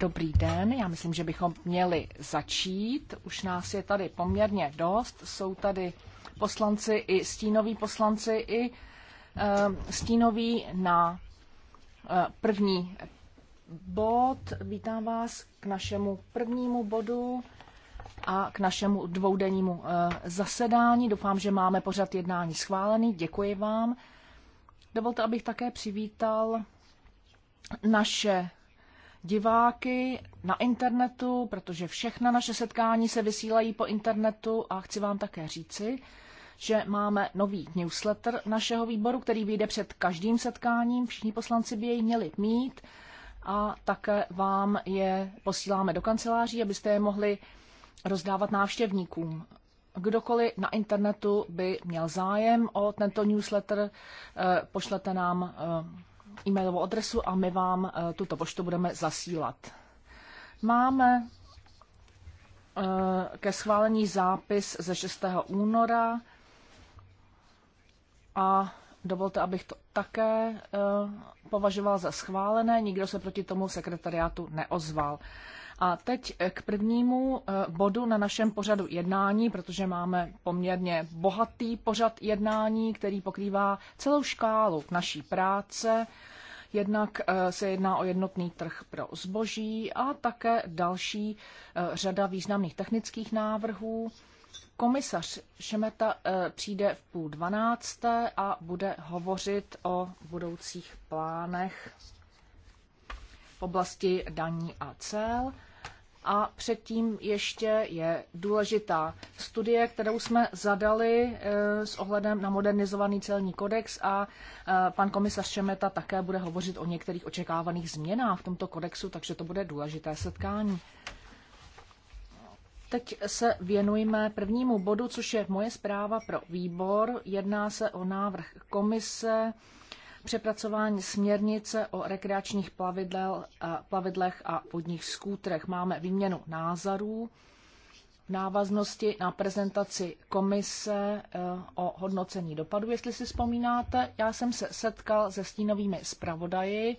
Dobrý den, já myslím, že bychom měli začít. Už nás je tady poměrně dost. Jsou tady poslanci i stínoví poslanci i uh, stínoví na uh, první bod. Vítám vás k našemu prvnímu bodu a k našemu dvoudennímu uh, zasedání. Doufám, že máme pořad jednání schválený. Děkuji vám. Dovolte, abych také přivítal naše diváky na internetu, protože všechna naše setkání se vysílají po internetu a chci vám také říci, že máme nový newsletter našeho výboru, který vyjde před každým setkáním. Všichni poslanci by jej měli mít a také vám je posíláme do kanceláří, abyste je mohli rozdávat návštěvníkům kdokoliv na internetu by měl zájem o tento newsletter, eh, pošlete nám eh, e-mailovou adresu a my vám eh, tuto poštu budeme zasílat. Máme ke schválení zápis ze 6. února a dovolte, abych to také považoval za schválené. Nikdo se proti tomu sekretariátu neozval. A teď k prvnímu eh, bodu na našem pořadu jednání, protože máme poměrně bohatý pořad jednání, který pokrývá celou škálu naší práce. Jednak eh, se jedná o jednotný trh pro zboží a také další eh, řada významných technických návrhů. Komisař Šemeta přijde v půl dvanácté a bude hovořit o budoucích plánech v oblasti daní a cel. A předtím ještě je důležitá studie, kterou jsme zadali eh, s ohledem na modernizovaný celní kodex a eh, pan komisař Šemeta také bude hovořit o některých očekávaných změnách v tomto kodexu, takže to bude důležité setkání. Teď se věnujeme prvnímu bodu, což je moje zpráva pro výbor. Jedná se o návrh komise přepracování směrnice o rekreačních plavidlech a, plavidlech a vodních skútrech. Máme výměnu názorů v návaznosti na prezentaci komise e, o hodnocení dopadu, jestli si vzpomínáte. Já jsem se setkal se stínovými zpravodaji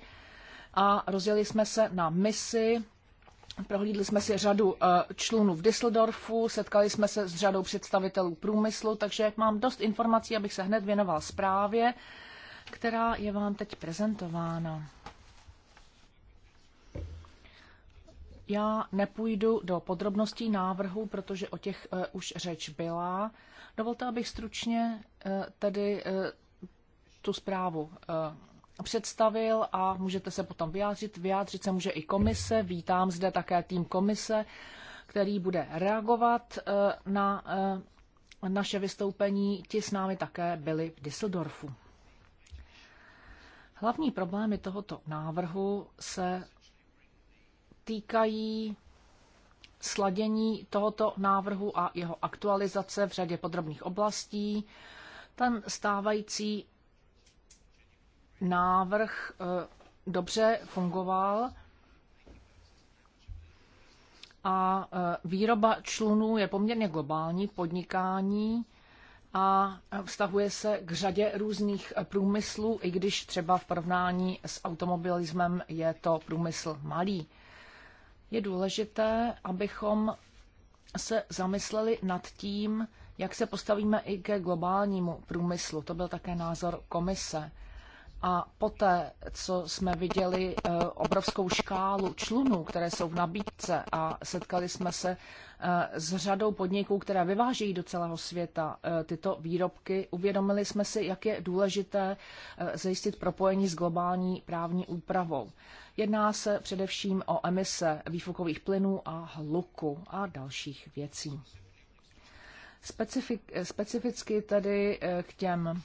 a rozjeli jsme se na misi Prohlídli jsme si řadu e, člunů v Düsseldorfu, setkali jsme se s řadou představitelů průmyslu, takže mám dost informací, abych se hned věnoval zprávě která je vám teď prezentována. Já nepůjdu do podrobností návrhu, protože o těch uh, už řeč byla. Dovolte, abych stručně uh, tedy uh, tu zprávu uh, představil a můžete se potom vyjádřit. Vyjádřit se může i komise. Vítám zde také tým komise, který bude reagovat uh, na uh, naše vystoupení. Ti s námi také byli v Düsseldorfu. Hlavní problémy tohoto návrhu se týkají sladění tohoto návrhu a jeho aktualizace v řadě podrobných oblastí. Ten stávající návrh eh, dobře fungoval a eh, výroba člunů je poměrně globální podnikání a vztahuje se k řadě různých průmyslů, i když třeba v porovnání s automobilismem je to průmysl malý. Je důležité, abychom se zamysleli nad tím, jak se postavíme i ke globálnímu průmyslu. To byl také názor komise. A poté, co jsme viděli eh, obrovskou škálu člunů, které jsou v nabídce a setkali jsme se eh, s řadou podniků, které vyvážejí do celého světa eh, tyto výrobky, uvědomili jsme si, jak je důležité zajistit propojení s globální právní úpravou. Jedná se především o emise výfukových plynů a hluku a dalších věcí. specificky tedy k těm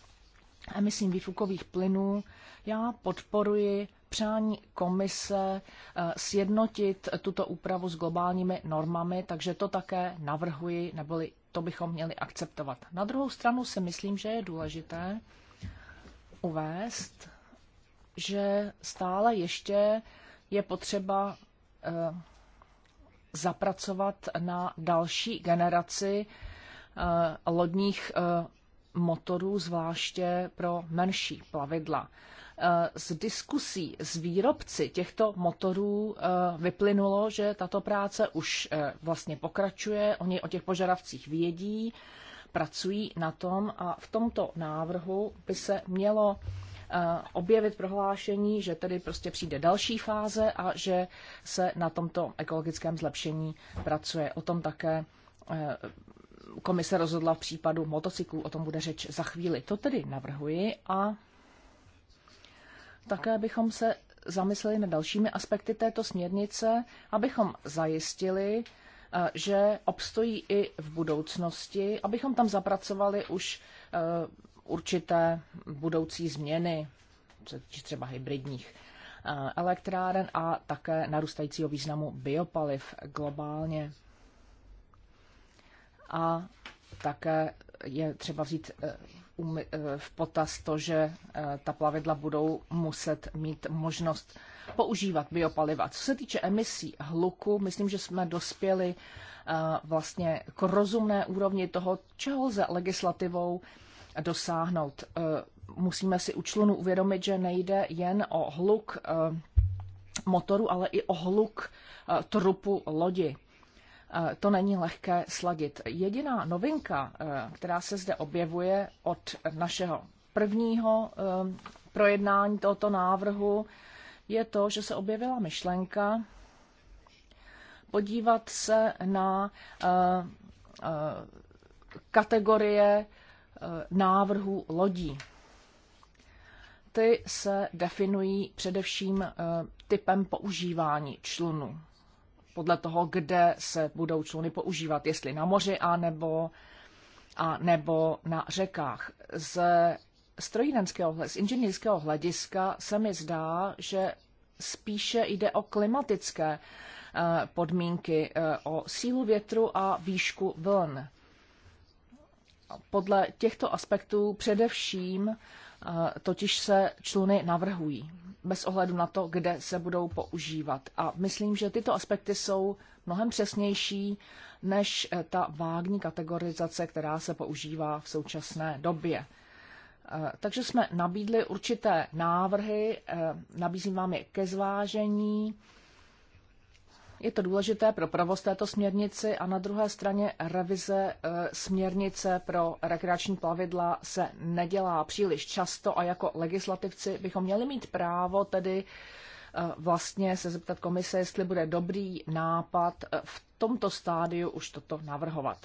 emisím výfukových plynů, já podporuji přání komise eh, sjednotit tuto úpravu s globálními normami, takže to také navrhuji, neboli to bychom měli akceptovat. Na druhou stranu si myslím, že je důležité uvést, že stále ještě je potřeba eh, zapracovat na další generaci eh, lodních motorů, zvláště pro menší plavidla. E, z diskusí s výrobci těchto motorů e, vyplynulo, že tato práce už e, vlastně pokračuje, oni o těch požadavcích vědí, pracují na tom a v tomto návrhu by se mělo objevit prohlášení, že tedy prostě přijde další fáze a že se na tomto ekologickém zlepšení pracuje. O tom také komise rozhodla v případu motocyklů, o tom bude řeč za chvíli. To tedy navrhuji a také bychom se zamysleli nad dalšími aspekty této směrnice, abychom zajistili, eh, že obstojí i v budoucnosti, abychom tam zapracovali už eh, určité budoucí změny, třeba hybridních eh, elektráren a také narůstajícího významu biopaliv globálně a také je třeba vzít eh, eh, v potaz to, že eh, ta plavidla budou muset mít možnost používat biopaliva. Co se týče emisí hluku, myslím, že jsme dospěli vlastně k rozumné úrovni toho, čeho lze legislativou dosáhnout. Musíme si u člunu uvědomit, že nejde jen o hluk motoru, ale i o hluk trupu lodi. Eh, to není lehké sladit. Jediná novinka, eh, která se zde objevuje od našeho prvního eh, projednání tohoto návrhu, je to, že se objevila myšlenka podívat se na kategorie návrhů lodí. Ty se definují především typem používání člunu podle toho, kde se budou čluny používat, jestli na moři a nebo, a nebo na řekách. Z strojírenského, z inženýrského hlediska se mi zdá, že spíše jde o klimatické eh, podmínky, eh, o sílu větru a výšku vln. Podle těchto aspektů především eh, totiž se čluny navrhují bez ohledu na to, kde se budou používat. A myslím, že tyto aspekty jsou mnohem přesnější než eh, ta vágní kategorizace, která se používá v současné době. Eh, takže jsme nabídli určité návrhy, eh, nabízím vám je ke zvážení je to důležité pro provoz této směrnici a na druhé straně revize e, směrnice pro rekreační plavidla se nedělá příliš často a jako legislativci bychom měli mít právo tedy e, vlastně se zeptat komise, jestli bude dobrý nápad e, v tomto stádiu už toto navrhovat.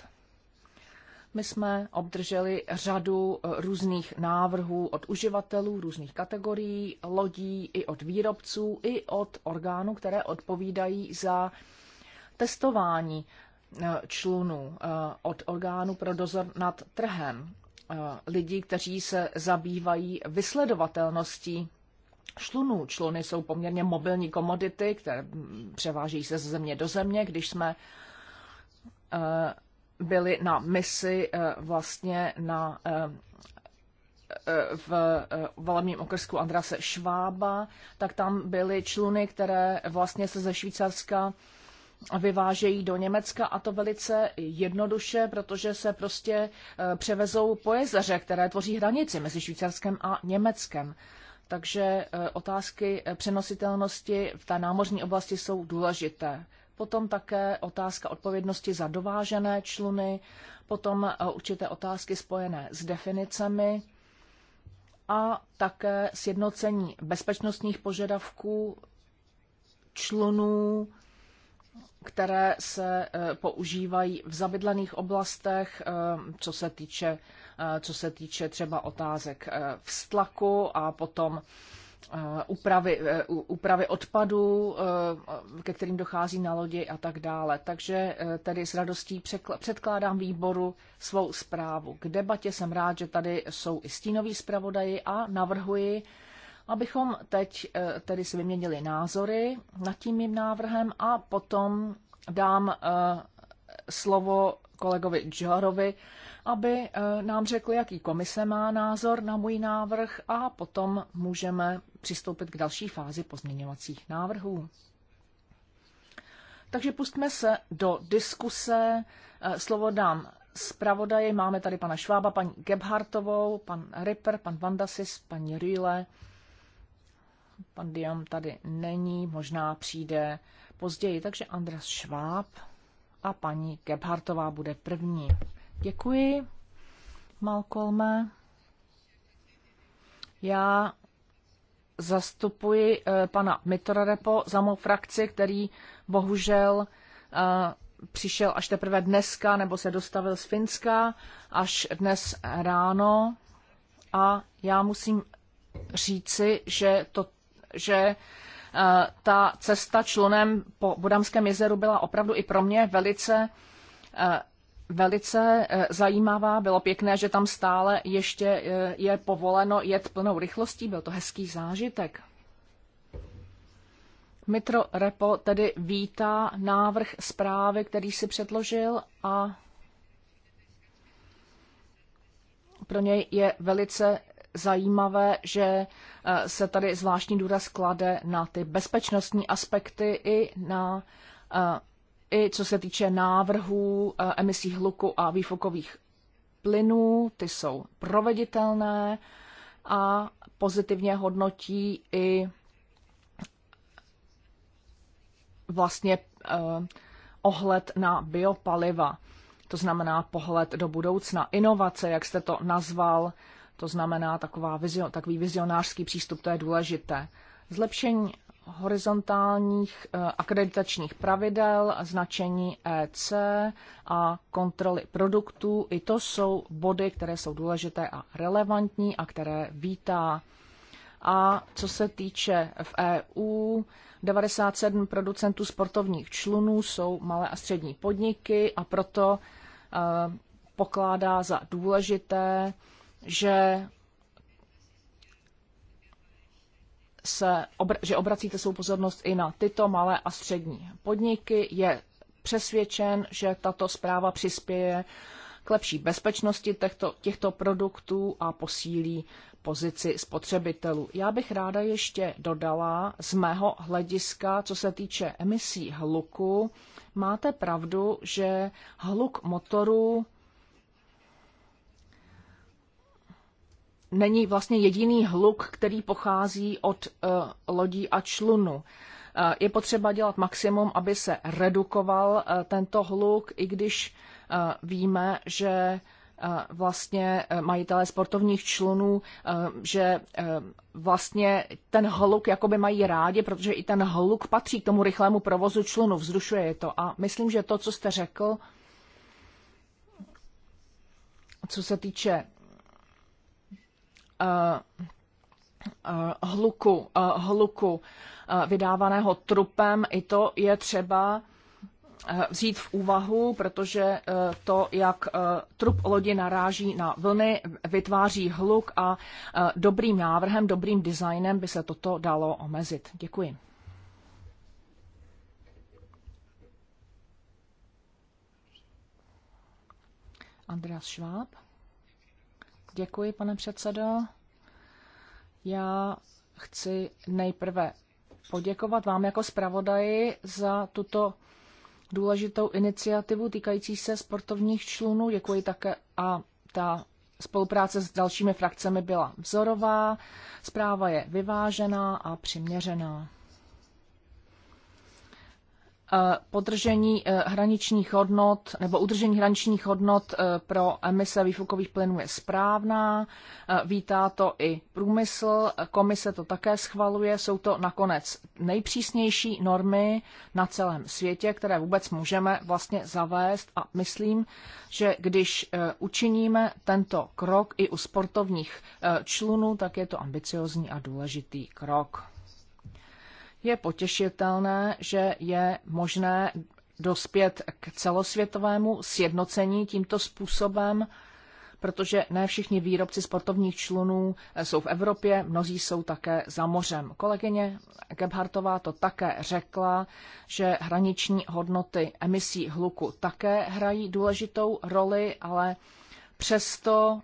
My jsme obdrželi řadu eh, různých návrhů od uživatelů různých kategorií lodí, i od výrobců, i od orgánů, které odpovídají za testování eh, člunů, eh, od orgánů pro dozor nad trhem, lidí, kteří se zabývají vysledovatelností člunů. Čluny jsou poměrně mobilní komodity, které mm, převáží se ze země do země. Když jsme byli na misi eh, vlastně na, eh, eh, v volebním okrsku Andrase Švába, tak tam byly čluny, které vlastně se ze Švýcarska vyvážejí do Německa a to velice jednoduše, protože se prostě převezou po jezeře, které tvoří hranici mezi Švýcarskem a Německem. Takže otázky přenositelnosti v té námořní oblasti jsou důležité. Potom také otázka odpovědnosti za dovážené čluny, potom eh, určité otázky spojené s definicemi a také sjednocení bezpečnostních požadavků člunů, které se eh, používají v zabydlených oblastech, eh, co se týče, co se týče třeba otázek vztlaku a potom Eh, úpravy, eh, úpravy odpadů, eh, ke kterým dochází na lodi a tak dále. Takže tedy s radostí předkládám výboru svou zprávu. K debatě jsem rád, že tady jsou i stínoví zpravodaji a navrhuji, abychom teď tedy si vyměnili názory nad tím mým návrhem a potom dám slovo kolegovi Džoharovi, aby eh, nám řekl, jaký komise má názor na můj návrh a potom můžeme přistoupit k další fázi pozměňovacích návrhů. Takže pustme se do diskuse. Eh, slovo dám zpravodaji. Máme tady pana Švába, paní Gebhartovou, pan Ripper, pan Vandasis, paní Rýle, Pan Diam tady není, možná přijde později. Takže Andras Šváb a paní Gebhartová bude první. Děkuji, Malcolme. Já zastupuji eh, pana Mitorarepo za mou frakci, který bohužel eh, přišel až teprve dneska, nebo se dostavil z Finska až dnes ráno. A já musím říci, že, to, že eh, ta cesta člunem po Budamském jezeru byla opravdu i pro mě velice velice eh, zajímavá. Bylo pěkné, že tam stále ještě eh, je povoleno jet plnou rychlostí. Byl to hezký zážitek. Mitro Repo tedy vítá návrh zprávy, který si předložil a pro něj je velice zajímavé, že eh, se tady zvláštní důraz klade na ty bezpečnostní aspekty i na i co se týče návrhů eh, emisí hluku a výfukových plynů, ty jsou proveditelné a pozitivně hodnotí i vlastně eh, ohled na biopaliva, to znamená pohled do budoucna, inovace, jak jste to nazval, to znamená taková vizio, takový vizionářský přístup, to je důležité. Zlepšení horizontálních eh, akreditačních pravidel, značení EC a kontroly produktů. I to jsou body, které jsou důležité a relevantní a které vítá. A co se týče v EU, 97 producentů sportovních člunů jsou malé a střední podniky a proto eh, pokládá za důležité, že se, že obracíte svou pozornost i na tyto malé a střední podniky. Je přesvědčen, že tato zpráva přispěje k lepší bezpečnosti těchto, těchto produktů a posílí pozici spotřebitelů. Já bych ráda ještě dodala z mého hlediska, co se týče emisí hluku, máte pravdu, že hluk motoru není vlastně jediný hluk, který pochází od eh, lodí a člunu. Eh, je potřeba dělat maximum, aby se redukoval eh, tento hluk, i když víme, že vlastně majitelé sportovních člunů, že vlastně ten hluk jakoby mají rádi, protože i ten hluk patří k tomu rychlému provozu člunu, vzrušuje je to. A myslím, že to, co jste řekl, co se týče Eh, eh, hluku, eh, hluku vydávaného trupem, i to je třeba vzít v úvahu, protože to, jak trup lodi naráží na vlny, vytváří hluk a dobrým návrhem, dobrým designem by se toto dalo omezit. Děkuji. Andreas Schwab. Děkuji, pane předsedo. Já chci nejprve poděkovat vám jako zpravodaji za tuto důležitou iniciativu týkající se sportovních člunů. Děkuji také a ta spolupráce s dalšími frakcemi byla vzorová. Zpráva je vyvážená a přiměřená. Eh, podržení eh, hraničních hodnot nebo udržení hraničních hodnot eh, pro emise výfukových plynů je správná. Vítá to i průmysl, komise to také schvaluje. Jsou to nakonec nejpřísnější normy na celém světě, které vůbec můžeme vlastně zavést a myslím, že když učiníme tento krok i u sportovních člunů, tak je to ambiciozní a důležitý krok. Je potěšitelné, že je možné dospět k celosvětovému sjednocení tímto způsobem, protože ne všichni výrobci sportovních člunů jsou v Evropě, mnozí jsou také za mořem. Kolegyně Gebhartová to také řekla, že hraniční hodnoty emisí hluku také hrají důležitou roli, ale přesto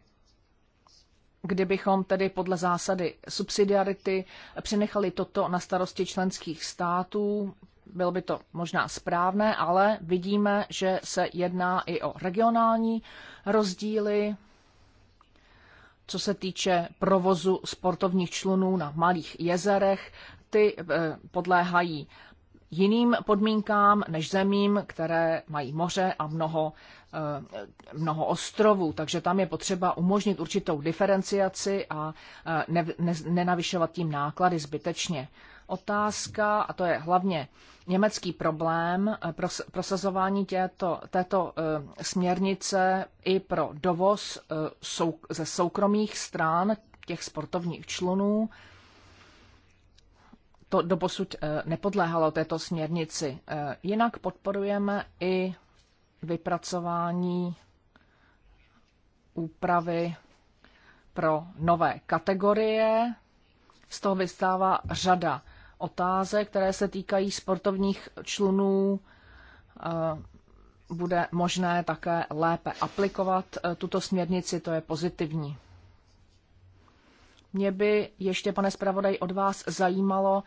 kdybychom tedy podle zásady subsidiarity přenechali toto na starosti členských států, bylo by to možná správné, ale vidíme, že se jedná i o regionální rozdíly, co se týče provozu sportovních člunů na malých jezerech. Ty eh, podléhají jiným podmínkám než zemím, které mají moře a mnoho Eh, mnoho ostrovů, takže tam je potřeba umožnit určitou diferenciaci a eh, ne, ne, nenavyšovat tím náklady zbytečně. Otázka, a to je hlavně německý problém, eh, pros, prosazování těto, této směrnice i pro dovoz sou, ze soukromých strán těch sportovních člunů, to doposud nepodléhalo této směrnici. Jinak podporujeme i vypracování úpravy pro nové kategorie. Z toho vystává řada otázek, které se týkají sportovních člunů. Eh, bude možné také lépe aplikovat eh, tuto směrnici, to je pozitivní. Mě by ještě, pane zpravodaj, od vás zajímalo,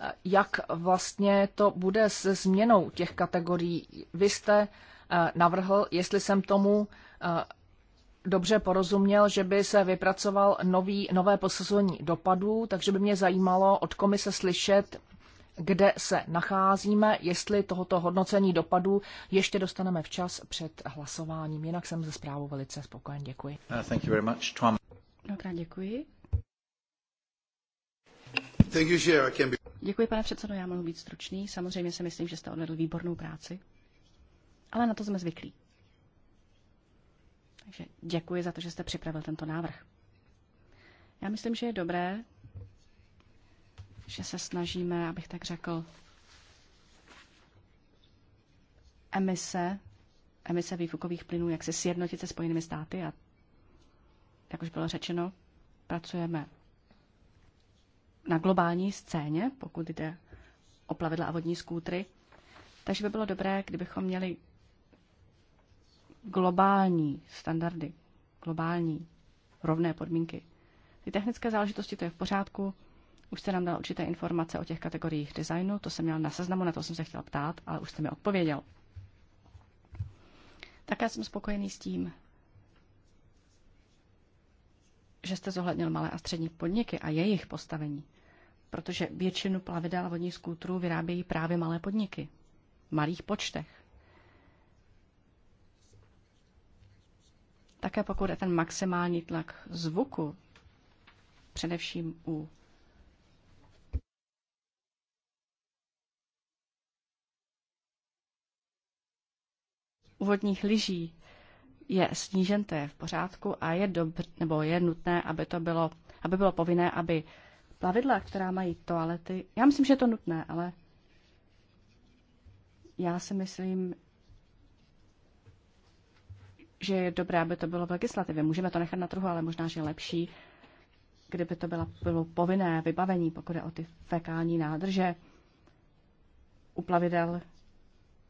eh, jak vlastně to bude se změnou těch kategorií. Vy jste Eh, navrhl, jestli jsem tomu eh, dobře porozuměl, že by se vypracoval nový, nové posazení dopadů, takže by mě zajímalo od komise slyšet, kde se nacházíme, jestli tohoto hodnocení dopadů ještě dostaneme včas před hlasováním. Jinak jsem ze zprávu velice spokojen. Děkuji. Uh, thank you very much, Tom. Dobrá, děkuji. Thank you, Děkuji, pane předsedo, já mohu být stručný. Samozřejmě si myslím, že jste odvedl výbornou práci ale na to jsme zvyklí. Takže děkuji za to, že jste připravil tento návrh. Já myslím, že je dobré, že se snažíme, abych tak řekl, emise, emise výfukových plynů, jak se sjednotit se Spojenými státy a jak už bylo řečeno, pracujeme na globální scéně, pokud jde o plavidla a vodní skútry. Takže by bylo dobré, kdybychom měli globální standardy, globální rovné podmínky. Ty technické záležitosti, to je v pořádku. Už jste nám dal určité informace o těch kategoriích designu, to jsem měl na seznamu, na to jsem se chtěl ptát, ale už jste mi odpověděl. Také jsem spokojený s tím, že jste zohlednil malé a střední podniky a jejich postavení, protože většinu plavidel a vodních skútrů vyrábějí právě malé podniky v malých počtech. Také pokud je ten maximální tlak zvuku, především u úvodních lyží je snížen, to je v pořádku a je dobr, nebo je nutné, aby to bylo, aby bylo povinné, aby plavidla, která mají toalety, já myslím, že je to nutné, ale já si myslím, že je dobré, aby to bylo v legislativě. Můžeme to nechat na trhu, ale možná, že je lepší, kdyby to bylo, bylo povinné vybavení, pokud je o ty fekální nádrže u plavidel,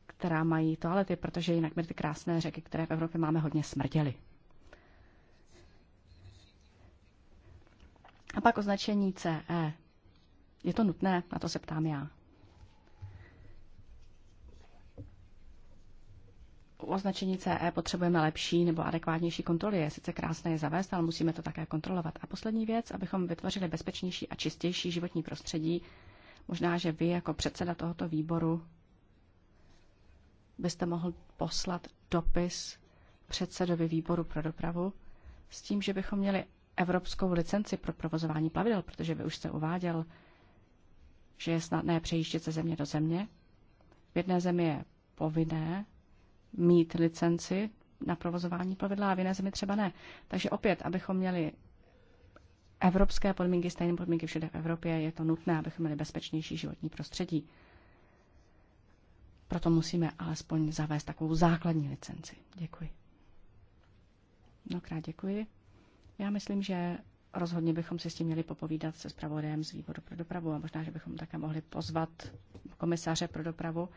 která mají toalety, protože jinak my ty krásné řeky, které v Evropě máme, hodně smrděly. A pak označení CE. Je to nutné? Na to se ptám já. U označení CE potřebujeme lepší nebo adekvátnější kontroly. Je sice krásné je zavést, ale musíme to také kontrolovat. A poslední věc, abychom vytvořili bezpečnější a čistější životní prostředí. Možná, že vy jako předseda tohoto výboru byste mohl poslat dopis předsedovi výboru pro dopravu s tím, že bychom měli evropskou licenci pro provozování plavidel, protože vy už jste uváděl, že je snadné přejíždět ze země do země. V jedné zemi je povinné mít licenci na provozování plavidla a v jiné zemi třeba ne. Takže opět, abychom měli evropské podmínky, stejné podmínky všude v Evropě, je to nutné, abychom měli bezpečnější životní prostředí. Proto musíme alespoň zavést takovou základní licenci. Děkuji. Mnohokrát děkuji. Já myslím, že rozhodně bychom si s tím měli popovídat se zpravodajem z výboru pro dopravu a možná, že bychom také mohli pozvat komisaře pro dopravu,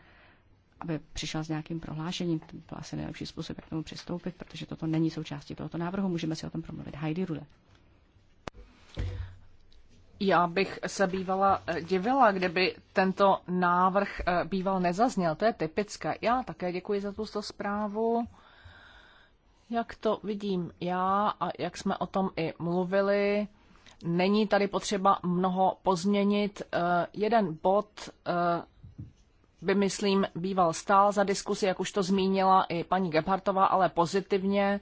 aby přišel s nějakým prohlášením. To byl asi nejlepší způsob, jak tomu přistoupit, protože toto není součástí tohoto návrhu. Můžeme si o tom promluvit. Heidi Rude. Já bych se bývala eh, divila, kdyby tento návrh eh, býval nezazněl. To je typické. Já také děkuji za tuto zprávu. Jak to vidím já a jak jsme o tom i mluvili, není tady potřeba mnoho pozměnit. Eh, jeden bod by, myslím, býval stál za diskusi, jak už to zmínila i paní Gebhartová, ale pozitivně.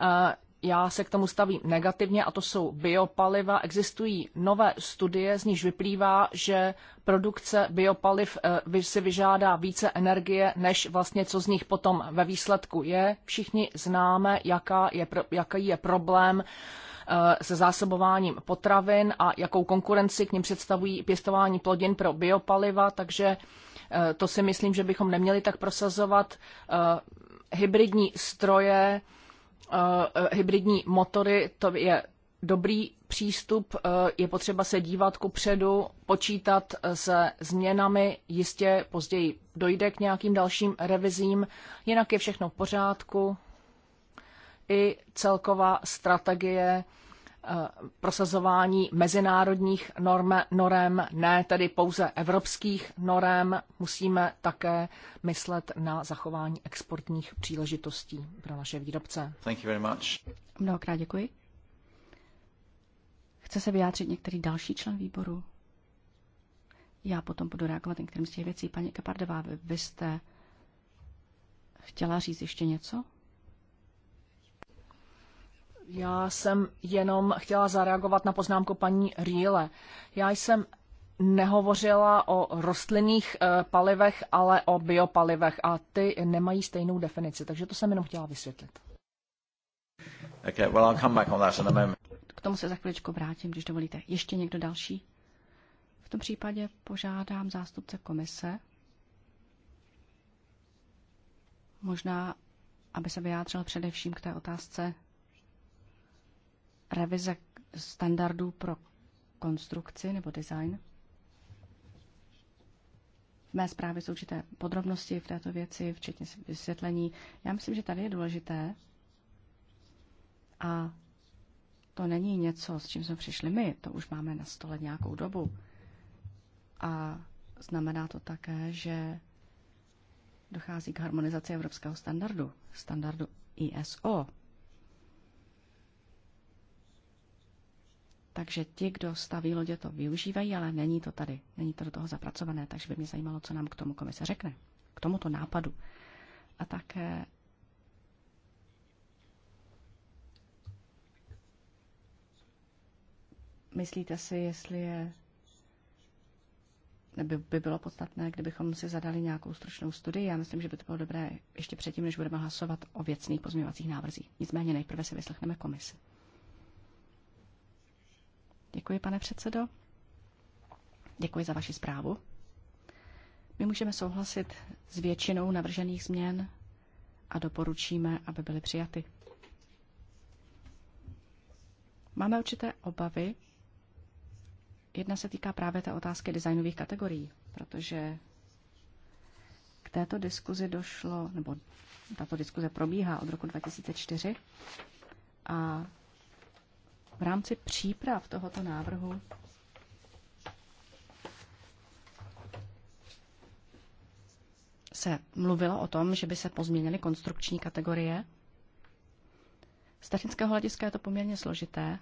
Eh, já se k tomu stavím negativně a to jsou biopaliva. Existují nové studie, z níž vyplývá, že produkce biopaliv eh, si vyžádá více energie, než vlastně co z nich potom ve výsledku je. Všichni známe, jaká je, jaký je problém eh, se zásobováním potravin a jakou konkurenci k ním představují pěstování plodin pro biopaliva, takže Eh, to si myslím, že bychom neměli tak prosazovat eh, hybridní stroje, eh, hybridní motory, to je dobrý přístup, je potřeba se dívat ku předu, počítat se změnami, jistě později dojde k nějakým dalším revizím, jinak je všechno v pořádku. I celková strategie Eh, prosazování mezinárodních norm, norem, ne tedy pouze evropských norem. Musíme také myslet na zachování exportních příležitostí pro naše výrobce. Thank you very much. Mnohokrát děkuji. Chce se vyjádřit některý další člen výboru? Já potom budu reagovat některým z těch věcí. Paní Kapardová, vy, vy jste chtěla říct ještě něco? Já jsem jenom chtěla zareagovat na poznámku paní Riele. Já jsem nehovořila o rostlinných eh, palivech, ale o biopalivech a ty nemají stejnou definici, takže to jsem jenom chtěla vysvětlit. Okay, well, I'll come back on that in a moment. K tomu se za chviličku vrátím, když dovolíte. Ještě někdo další? V tom případě požádám zástupce komise, možná, aby se vyjádřil především k té otázce revize standardů pro konstrukci nebo design. V mé zprávě jsou určité podrobnosti v této věci, včetně vysvětlení. Já myslím, že tady je důležité a to není něco, s čím jsme přišli my, to už máme na stole nějakou dobu. A znamená to také, že dochází k harmonizaci evropského standardu, standardu ISO, Takže ti, kdo staví lodě, to využívají, ale není to tady, není to do toho zapracované, takže by mě zajímalo, co nám k tomu komise řekne, k tomuto nápadu. A také myslíte si, jestli je by, by bylo podstatné, kdybychom si zadali nějakou stručnou studii. Já myslím, že by to bylo dobré ještě předtím, než budeme hlasovat o věcných pozměňovacích návrzích. Nicméně nejprve si vyslechneme komisi. Děkuji, pane předsedo. Děkuji za vaši zprávu. My můžeme souhlasit s většinou navržených změn a doporučíme, aby byly přijaty. Máme určité obavy. Jedna se týká právě té otázky designových kategorií, protože k této diskuzi došlo, nebo tato diskuze probíhá od roku 2004 a v rámci příprav tohoto návrhu se mluvilo o tom, že by se pozměnily konstrukční kategorie. Z technického hlediska je to poměrně složité.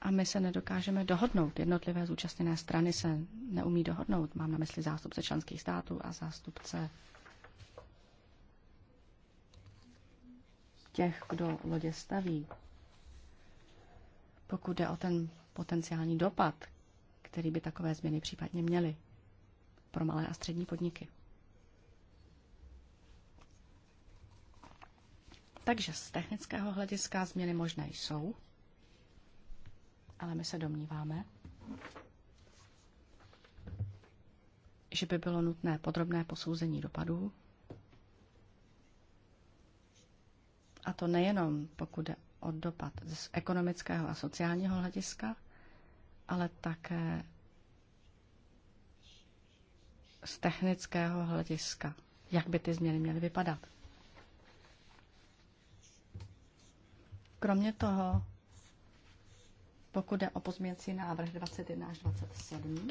A my se nedokážeme dohodnout. Jednotlivé zúčastněné strany se neumí dohodnout. Mám na mysli zástupce členských států a zástupce těch, kdo lodě staví, pokud jde o ten potenciální dopad, který by takové změny případně měly pro malé a střední podniky. Takže z technického hlediska změny možné jsou, ale my se domníváme, že by bylo nutné podrobné posouzení dopadů A to nejenom pokud jde o dopad z ekonomického a sociálního hlediska, ale také z technického hlediska, jak by ty změny měly vypadat. Kromě toho, pokud jde o pozměnci návrh 21 až 27,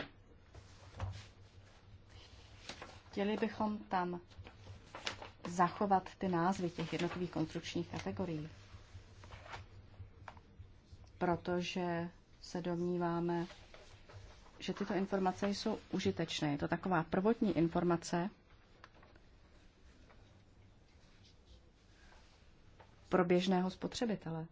chtěli bychom tam zachovat ty názvy těch jednotlivých konstrukčních kategorií. Protože se domníváme, že tyto informace jsou užitečné. Je to taková prvotní informace pro běžného spotřebitele.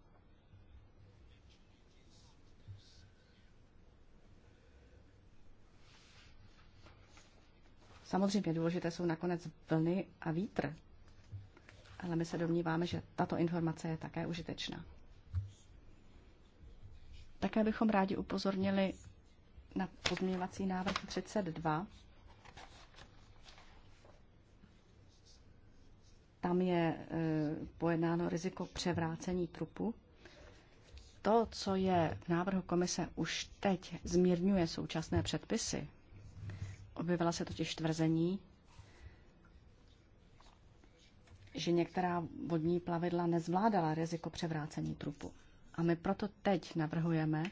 Samozřejmě důležité jsou nakonec vlny a vítr, ale my se domníváme, že tato informace je také užitečná. Také bychom rádi upozornili na pozměňovací návrh 32. Tam je e, pojednáno riziko převrácení trupu. To, co je v návrhu komise už teď zmírňuje současné předpisy, Objevila se totiž tvrzení, že některá vodní plavidla nezvládala riziko převrácení trupu. A my proto teď navrhujeme,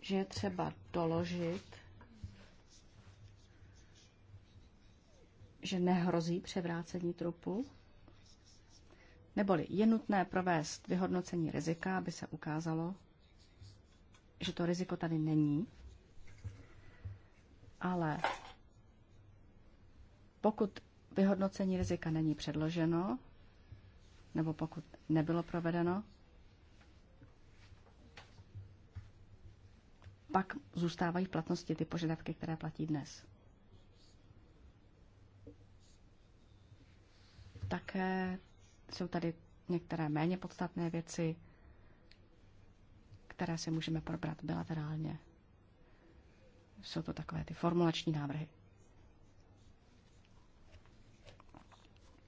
že je třeba doložit, že nehrozí převrácení trupu, neboli je nutné provést vyhodnocení rizika, aby se ukázalo, že to riziko tady není, ale pokud vyhodnocení rizika není předloženo, nebo pokud nebylo provedeno, pak zůstávají v platnosti ty požadavky, které platí dnes. Také jsou tady některé méně podstatné věci, které si můžeme probrat bilaterálně. Jsou to takové ty formulační návrhy.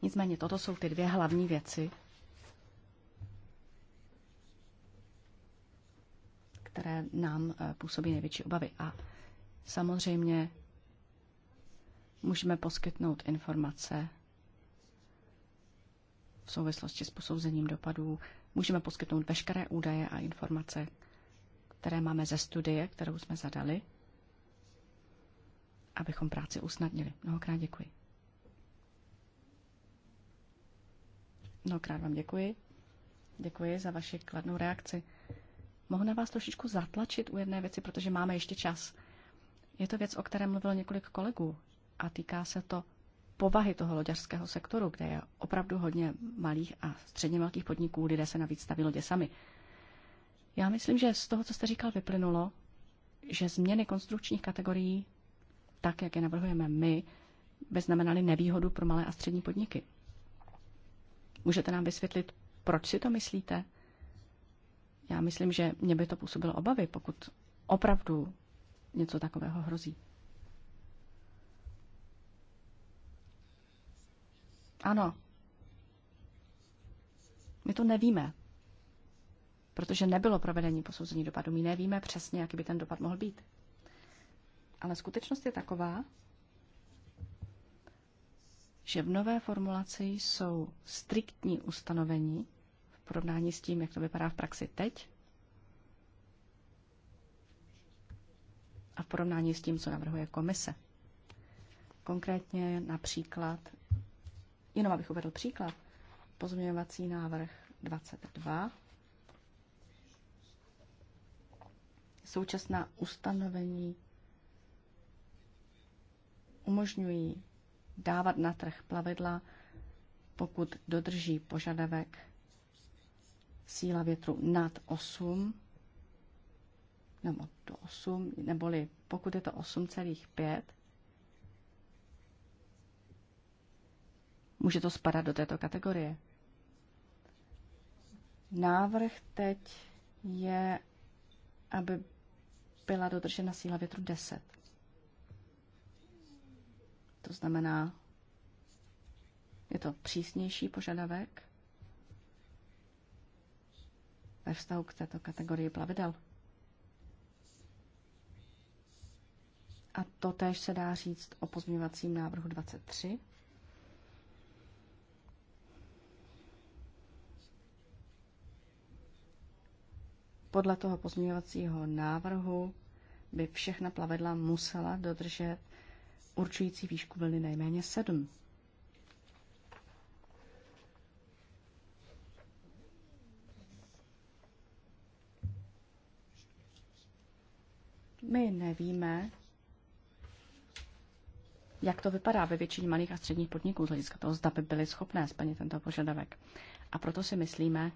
Nicméně toto jsou ty dvě hlavní věci, které nám eh, působí největší obavy. A samozřejmě můžeme poskytnout informace v souvislosti s posouzením dopadů. Můžeme poskytnout veškeré údaje a informace, které máme ze studie, kterou jsme zadali, abychom práci usnadnili. Mnohokrát děkuji. Mnohokrát vám děkuji. Děkuji za vaši kladnou reakci. Mohu na vás trošičku zatlačit u jedné věci, protože máme ještě čas. Je to věc, o které mluvilo několik kolegů a týká se to povahy toho loďařského sektoru, kde je opravdu hodně malých a středně velkých podniků, lidé se navíc staví lodě sami. Já myslím, že z toho, co jste říkal, vyplynulo, že změny konstrukčních kategorií, tak jak je navrhujeme my, by znamenaly nevýhodu pro malé a střední podniky. Můžete nám vysvětlit, proč si to myslíte? Já myslím, že mě by to působilo obavy, pokud opravdu něco takového hrozí. Ano. My to nevíme, protože nebylo provedení posouzení dopadu. My nevíme přesně, jaký by ten dopad mohl být. Ale skutečnost je taková, že v nové formulaci jsou striktní ustanovení v porovnání s tím, jak to vypadá v praxi teď a v porovnání s tím, co navrhuje komise. Konkrétně například, jenom abych uvedl příklad, pozměňovací návrh 22 současná ustanovení umožňují dávat na trh plavidla, pokud dodrží požadavek síla větru nad 8 nebo do 8, neboli pokud je to 8,5, může to spadat do této kategorie. Návrh teď je, aby byla dodržena síla větru 10. To znamená, je to přísnější požadavek ve vztahu k této kategorii plavidel. A to též se dá říct o pozměňovacím návrhu 23. Podle toho pozměňovacího návrhu by všechna plavidla musela dodržet určující výšku vlny nejméně 7. My nevíme, jak to vypadá ve většině malých a středních podniků z hlediska toho, zda by byly schopné splnit tento požadavek. A proto si myslíme,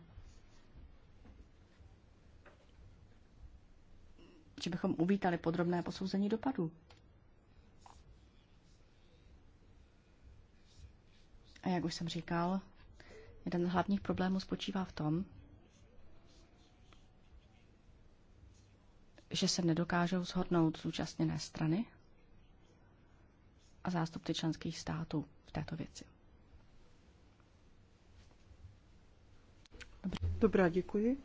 že bychom uvítali podrobné posouzení dopadů. A jak už jsem říkal, jeden z hlavních problémů spočívá v tom, že se nedokážou shodnout zúčastněné strany a zástupci členských států v této věci. Dobrá, děkuji.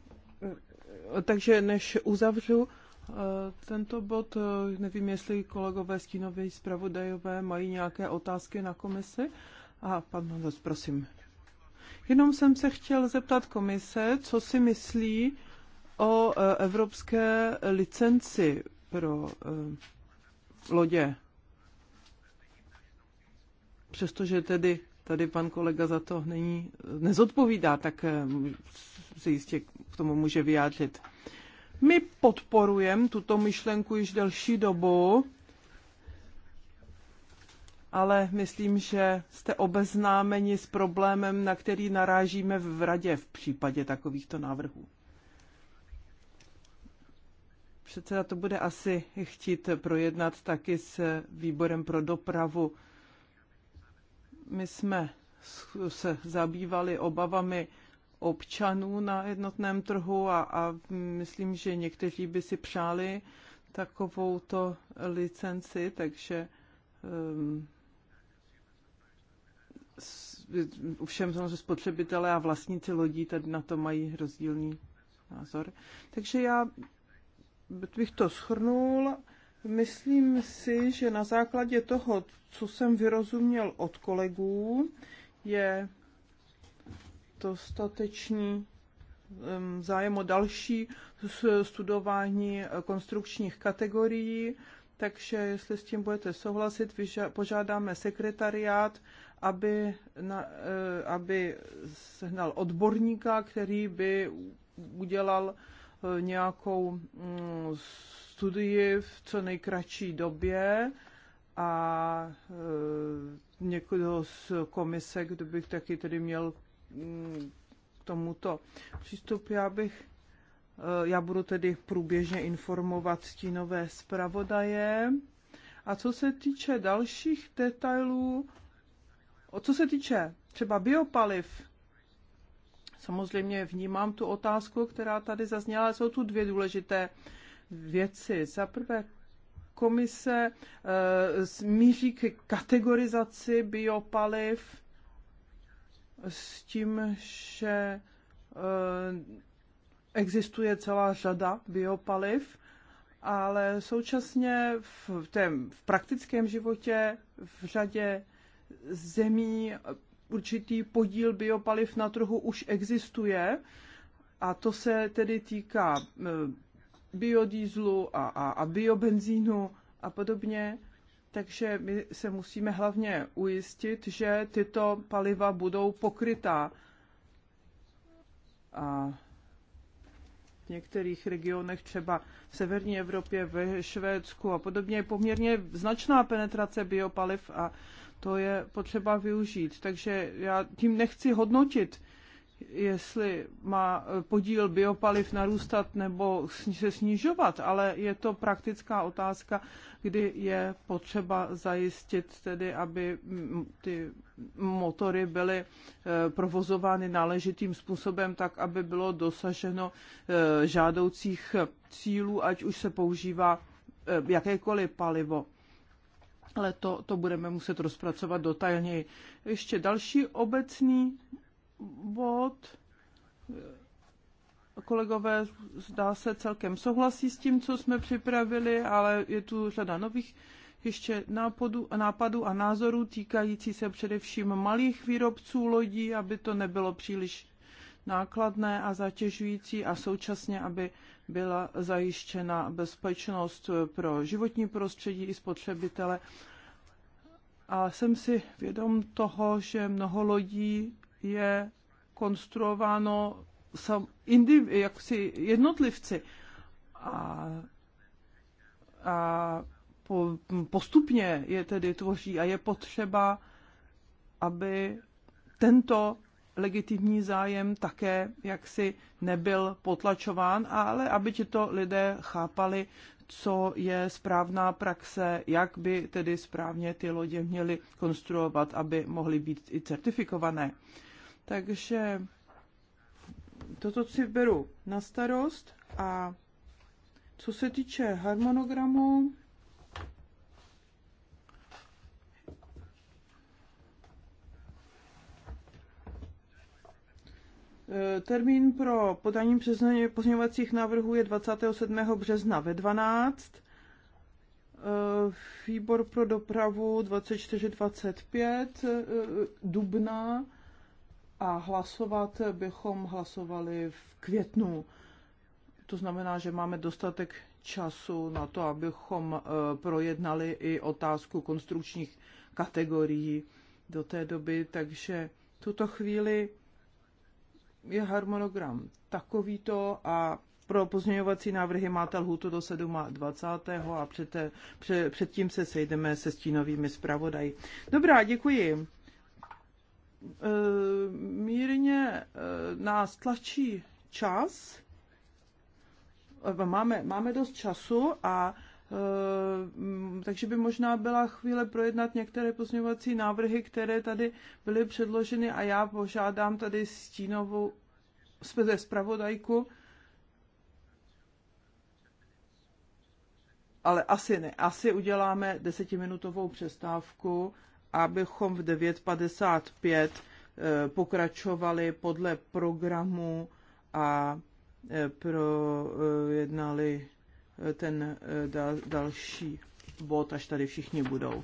Takže než uzavřu, Eh, tento bod, eh, nevím, jestli kolegové stínové zpravodajové mají nějaké otázky na komisi. A pan Mandos, prosím. Jenom jsem se chtěl zeptat komise, co si myslí o eh, evropské licenci pro lodě. Přestože tedy tady pan kolega za to není, nezodpovídá, tak se jistě k tomu může vyjádřit. My podporujeme tuto myšlenku již delší dobu, ale myslím, že jste obeznámeni s problémem, na který narážíme v radě v případě takovýchto návrhů. Předseda to bude asi chtít projednat taky s výborem pro dopravu. My jsme se zabývali obavami občanů na jednotném trhu a, a myslím, že někteří by si přáli takovouto licenci, takže um, ehm, všem samozřejmě spotřebitelé a vlastníci lodí tady na to mají rozdílný názor. Takže já bych to schrnul. Myslím si, že na základě toho, co jsem vyrozuměl od kolegů, je dostatečný zájem o další studování eh, konstrukčních kategorií, takže jestli s tím budete souhlasit, požádáme sekretariát, aby, na, eh, aby sehnal odborníka, který by udělal eh, nějakou mm, studii v co nejkratší době a někdo z komise, kdo bych taky tedy měl k mm, tomuto přístupu. Já bych eh, já budu tedy průběžně informovat stínové zpravodaje. A co se týče dalších detailů, o co se týče třeba biopaliv, samozřejmě vnímám tu otázku, která tady zazněla, jsou tu dvě důležité věci. Za prvé, komise e, míří k kategorizaci biopaliv, s tím, že eh, existuje celá řada biopaliv, ale současně v, tém, v praktickém životě v řadě zemí určitý podíl biopaliv na trhu už existuje a to se tedy týká eh, biodýzlu a, a, a biobenzínu a podobně takže my se musíme hlavně ujistit, že tyto paliva budou pokrytá. A v některých regionech, třeba v severní Evropě, ve Švédsku a podobně, je poměrně značná penetrace biopaliv a to je potřeba využít. Takže já tím nechci hodnotit jestli má eh, podíl biopaliv narůstat nebo se snižovat, ale je to praktická otázka, kdy je potřeba zajistit tedy, aby mm, ty motory byly eh, provozovány náležitým způsobem, tak aby bylo dosaženo eh, žádoucích cílů, ať už se používá jakékoliv palivo ale to, to budeme muset rozpracovat detailněji. Ještě další obecný bod. Kolegové, zdá se, celkem souhlasí s tím, co jsme připravili, ale je tu řada nových ještě nápadu, nápadů a názorů týkající se především malých výrobců lodí, aby to nebylo příliš nákladné a zatěžující a současně, aby byla zajištěna bezpečnost pro životní prostředí i spotřebitele. A jsem si vědom toho, že mnoho lodí je konstruováno sam, indiv, jaksi jednotlivci. A, a po, postupně je tedy tvoří a je potřeba, aby tento legitimní zájem také jaksi nebyl potlačován, ale aby tito lidé chápali, co je správná praxe, jak by tedy správně ty lodě měly konstruovat, aby mohly být i certifikované. Takže toto si beru na starost a co se týče harmonogramu, eh, Termín pro podání pozměňovacích návrhů je 27. března ve 12. Eh, výbor pro dopravu 24-25 eh, dubna a hlasovat bychom hlasovali v květnu. To znamená, že máme dostatek času na to, abychom eh, projednali i otázku konstrukčních kategorií do té doby, takže tuto chvíli je harmonogram takovýto a pro pozměňovací návrhy máte lhůtu do 27. a před, před, předtím se sejdeme se stínovými zpravodají. Dobrá, děkuji. Eh, mírně eh, nás tlačí čas, eh, máme, máme dost času a takže by možná byla chvíle projednat některé pozměňovací návrhy, které tady byly předloženy a já požádám tady stínovou zpravodajku, ale asi ne, asi uděláme desetiminutovou přestávku, abychom v 9.55 eh, pokračovali podle programu a eh, projednali eh, ten další bod, až tady všichni budou.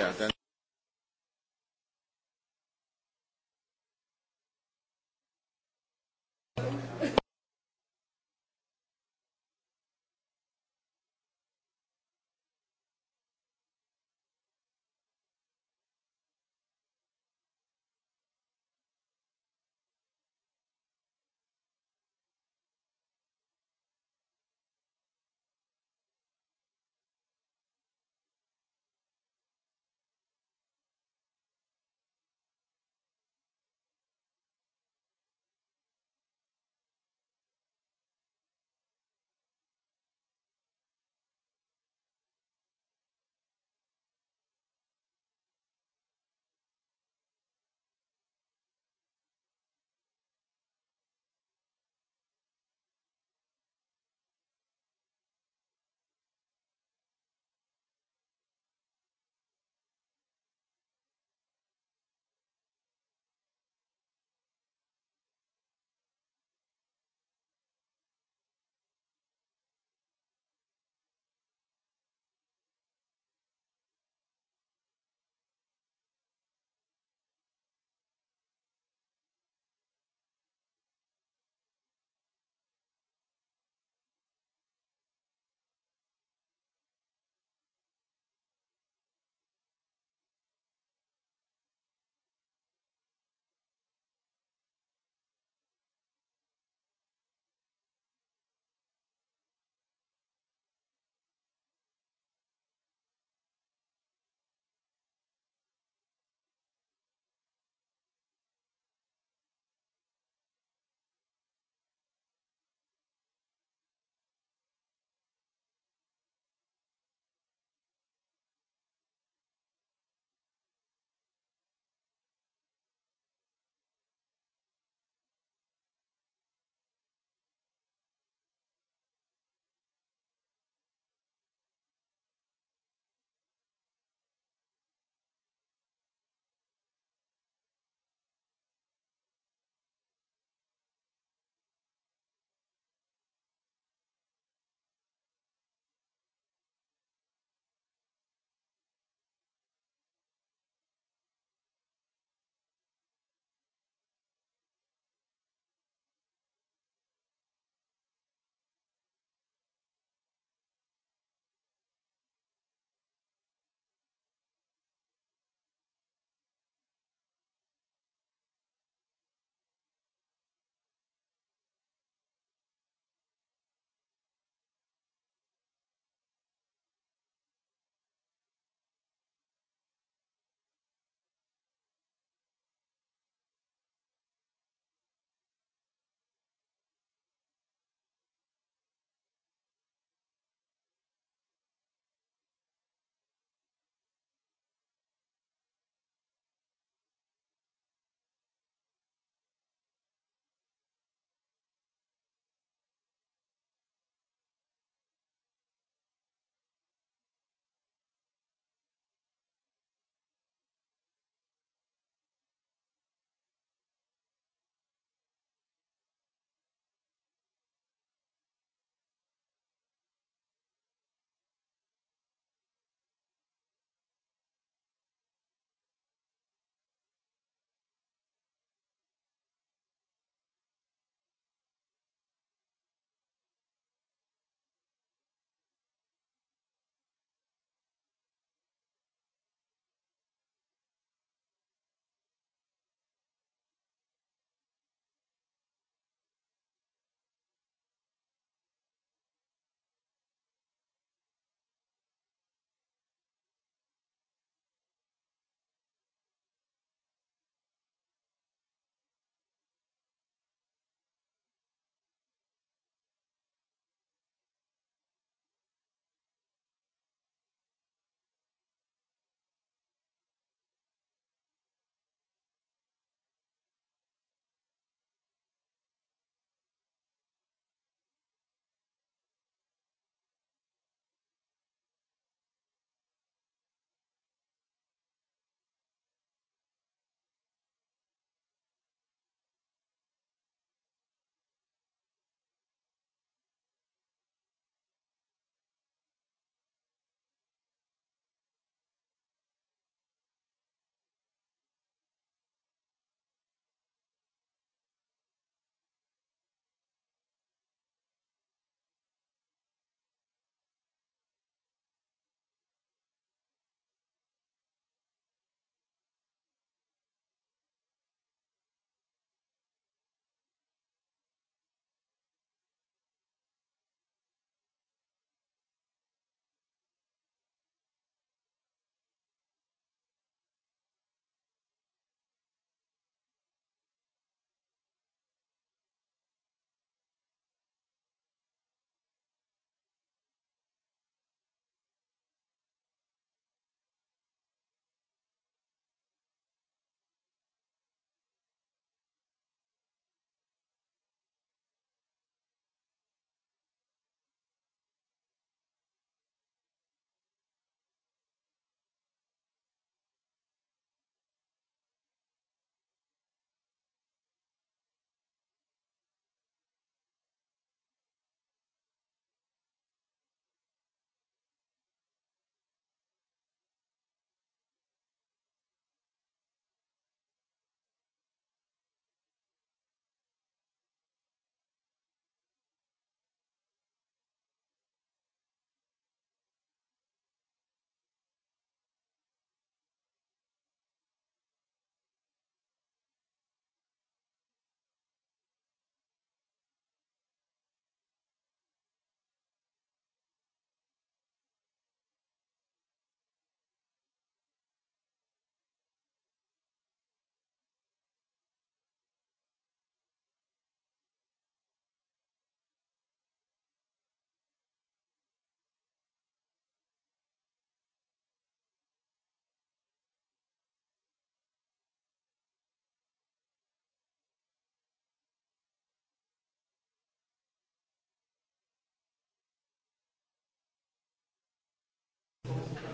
Yeah, then...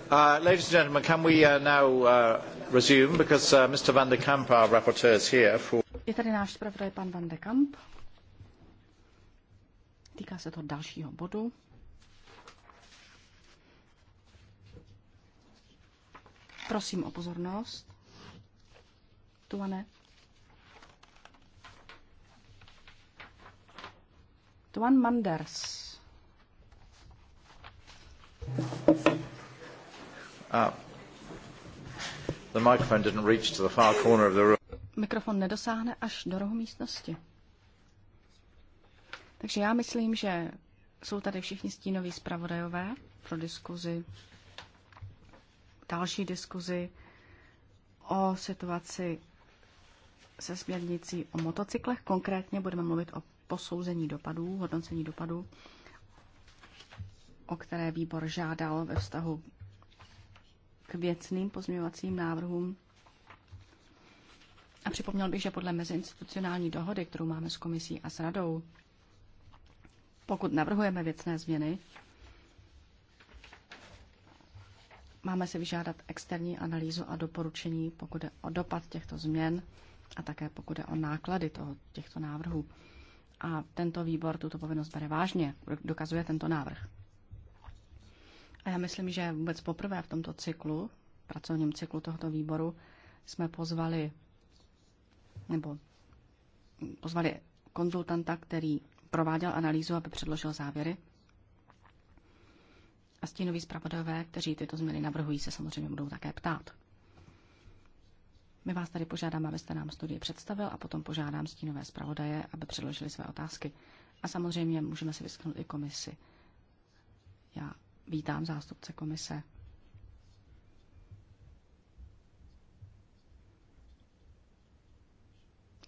Uh, ladies and gentlemen, can we uh, now uh, resume because uh, Mr. Van de Kamp, our rapporteur, is here for. Je tady náš zpravodaj pan Van de Kamp. Týká se to dalšího bodu. Prosím o pozornost. Tuane. Tuan Manders. Ah. The microphone didn't reach to the far corner of the room. Mikrofon nedosáhne až do rohu místnosti. Takže já myslím, že jsou tady všichni stínoví zpravodajové pro diskuzi, další diskuzi o situaci se směrnicí o motocyklech. Konkrétně budeme mluvit o posouzení dopadů, hodnocení dopadů, o které výbor žádal ve vztahu k věcným pozměňovacím návrhům. A připomněl bych, že podle meziinstitucionální dohody, kterou máme s komisí a s radou, pokud navrhujeme věcné změny, máme si vyžádat externí analýzu a doporučení, pokud je o dopad těchto změn a také pokud je o náklady toho, těchto návrhů. A tento výbor tuto povinnost bere vážně, dokazuje tento návrh. A já myslím, že vůbec poprvé v tomto cyklu, pracovním cyklu tohoto výboru, jsme pozvali nebo pozvali konzultanta, který prováděl analýzu, aby předložil závěry. A stínoví zpravodajové, kteří tyto změny navrhují, se samozřejmě budou také ptát. My vás tady požádáme, abyste nám studii představil a potom požádám stínové zpravodaje, aby předložili své otázky. A samozřejmě můžeme si vyschnout i komisi. Já Vítám zástupce komise.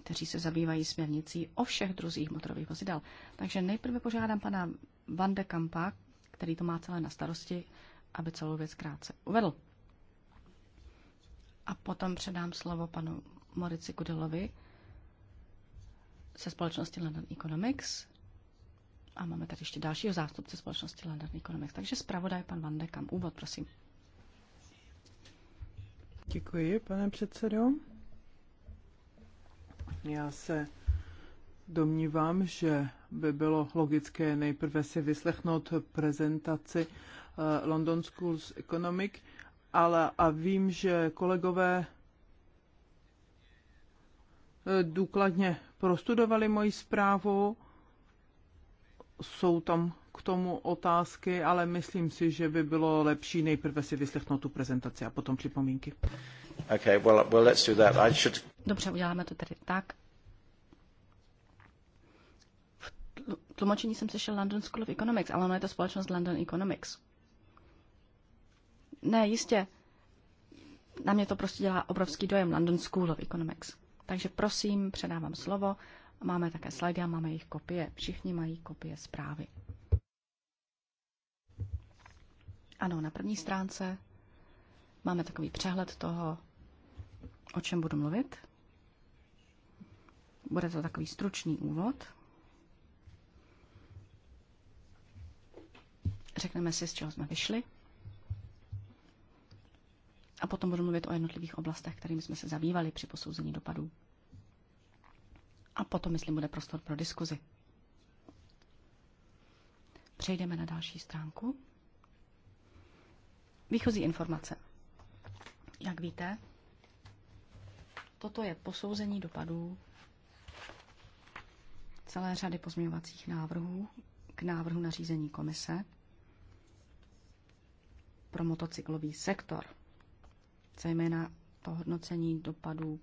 kteří se zabývají směrnicí o všech druzích motorových vozidel. Takže nejprve požádám pana Van de Kampa, který to má celé na starosti, aby celou věc krátce uvedl. A potom předám slovo panu Morici Kudelovi ze společnosti London Economics, a máme tady ještě dalšího zástupce společnosti London Economics. Takže zpravodaj pan Van Dekam. Úvod, prosím. Děkuji, pane předsedo. Já se domnívám, že by bylo logické nejprve si vyslechnout prezentaci eh, London Schools Economic, ale a vím, že kolegové eh, důkladně prostudovali moji zprávu jsou tam k tomu otázky, ale myslím si, že by bylo lepší nejprve si vyslechnout tu prezentaci a potom připomínky. Okay, well, well, let's do that. I should... Dobře, uděláme to tedy tak. V tlumočení jsem sešel London School of Economics, ale ono je to společnost London Economics. Ne, jistě. Na mě to prostě dělá obrovský dojem London School of Economics. Takže prosím, předávám slovo Máme také slajdy a máme jejich kopie. Všichni mají kopie zprávy. Ano, na první stránce máme takový přehled toho, o čem budu mluvit. Bude to takový stručný úvod. Řekneme si, z čeho jsme vyšli. A potom budu mluvit o jednotlivých oblastech, kterými jsme se zabývali při posouzení dopadů a potom, myslím, bude prostor pro diskuzi. Přejdeme na další stránku. Výchozí informace. Jak víte, toto je posouzení dopadů celé řady pozměňovacích návrhů k návrhu na řízení komise pro motocyklový sektor. Zejména to hodnocení dopadů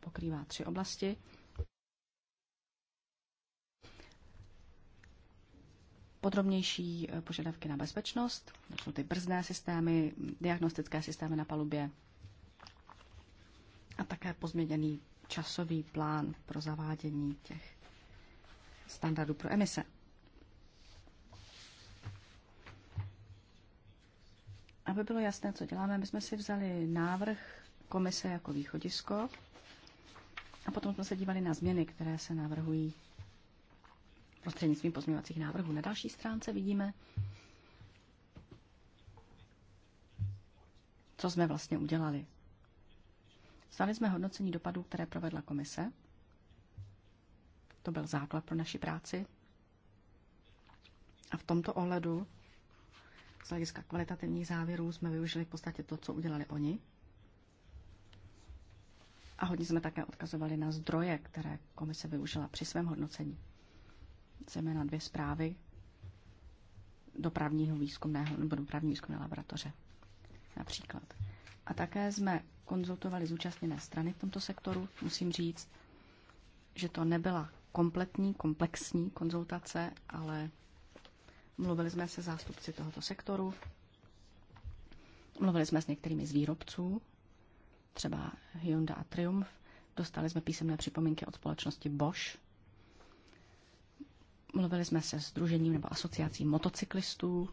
pokrývá tři oblasti. podrobnější eh, požadavky na bezpečnost, to jsou ty brzdné systémy, diagnostické systémy na palubě a také pozměněný časový plán pro zavádění těch standardů pro emise. Aby bylo jasné, co děláme, my jsme si vzali návrh komise jako východisko a potom jsme se dívali na změny, které se navrhují prostřednictvím pozměňovacích návrhů. Na další stránce vidíme, co jsme vlastně udělali. Stali jsme hodnocení dopadů, které provedla komise. To byl základ pro naši práci. A v tomto ohledu z hlediska kvalitativních závěrů jsme využili v podstatě to, co udělali oni. A hodně jsme také odkazovali na zdroje, které komise využila při svém hodnocení zejména dvě zprávy dopravního výzkumného nebo dopravní výzkumné laboratoře například. A také jsme konzultovali zúčastněné strany v tomto sektoru. Musím říct, že to nebyla kompletní, komplexní konzultace, ale mluvili jsme se zástupci tohoto sektoru, mluvili jsme s některými z výrobců, třeba Hyundai a Triumph, dostali jsme písemné připomínky od společnosti Bosch, Mluvili jsme se Združením nebo asociací motocyklistů,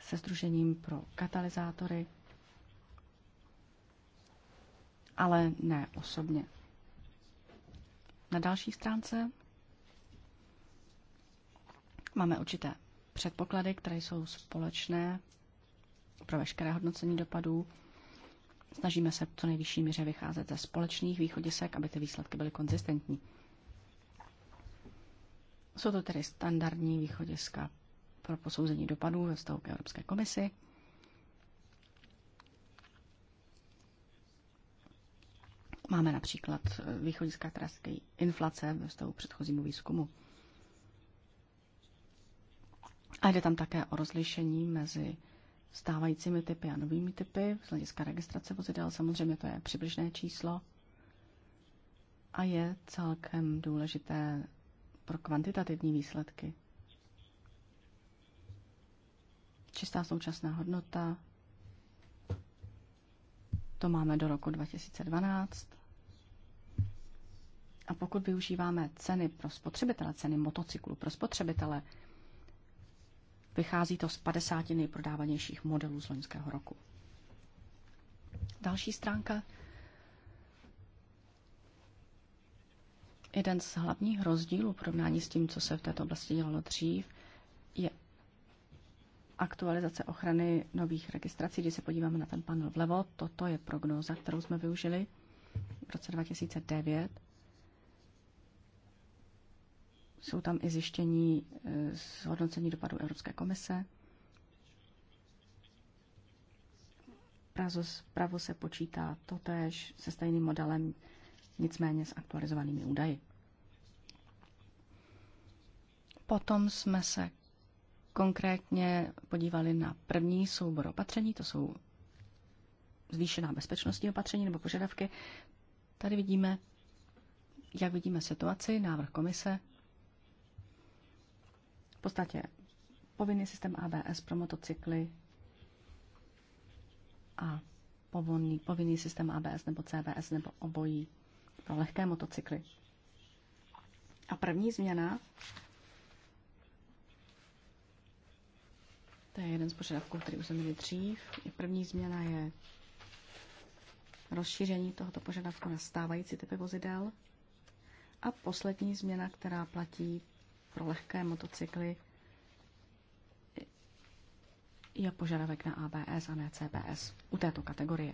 se Združením pro katalyzátory, ale ne osobně. Na další stránce máme určité předpoklady, které jsou společné pro veškeré hodnocení dopadů. Snažíme se v co nejvyšší míře vycházet ze společných východisek, aby ty výsledky byly konzistentní. Jsou to tedy standardní východiska pro posouzení dopadů ve vztahu k Evropské komisi. Máme například eh, východiska, která inflace ve vztahu k předchozímu výzkumu. A jde tam také o rozlišení mezi stávajícími typy a novými typy. Z hlediska registrace vozidel samozřejmě to je přibližné číslo. A je celkem důležité pro kvantitativní výsledky. Čistá současná hodnota, to máme do roku 2012. A pokud využíváme ceny pro spotřebitele, ceny motocyklu pro spotřebitele, vychází to z 50 nejprodávanějších modelů z loňského roku. Další stránka Jeden z hlavních rozdílů v porovnání s tím, co se v této oblasti dělalo dřív, je aktualizace ochrany nových registrací. Když se podíváme na ten panel vlevo, toto je prognóza, kterou jsme využili v roce 2009. Jsou tam i zjištění eh, z hodnocení dopadů Evropské komise. Pravo se počítá totéž se stejným modelem nicméně s aktualizovanými údaji. Potom jsme se konkrétně podívali na první soubor opatření, to jsou zvýšená bezpečnostní opatření nebo požadavky. Tady vidíme, jak vidíme situaci, návrh komise. V podstatě povinný systém ABS pro motocykly a povinný, povinný systém ABS nebo CBS nebo obojí pro lehké motocykly. A první změna, to je jeden z požadavků, který už jsme měli dřív, I první změna je rozšíření tohoto požadavku na stávající typy vozidel. A poslední změna, která platí pro lehké motocykly, je požadavek na ABS a ne CBS u této kategorie.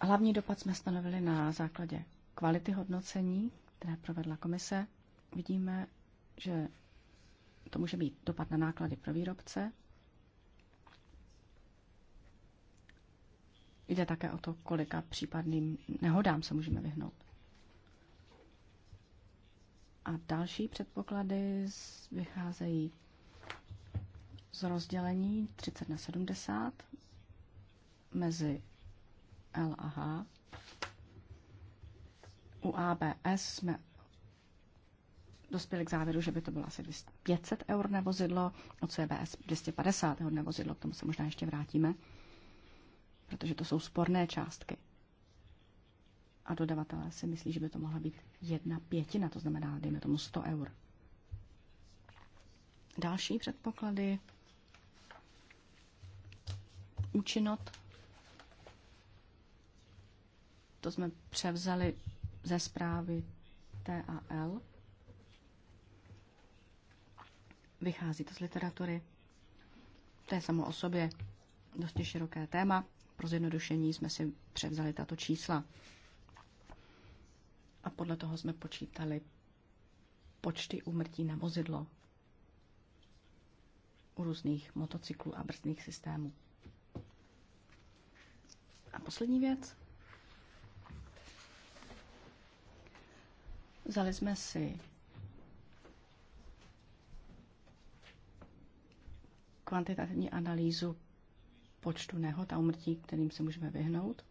Hlavní dopad jsme stanovili na základě kvality hodnocení, které provedla komise. Vidíme, že to může být dopad na náklady pro výrobce. Jde také o to, kolika případným nehodám se můžeme vyhnout. A další předpoklady vycházejí z rozdělení 30 na 70 mezi L a H. U ABS jsme dospěli k závěru, že by to bylo asi 500 eur na vozidlo, u CBS 250 eur na vozidlo, k tomu se možná ještě vrátíme, protože to jsou sporné částky. A dodavatelé si myslí, že by to mohla být jedna pětina, to znamená, dejme tomu 100 eur. Další předpoklady. Účinnost to jsme převzali ze zprávy TAL. Vychází to z literatury. To je samo o sobě dosti široké téma. Pro zjednodušení jsme si převzali tato čísla. A podle toho jsme počítali počty úmrtí na vozidlo u různých motocyklů a brzdných systémů. A poslední věc. Vzali jsme si kvantitativní analýzu počtu nehod a umrtí, kterým se můžeme vyhnout.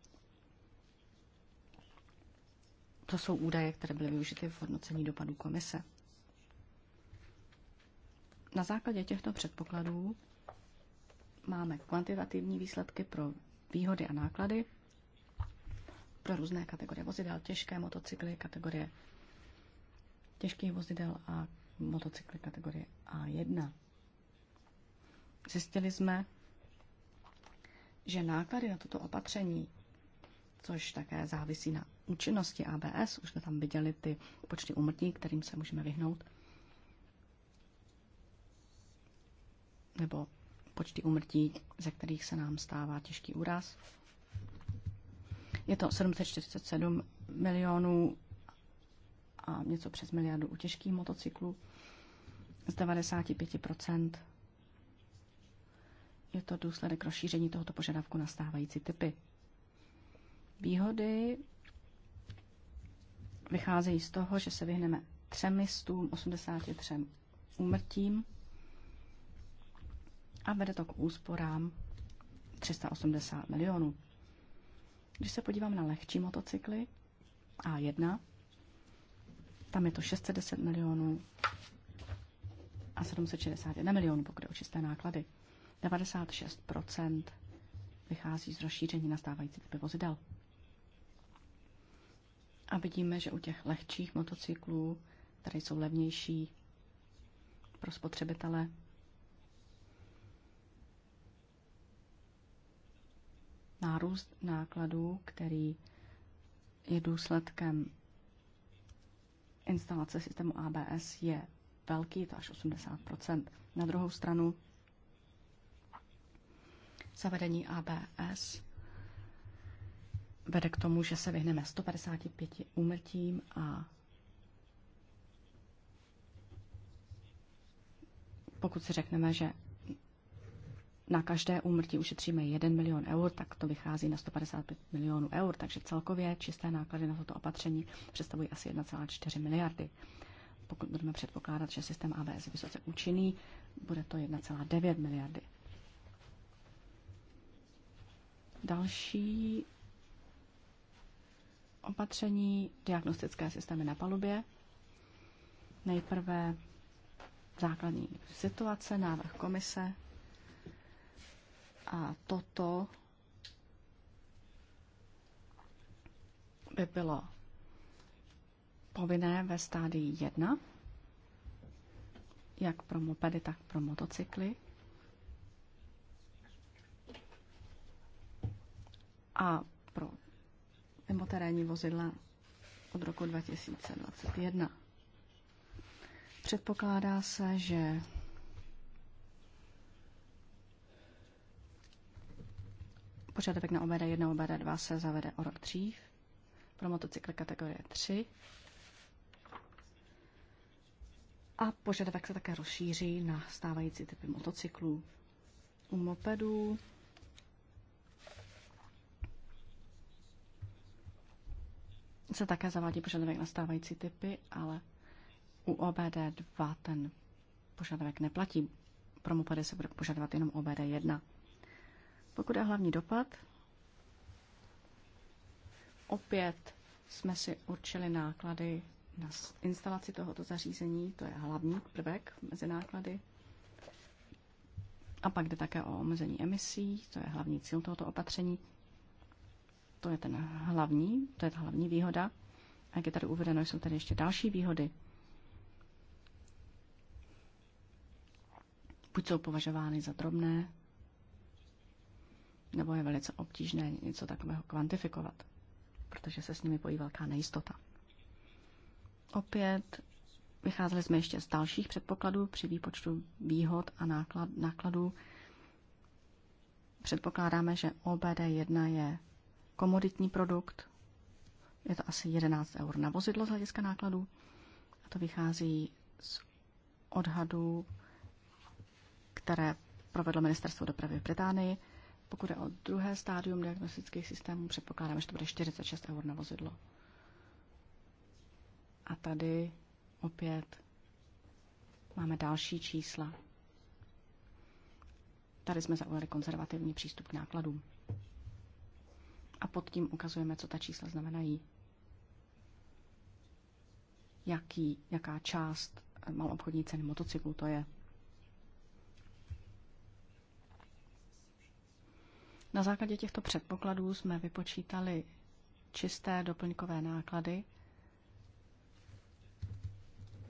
To jsou údaje, které byly využity v hodnocení dopadů komise. Na základě těchto předpokladů máme kvantitativní výsledky pro výhody a náklady pro různé kategorie vozidel, těžké motocykly, kategorie těžkých vozidel a motocykly kategorie A1. Zjistili jsme, že náklady na toto opatření, což také závisí na účinnosti ABS, už jsme tam viděli ty počty umrtí, kterým se můžeme vyhnout, nebo počty umrtí, ze kterých se nám stává těžký úraz. Je to 747 milionů a něco přes miliardu u těžkých motocyklů. Z 95% je to důsledek rozšíření tohoto požadavku na stávající typy. Výhody vycházejí z toho, že se vyhneme 83 úmrtím a vede to k úsporám 380 milionů. Když se podívám na lehčí motocykly A1, tam je to 610 milionů a 761 milionů, pokud je o čisté náklady. 96 vychází z rozšíření nastávající typy vozidel. A vidíme, že u těch lehčích motocyklů, které jsou levnější pro spotřebitele, nárůst nákladů, který je důsledkem instalace systému ABS je velký, to až 80 Na druhou stranu zavedení ABS vede k tomu, že se vyhneme 155 úmrtím a pokud si řekneme, že na každé úmrtí ušetříme 1 milion eur, tak to vychází na 155 milionů eur, takže celkově čisté náklady na toto opatření představují asi 1,4 miliardy. Pokud budeme předpokládat, že systém ABS je vysoce účinný, bude to 1,9 miliardy. Další opatření diagnostické systémy na palubě. Nejprve základní situace, návrh komise, a toto by bylo povinné ve stádii 1, jak pro mopedy, tak pro motocykly. A pro mimoterénní vozidla od roku 2021. Předpokládá se, že Požadavek na OBD 1 a OBD 2 se zavede o rok dřív. Pro motocykly kategorie 3. A požadavek se také rozšíří na stávající typy motocyklů. U mopedů se také zavádí požadavek na stávající typy, ale u OBD 2 ten požadavek neplatí. Pro mopedy se bude požadovat jenom OBD 1. Pokud je hlavní dopad, opět jsme si určili náklady na instalaci tohoto zařízení, to je hlavní prvek mezi náklady. A pak jde také o omezení emisí, to je hlavní cíl tohoto opatření. To je ten hlavní, to je ta hlavní výhoda. A jak je tady uvedeno, jsou tady ještě další výhody. Buď jsou považovány za drobné, nebo je velice obtížné něco takového kvantifikovat, protože se s nimi pojí velká nejistota. Opět vycházeli jsme ještě z dalších předpokladů při výpočtu výhod a náklad, nákladů. Předpokládáme, že OBD1 je komoditní produkt, je to asi 11 eur na vozidlo z hlediska nákladů a to vychází z odhadů, které provedlo Ministerstvo dopravy v Británii pokud je o druhé stádium diagnostických systémů, předpokládáme, že to bude 46 eur na vozidlo. A tady opět máme další čísla. Tady jsme zaujali konzervativní přístup k nákladům. A pod tím ukazujeme, co ta čísla znamenají. Jaký, jaká část malobchodní ceny motocyklu to je. Na základě těchto předpokladů jsme vypočítali čisté doplňkové náklady.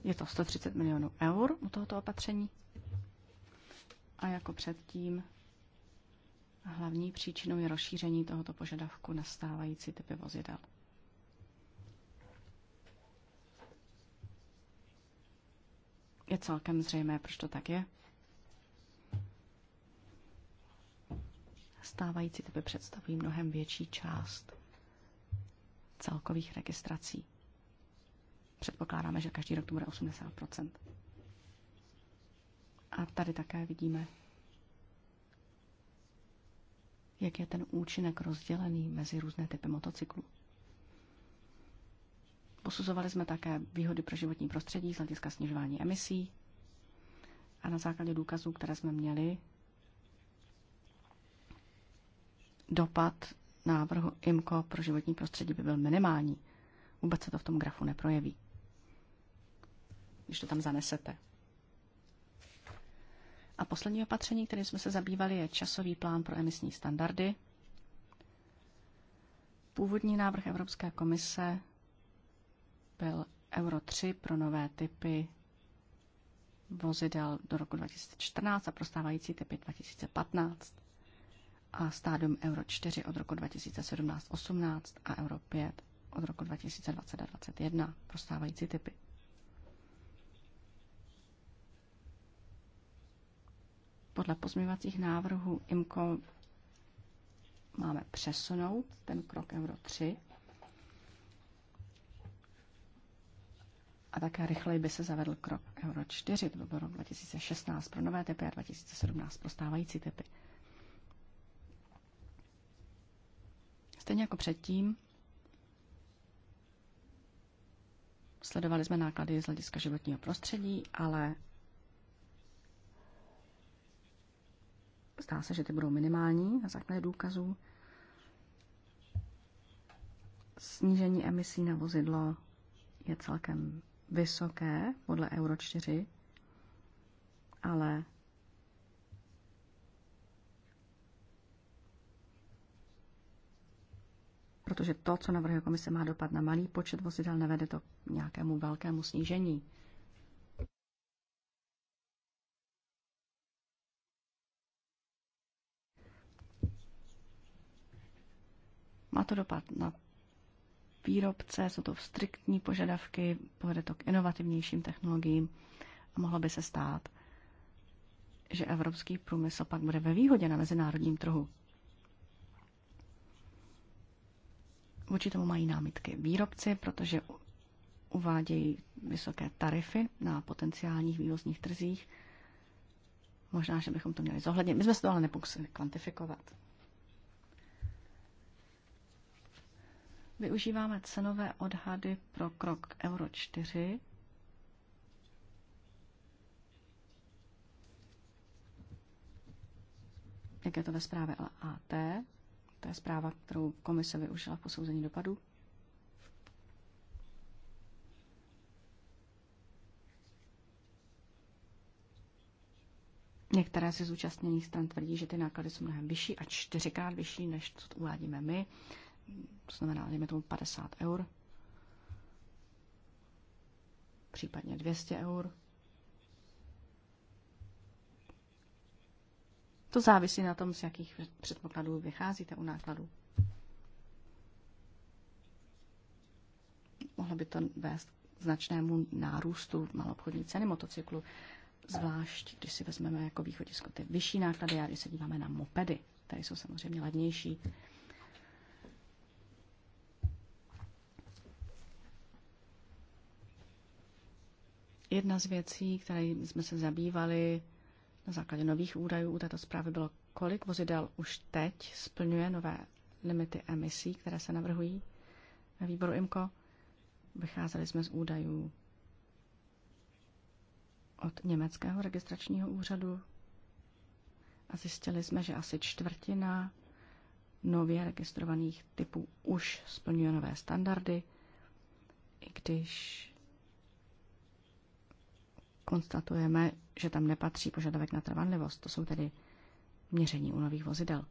Je to 130 milionů eur u tohoto opatření. A jako předtím hlavní příčinou je rozšíření tohoto požadavku na stávající typy vozidel. Je celkem zřejmé, proč to tak je. stávající typy představují mnohem větší část celkových registrací. Předpokládáme, že každý rok to bude 80 A tady také vidíme, jak je ten účinek rozdělený mezi různé typy motocyklů. Posuzovali jsme také výhody pro životní prostředí z hlediska snižování emisí a na základě důkazů, které jsme měli, dopad návrhu IMCO pro životní prostředí by byl minimální. Vůbec se to v tom grafu neprojeví, když to tam zanesete. A poslední opatření, kterým jsme se zabývali, je časový plán pro emisní standardy. Původní návrh Evropské komise byl Euro 3 pro nové typy vozidel do roku 2014 a pro stávající typy 2015 a stádium Euro 4 od roku 2017-18 a Euro 5 od roku 2020 a 2021 pro stávající typy. Podle pozměvacích návrhů IMCO máme přesunout ten krok Euro 3 a také rychleji by se zavedl krok Euro 4, to roku byl rok 2016 pro nové typy a 2017 pro stávající typy. Stejně jako předtím, sledovali jsme náklady z hlediska životního prostředí, ale zdá se, že ty budou minimální na základě důkazů. Snížení emisí na vozidlo je celkem vysoké podle Euro 4, ale protože to, co navrhuje komise, má dopad na malý počet vozidel, nevede to k nějakému velkému snížení. Má to dopad na výrobce, jsou to striktní požadavky, povede to k inovativnějším technologiím a mohlo by se stát, že evropský průmysl pak bude ve výhodě na mezinárodním trhu. Vůči tomu mají námitky výrobci, protože uvádějí vysoké tarify na potenciálních vývozních trzích. Možná, že bychom to měli zohlednit. My jsme se to ale nepokusili kvantifikovat. Využíváme cenové odhady pro krok Euro 4. Jak je to ve zprávě LAT? To je zpráva, kterou komise využila v posouzení dopadu. Některé ze zúčastněných stran tvrdí, že ty náklady jsou mnohem vyšší a čtyřikrát vyšší, než co uvádíme my. To znamená, dejme tomu 50 eur, případně 200 eur. To závisí na tom, z jakých předpokladů vycházíte u nákladů. Mohlo by to vést značnému nárůstu malobchodní ceny motocyklu, zvlášť když si vezmeme jako východisko ty vyšší náklady a když se díváme na mopedy, které jsou samozřejmě ladnější. Jedna z věcí, které jsme se zabývali, na základě nových údajů u této zprávy bylo, kolik vozidel už teď splňuje nové limity emisí, které se navrhují na výboru IMCO. Vycházeli jsme z údajů od německého registračního úřadu a zjistili jsme, že asi čtvrtina nově registrovaných typů už splňuje nové standardy, i když konstatujeme, že tam nepatří požadavek na trvanlivost. To jsou tedy měření u nových vozidel.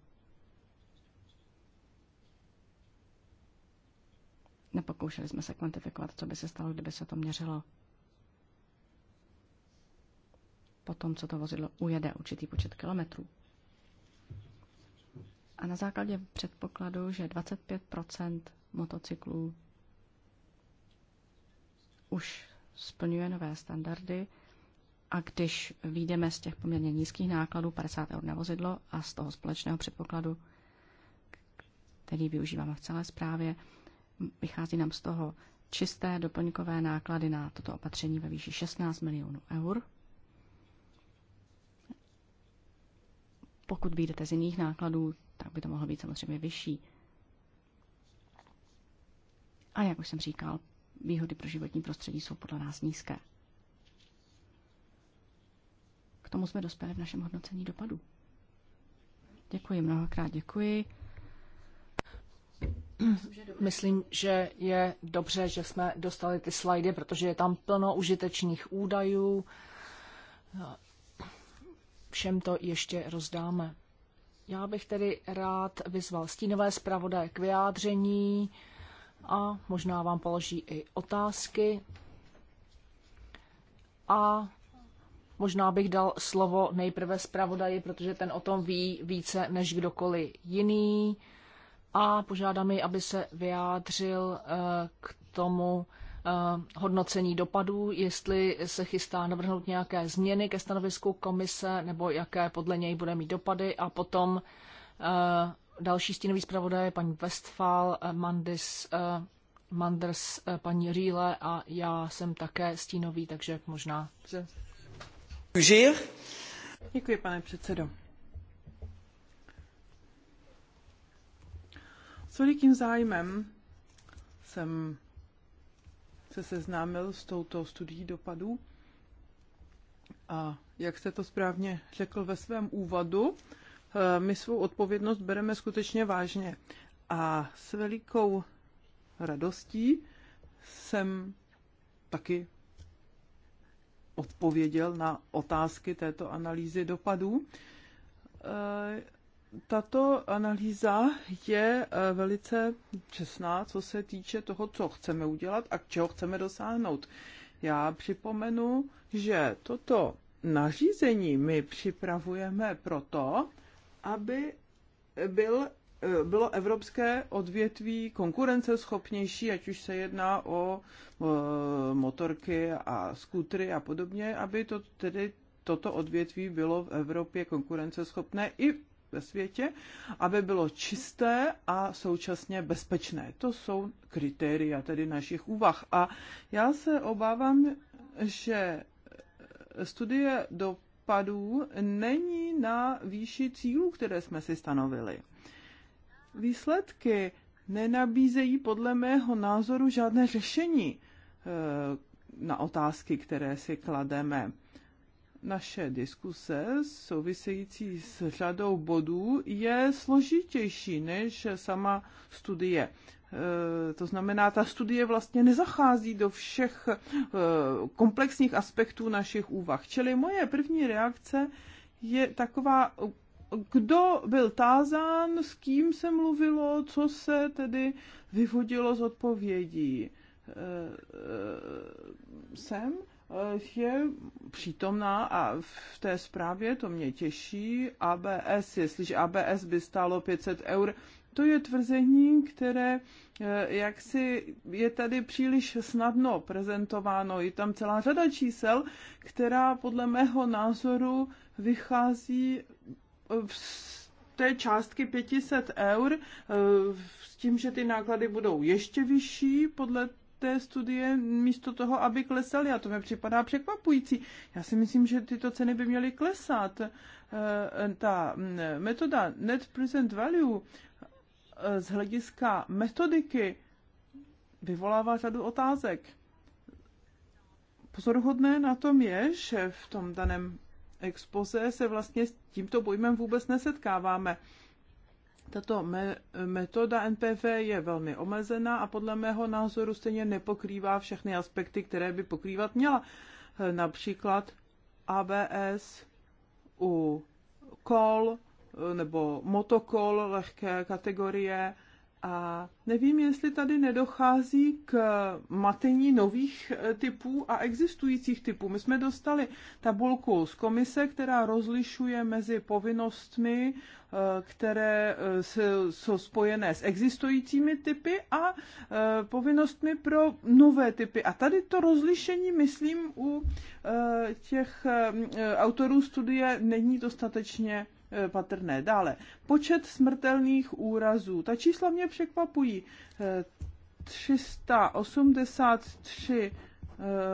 Nepokoušeli jsme se kvantifikovat, co by se stalo, kdyby se to měřilo po tom, co to vozidlo ujede určitý počet kilometrů. A na základě předpokladu, že 25 motocyklů už splňuje nové standardy, a když výjdeme z těch poměrně nízkých nákladů, 50 eur na vozidlo a z toho společného předpokladu, který využíváme v celé zprávě, vychází nám z toho čisté doplňkové náklady na toto opatření ve výši 16 milionů eur. Pokud výjdete z jiných nákladů, tak by to mohlo být samozřejmě vyšší. A jak už jsem říkal, výhody pro životní prostředí jsou podle nás nízké. K tomu jsme dospěli v našem hodnocení dopadu. Děkuji, mnohokrát děkuji. Myslím, že je dobře, že jsme dostali ty slajdy, protože je tam plno užitečných údajů. Všem to ještě rozdáme. Já bych tedy rád vyzval stínové zpravodaje k vyjádření a možná vám položí i otázky. A Možná bych dal slovo nejprve zpravodaji, protože ten o tom ví více než kdokoliv jiný. A požádám jej, aby se vyjádřil eh, k tomu eh, hodnocení dopadů, jestli se chystá navrhnout nějaké změny ke stanovisku komise nebo jaké podle něj bude mít dopady. A potom eh, další stínový zpravodaj, paní Westfal, Mandis, Manders, paní Rýle a já jsem také stínový, takže možná se pane předsedající S velikým zájmem jsem se seznámil s touto studií dopadů a jak jste to správně řekl ve svém úvodu, eh, my svou odpovědnost bereme skutečně vážně. A s velikou radostí jsem taky odpověděl na otázky této analýzy dopadů. E, tato analýza je e, velice přesná, co se týče toho, co chceme udělat a čeho chceme dosáhnout. Já připomenu, že toto nařízení my připravujeme proto, aby byl E, bylo evropské odvětví konkurenceschopnější, ať už se jedná o motorky a skutry a podobně, aby to tedy toto odvětví bylo v Evropě konkurenceschopné i ve světě, aby bylo čisté a současně bezpečné. To jsou kritéria tedy našich úvah. A já se obávám, že studie dopadů není na výši cílů, které jsme si stanovili výsledky nenabízejí podle mého názoru žádné řešení eh, na otázky, které si klademe. Naše diskuse související s řadou bodů je složitější než sama studie. Eh, to znamená, ta studie vlastně nezachází do všech eh, komplexních aspektů našich úvah. Čili moje první reakce je taková kdo byl tázán, s kým se mluvilo, co se tedy vyvodilo z odpovědí. Jsem e, e, eh, je přítomná a v té zprávě to mě těší. ABS, jestliže ABS by stálo 500 eur, to je tvrzení, které eh, jaksi je tady příliš snadno prezentováno. Je tam celá řada čísel, která podle mého názoru vychází z té částky 500 eur eh, s tím, že ty náklady budou ještě vyšší podle té studie místo toho, aby klesaly. A to mi připadá překvapující. Já si myslím, že tyto ceny by měly klesat. Eh, eh, ta mm, metoda net present value z hlediska metodiky vyvolává řadu otázek. Pozoruhodné na tom je, že v tom daném expoze se vlastně s tímto pojmem vůbec nesetkáváme. Tato me- metoda NPV je velmi omezená a podle mého názoru stejně nepokrývá všechny aspekty, které by pokrývat měla. Například ABS u kol nebo motokol lehké kategorie, a nevím, jestli tady nedochází k matení nových eh, typů a existujících typů. My jsme dostali tabulku z komise, která rozlišuje mezi povinnostmi, eh, které eh, jsou spojené s existujícími typy a povinnostmi pro nové typy. A tady to rozlišení, myslím, u těch autorů studie není dostatečně Eh, patrné. Dále, počet smrtelných úrazů. Ta čísla mě překvapují. 383 eh, eh,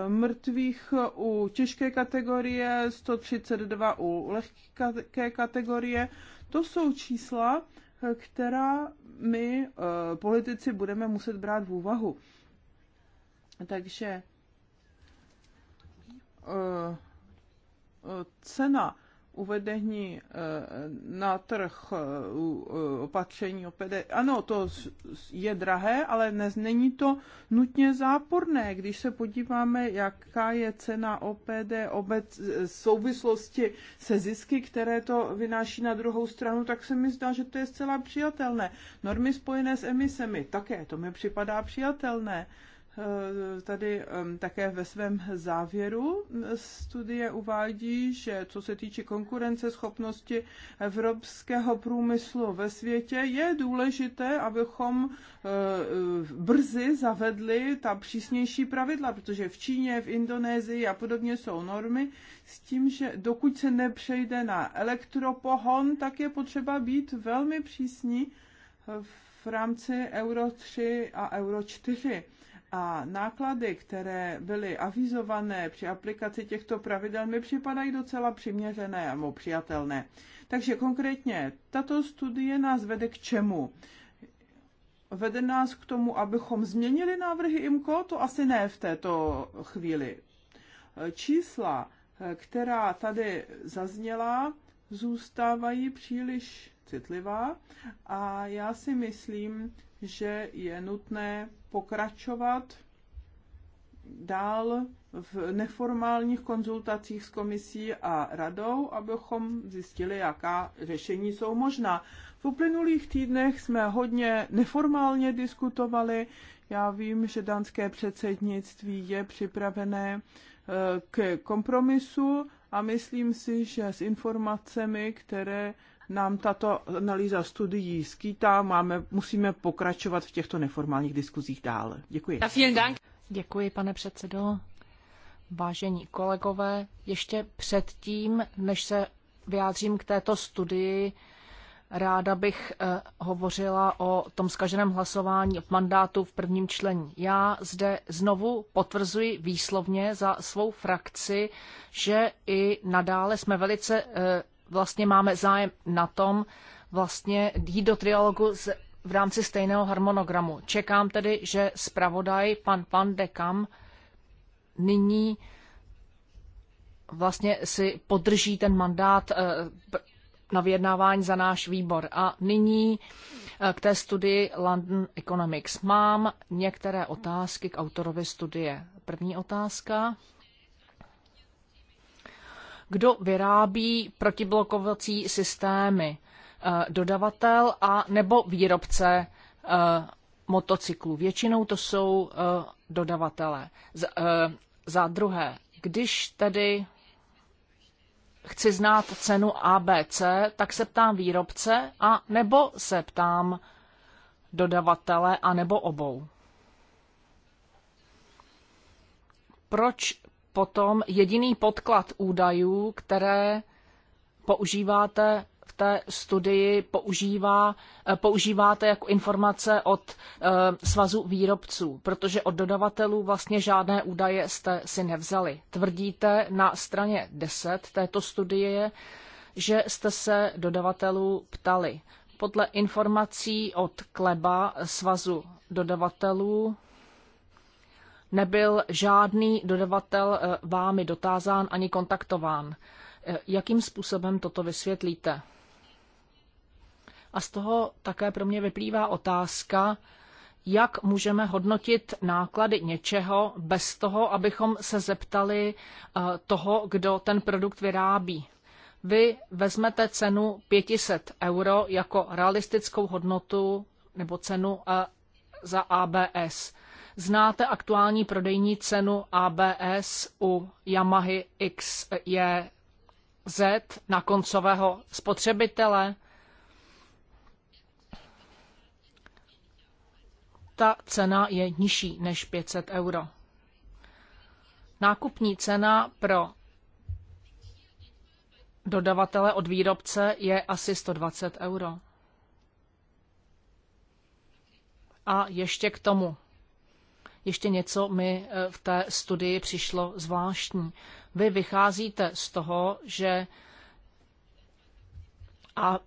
mrtvých u těžké kategorie, 132 u lehké kategorie. To jsou čísla, která my politici budeme muset brát v úvahu. Takže cena uvedení eh, na trh eh, eh, opatření opede. Ano, to je drahé, ale dnes není to nutně záporné. Když se podíváme, jaká je cena OPD obec v souvislosti se zisky, které to vynáší na druhou stranu, tak se mi zdá, že to je zcela přijatelné. Normy spojené s emisemi také, to mi připadá přijatelné. Eh, tady také ve svém závěru studie uvádí, že co se týče konkurenceschopnosti evropského průmyslu ve světě, je důležité, abychom eh, eh, brzy zavedli ta přísnější pravidla, protože v Číně, v Indonésii a podobně jsou normy, s tím, že dokud se nepřejde na elektropohon, tak je potřeba být velmi přísní v rámci Euro 3 a Euro 4 a náklady, které byly avizované při aplikaci těchto pravidel, mi připadají docela přiměřené a přijatelné. Takže konkrétně, tato studie nás vede k čemu? Vede nás k tomu, abychom změnili návrhy IMCO? To asi ne v této chvíli. Čísla, která tady zazněla, zůstávají příliš citlivá a já si myslím, že je nutné pokračovat dál v neformálních konzultacích s komisí a radou, abychom zjistili, jaká řešení jsou možná. V uplynulých týdnech jsme hodně neformálně diskutovali. Já vím, že dánské předsednictví je připravené eh, k kompromisu a myslím si, že s informacemi, které nám tato analýza studií skýtá. Máme, musíme pokračovat v těchto neformálních diskuzích dál. Děkuji. Děkuji, pane předsedo. Vážení kolegové, ještě předtím, než se vyjádřím k této studii, ráda bych eh, hovořila o tom zkaženém hlasování v mandátu v prvním člení. Já zde znovu potvrzuji výslovně za svou frakci, že i nadále jsme velice eh, vlastně máme zájem na tom vlastně jít do trialogu z, v rámci stejného harmonogramu. Čekám tedy, že zpravodaj pan Van de Kam nyní vlastně si podrží ten mandát eh, na vyjednávání za náš výbor. A nyní eh, k té studii London Economics. Mám některé otázky k autorovi studie. První otázka kdo vyrábí protiblokovací systémy, eh, dodavatel a nebo výrobce eh, motocyklů. Většinou to jsou eh, dodavatelé. Za druhé, když tedy chci znát cenu ABC, tak se ptám výrobce a nebo se ptám dodavatele a nebo obou. Proč potom jediný podklad údajů, které používáte v té studii, používá, eh, používáte jako informace od eh, svazu výrobců, protože od dodavatelů vlastně žádné údaje jste si nevzali. Tvrdíte na straně 10 této studie, že jste se dodavatelů ptali. Podle informací od Kleba, svazu dodavatelů, nebyl žádný dodavatel eh, vámi dotázán ani kontaktován. Eh, jakým způsobem toto vysvětlíte? A z toho také pro mě vyplývá otázka, jak můžeme hodnotit náklady něčeho bez toho, abychom se zeptali eh, toho, kdo ten produkt vyrábí. Vy vezmete cenu 500 euro jako realistickou hodnotu nebo cenu za ABS. Znáte aktuální prodejní cenu ABS u Yamahy XJZ e na koncového spotřebitele? Ta cena je nižší než 500 euro. Nákupní cena pro dodavatele od výrobce je asi 120 euro. A ještě k tomu ještě něco mi e, v té studii přišlo zvláštní. Vy vycházíte z toho, že a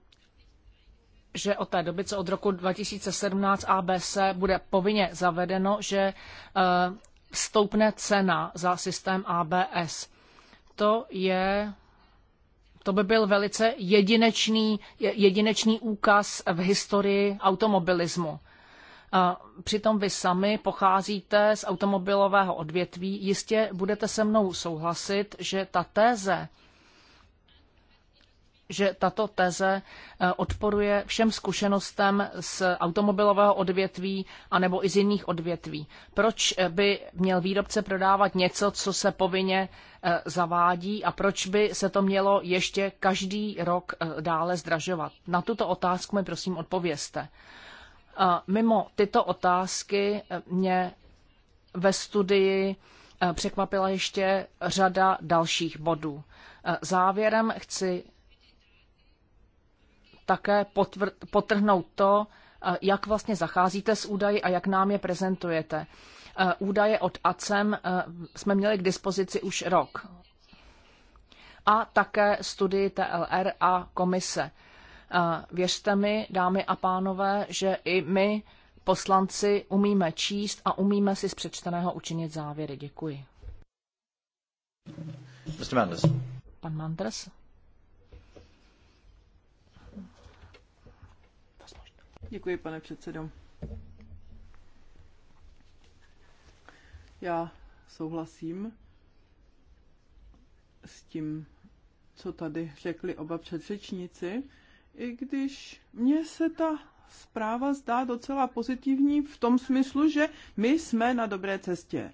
že od té doby, co od roku 2017 ABC bude povinně zavedeno, že vstoupne e, cena za systém ABS. To je to by byl velice jedinečný, jedinečný úkaz v historii automobilismu. Přitom vy sami pocházíte z automobilového odvětví. Jistě budete se mnou souhlasit, že ta téze, že tato teze eh, odporuje všem zkušenostem z automobilového odvětví anebo i z jiných odvětví. Proč eh, by měl výrobce prodávat něco, co se povinně eh, zavádí a proč by se to mělo ještě každý rok dále zdražovat? Na tuto otázku mi prosím odpovězte. Mimo tyto otázky eh, mě ve studii eh, překvapila ještě řada dalších bodů. Eh, závěrem chci také potrhnout to, jak vlastně zacházíte s údaji a jak nám je prezentujete. Údaje od ACEM jsme měli k dispozici už rok. A také studii TLR a komise. Věřte mi, dámy a pánové, že i my, poslanci, umíme číst a umíme si z přečteného učinit závěry. Děkuji. Mr. Manders. Pan Manders. Děkuji, pane předsedo. Já souhlasím s tím, co tady řekli oba předřečníci i když mně se ta zpráva zdá docela pozitivní v tom smyslu, že my jsme na dobré cestě.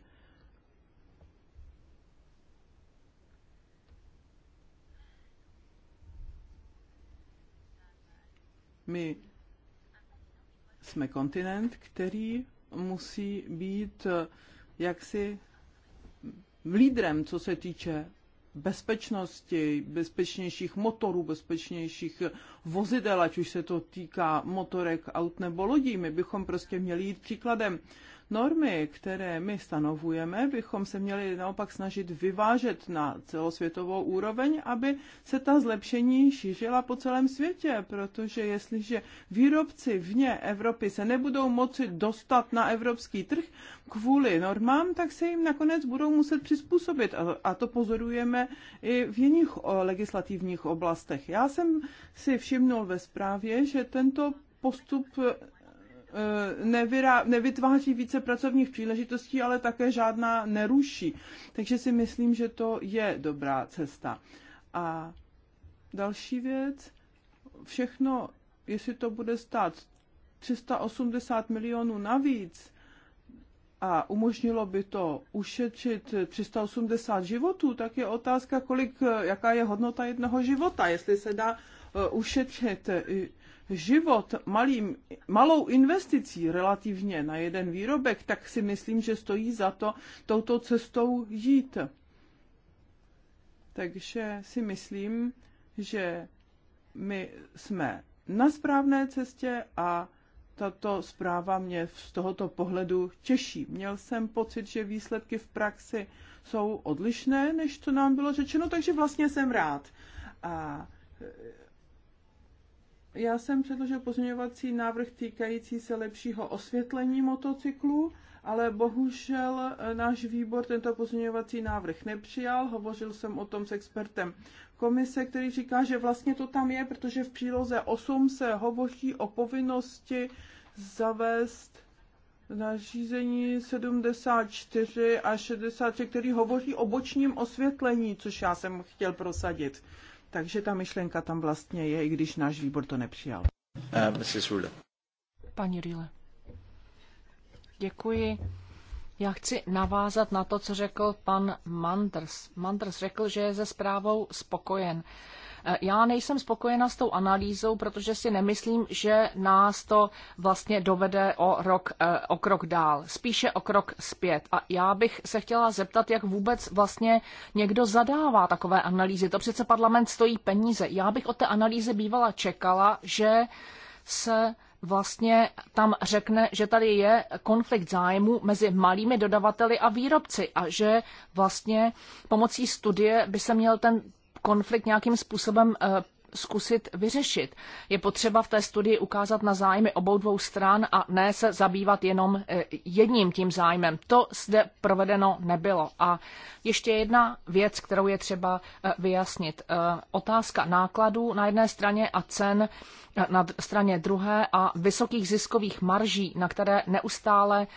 My jsme kontinent, který musí být eh, jaksi lídrem, co se týče bezpečnosti, bezpečnějších motorů, bezpečnějších vozidel, ať už se to týká motorek, aut nebo lodí. My bychom prostě měli jít příkladem normy, které my stanovujeme, bychom se měli naopak snažit vyvážet na celosvětovou úroveň, aby se ta zlepšení šířila po celém světě, protože jestliže výrobci vně Evropy se nebudou moci dostat na evropský trh kvůli normám, tak se jim nakonec budou muset přizpůsobit. A to pozorujeme i v jiných legislativních oblastech. Já jsem si všimnul ve zprávě, že tento postup Eh, nevyrá, nevytváří více pracovních příležitostí, ale také žádná neruší. Takže si myslím, že to je dobrá cesta. A další věc, všechno, jestli to bude stát 380 milionů navíc, a umožnilo by to ušetřit 380 životů, tak je otázka, kolik, jaká je hodnota jednoho života, jestli se dá eh, ušetřit život malým, malou investicí relativně na jeden výrobek, tak si myslím, že stojí za to touto cestou jít. Takže si myslím, že my jsme na správné cestě a tato zpráva mě z tohoto pohledu těší. Měl jsem pocit, že výsledky v praxi jsou odlišné, než co nám bylo řečeno, takže vlastně jsem rád. A já jsem předložil pozměňovací návrh týkající se lepšího osvětlení motocyklu, ale bohužel eh, náš výbor tento pozměňovací návrh nepřijal. Hovořil jsem o tom s expertem komise, který říká, že vlastně to tam je, protože v příloze 8 se hovoří o povinnosti zavést nařízení 74 a 63, který hovoří o bočním osvětlení, což já jsem chtěl prosadit. Takže ta myšlenka tam vlastně je, i když náš výbor to nepřijal. Uh, Mrs. Paní Děkuji. Já chci navázat na to, co řekl pan Manders. Manders řekl, že je ze zprávou spokojen. Uh, Eh, já nejsem spokojena s tou analýzou, protože si nemyslím, že nás to vlastně dovede o, rok, eh, o krok dál, spíše o krok zpět. A já bych se chtěla zeptat, jak vůbec vlastně někdo zadává takové analýzy. To přece parlament stojí peníze. Já bych od té analýzy bývala čekala, že se vlastně tam řekne, že tady je konflikt zájmu mezi malými dodavateli a výrobci a že vlastně pomocí studie by se měl ten konflikt nějakým způsobem eh, zkusit vyřešit. Je potřeba v té studii ukázat na zájmy obou dvou stran a ne se zabývat jenom eh, jedním tím zájmem. To zde provedeno nebylo. A ještě jedna věc, kterou je třeba eh, vyjasnit. Otázka nákladů na jedné straně a cen na straně druhé a vysokých ziskových marží, na které neustále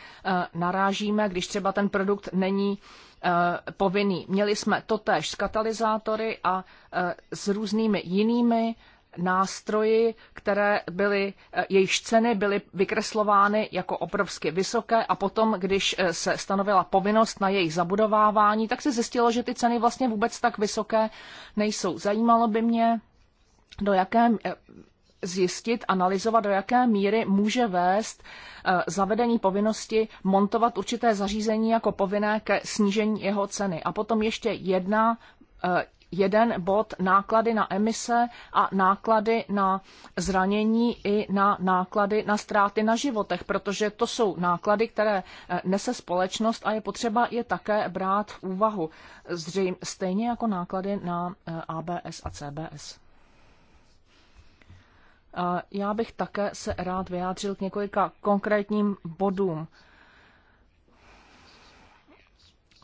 narážíme, když třeba ten produkt není Eh, povinný. Měli jsme totéž s katalyzátory a eh, s různými jinými nástroji, které byly, eh, jejich ceny byly vykreslovány jako obrovsky vysoké a potom, když se stanovila povinnost na jejich zabudovávání, tak se zjistilo, že ty ceny vlastně vůbec tak vysoké nejsou. Zajímalo by mě, do jaké zjistit, analyzovat, do jaké míry může vést eh, zavedení povinnosti montovat určité zařízení jako povinné ke snížení jeho ceny. A potom ještě jedna eh, jeden bod náklady na emise a náklady na zranění i na náklady na ztráty na životech, protože to jsou náklady, které eh, nese společnost a je potřeba je také brát v úvahu, zřejmě stejně jako náklady na ABS a CBS. Já bych také se rád vyjádřil k několika konkrétním bodům.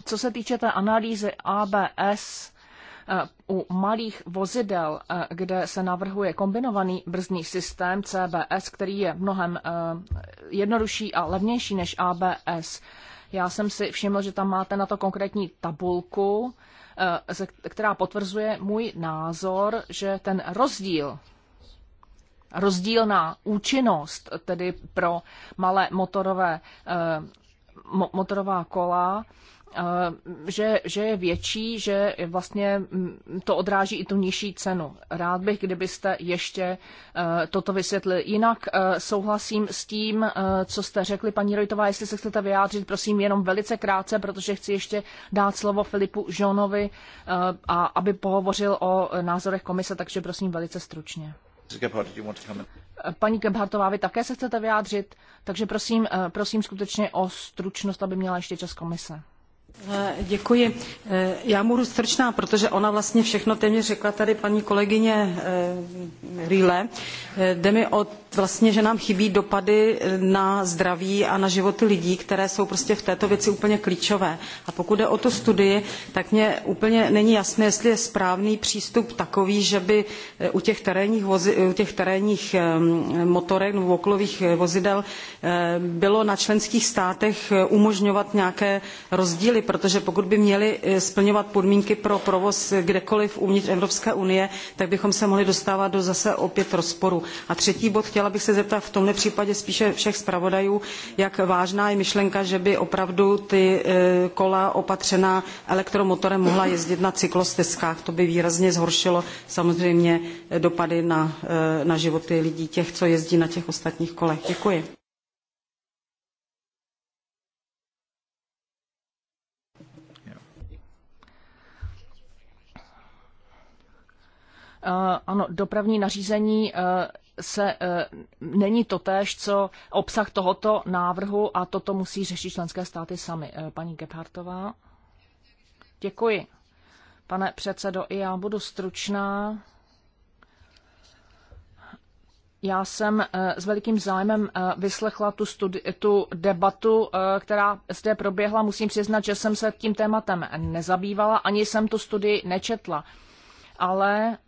Co se týče té analýzy ABS eh, u malých vozidel, eh, kde se navrhuje kombinovaný brzdný systém CBS, který je mnohem eh, jednodušší a levnější než ABS, já jsem si všiml, že tam máte na to konkrétní tabulku, která potvrzuje můj názor, že ten rozdíl rozdílná účinnost, tedy pro malé motorové, eh, mo, motorová kola, eh, že, že je větší, že vlastně mm, to odráží i tu nižší cenu. Rád bych, kdybyste ještě eh, toto vysvětlili. Jinak souhlasím s tím, co jste řekli, paní Rojtová, jestli se chcete vyjádřit, prosím, jenom velice krátce, protože chci ještě dát slovo Filipu Žonovi, a aby pohovořil o názorech komise, takže prosím velice stručně. Paní Gebhardtová, vy také se chcete vyjádřit, takže prosím, eh, prosím skutečně o stručnost, aby měla ještě čas komise. Eh, děkuji. Eh, já budu stručná, protože ona vlastně všechno téměř řekla tady paní kolegyně eh, Rýle. Jde mi o vlastně, že nám chybí dopady na zdraví a na životy lidí, které jsou prostě v této věci úplně klíčové. A pokud jde o tu studii, tak mě úplně není jasné, jestli je správný přístup takový, že by u těch terénních, vozi, u těch terénních motorek nebo oklových vozidel bylo na členských státech umožňovat nějaké rozdíly neměli, protože pokud by měli eh, splňovat podmínky pro provoz kdekoliv uvnitř Evropské unie, tak bychom se mohli dostávat do zase opět rozporu. A třetí bod, chtěla bych se zeptat v tomhle případě spíše všech zpravodajů, jak vážná je myšlenka, že by opravdu ty eh, kola opatřená elektromotorem mohla jezdit na cyklostezkách. To by výrazně zhoršilo samozřejmě dopady na, eh, na životy lidí, těch, co jezdí na těch ostatních kolech. Děkuji. Eh, ano, dopravní nařízení eh, se eh, není totéž, co obsah tohoto návrhu a toto musí řešit členské státy sami. Paní Gebhartová. Děkuji. Pane předsedo, i já budu stručná. Já jsem s velikým zájmem vyslechla tu, studi- tu debatu, která zde proběhla. Musím přiznat, že jsem se tím tématem nezabývala, ani jsem tu studii nečetla. Ale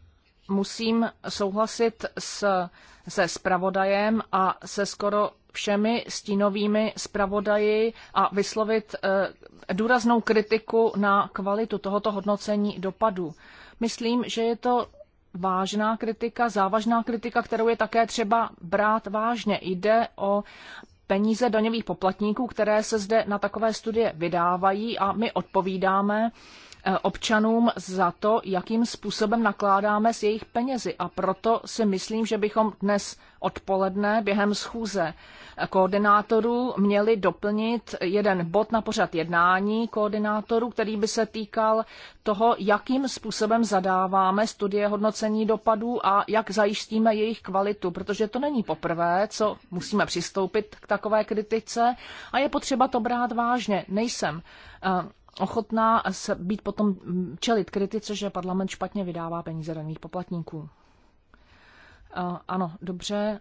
musím souhlasit s, se spravodajem a se skoro všemi stínovými zpravodaji a vyslovit e, důraznou kritiku na kvalitu tohoto hodnocení dopadu. Myslím, že je to vážná kritika, závažná kritika, kterou je také třeba brát vážně. Jde o peníze daňových poplatníků, které se zde na takové studie vydávají a my odpovídáme Eh, občanům za to, jakým způsobem nakládáme s jejich penězi. A proto si myslím, že bychom dnes odpoledne během schůze koordinátorů měli doplnit jeden bod na pořad jednání koordinátorů, který by se týkal toho, jakým způsobem zadáváme studie hodnocení dopadů a jak zajistíme jejich kvalitu, protože to není poprvé, co musíme přistoupit k takové kritice a je potřeba to brát vážně. Nejsem eh, ochotná být potom mm, čelit kritice, že parlament špatně vydává peníze daných poplatníků. Eh, ano, dobře.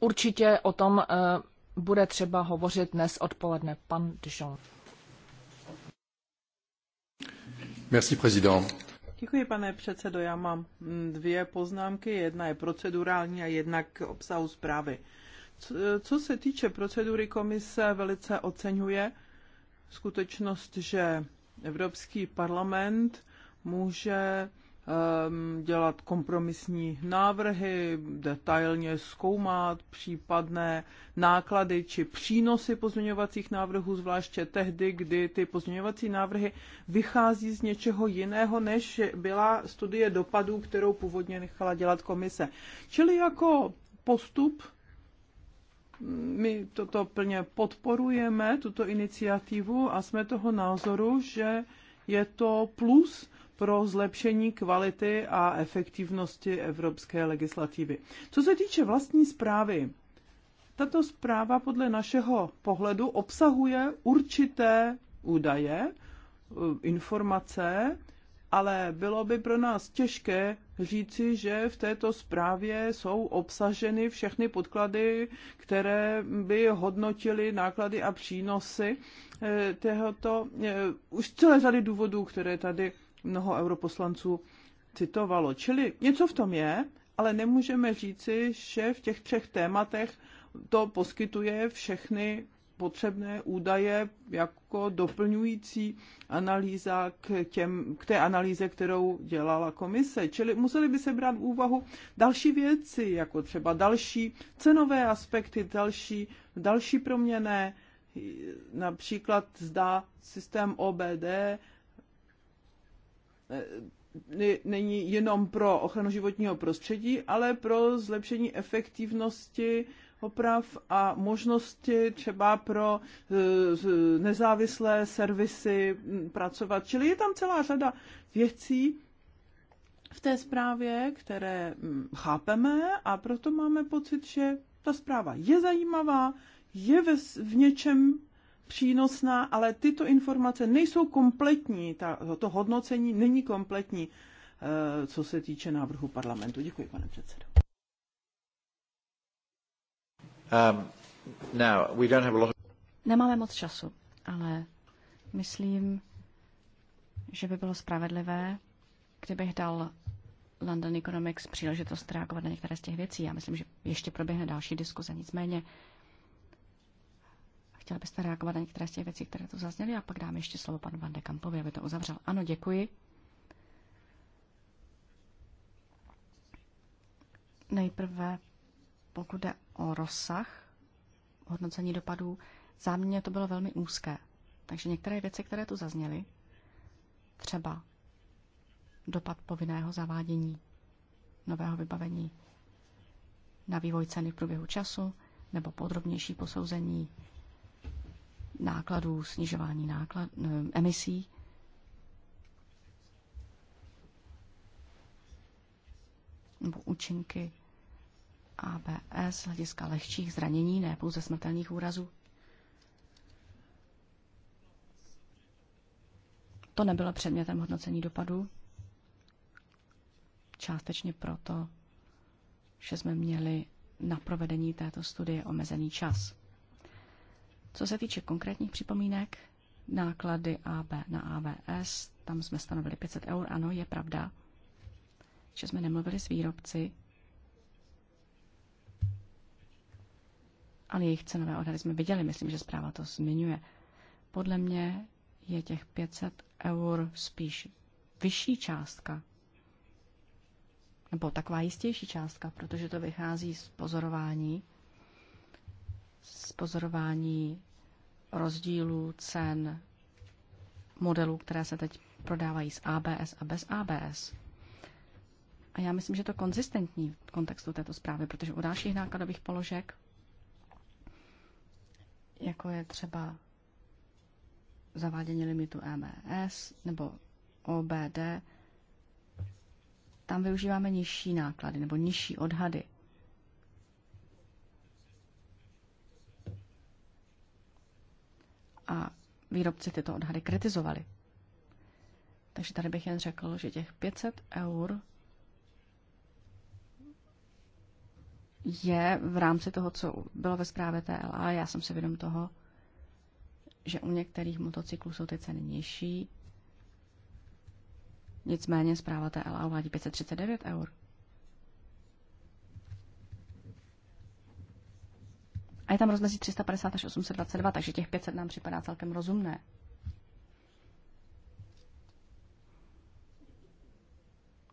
Určitě o tom eh, bude třeba hovořit dnes odpoledne. Pan Dijon. Merci, président. Děkuji, pane předsedo. Já mám mm, dvě poznámky. Jedna je procedurální a jedna k obsahu zprávy. Co se týče procedury, komise velice oceňuje skutečnost, že Evropský parlament může ehm, dělat kompromisní návrhy, detailně zkoumat případné náklady či přínosy pozměňovacích návrhů, zvláště tehdy, kdy ty pozměňovací návrhy vychází z něčeho jiného, než byla studie dopadů, kterou původně nechala dělat komise. Čili jako postup my toto plně podporujeme, tuto iniciativu a jsme toho názoru, že je to plus pro zlepšení kvality a efektivnosti evropské legislativy. Co se týče vlastní zprávy, tato zpráva podle našeho pohledu obsahuje určité údaje, eh, informace, ale bylo by pro nás těžké říci, že v této zprávě jsou obsaženy všechny podklady, které by hodnotily náklady a přínosy eh, tohoto, eh, už celé řady důvodů, které tady mnoho europoslanců citovalo. Čili něco v tom je, ale nemůžeme říci, že v těch třech tématech to poskytuje všechny potřebné údaje jako doplňující analýza k, těm, k té analýze, kterou dělala komise. Čili museli by se brát v úvahu další věci, jako třeba další cenové aspekty, další, další proměné, například zda systém OBD eh, není jenom pro ochranu životního prostředí, ale pro zlepšení efektivnosti oprav a možnosti třeba pro e, nezávislé servisy pracovat. Čili je tam celá řada věcí v té zprávě, které chápeme a proto máme pocit, že ta zpráva je zajímavá, je v něčem přínosná, ale tyto informace nejsou kompletní, ta, to hodnocení není kompletní, e, co se týče návrhu parlamentu. Děkuji, pane předsedo. Um, Nemáme moc času, ale myslím, že by bylo spravedlivé, kdybych dal London Economics příležitost reagovat na některé z těch věcí. Já myslím, že ještě proběhne další diskuze. Nicméně chtěla byste reagovat na některé z těch věcí, které tu zazněly a pak dám ještě slovo panu Van de Kampovi, aby to uzavřel. Ano, děkuji. Nejprve, pokud jde o rozsah hodnocení dopadů, záměně to bylo velmi úzké. Takže některé věci, které tu zazněly, třeba dopad povinného zavádění nového vybavení na vývoj ceny v průběhu času nebo podrobnější posouzení nákladů, snižování náklad, eh, emisí. nebo účinky ABS hlediska lehčích zranění, ne pouze smrtelných úrazů. To nebylo předmětem hodnocení dopadu, částečně proto, že jsme měli na provedení této studie omezený čas. Co se týče konkrétních připomínek, náklady AB na ABS, tam jsme stanovili 500 eur, ano, je pravda, že jsme nemluvili s výrobci, ale jejich cenové odhady jsme viděli, myslím, že zpráva to zmiňuje. Podle mě je těch 500 eur spíš vyšší částka, nebo taková jistější částka, protože to vychází z pozorování, z pozorování rozdílů cen modelů, které se teď prodávají s ABS a bez ABS. A já myslím, že to konzistentní v kontextu této zprávy, protože u dalších nákladových položek jako je třeba zavádění limitu EMS nebo OBD, tam využíváme nižší náklady nebo nižší odhady. A výrobci tyto odhady kritizovali. Takže tady bych jen řekl, že těch 500 eur je v rámci toho, co bylo ve zprávě TLA, já jsem si vědom toho, že u některých motocyklů jsou ty ceny nižší. Nicméně zpráva TLA uvádí 539 eur. A je tam rozmezí 350 až 822, takže těch 500 nám připadá celkem rozumné.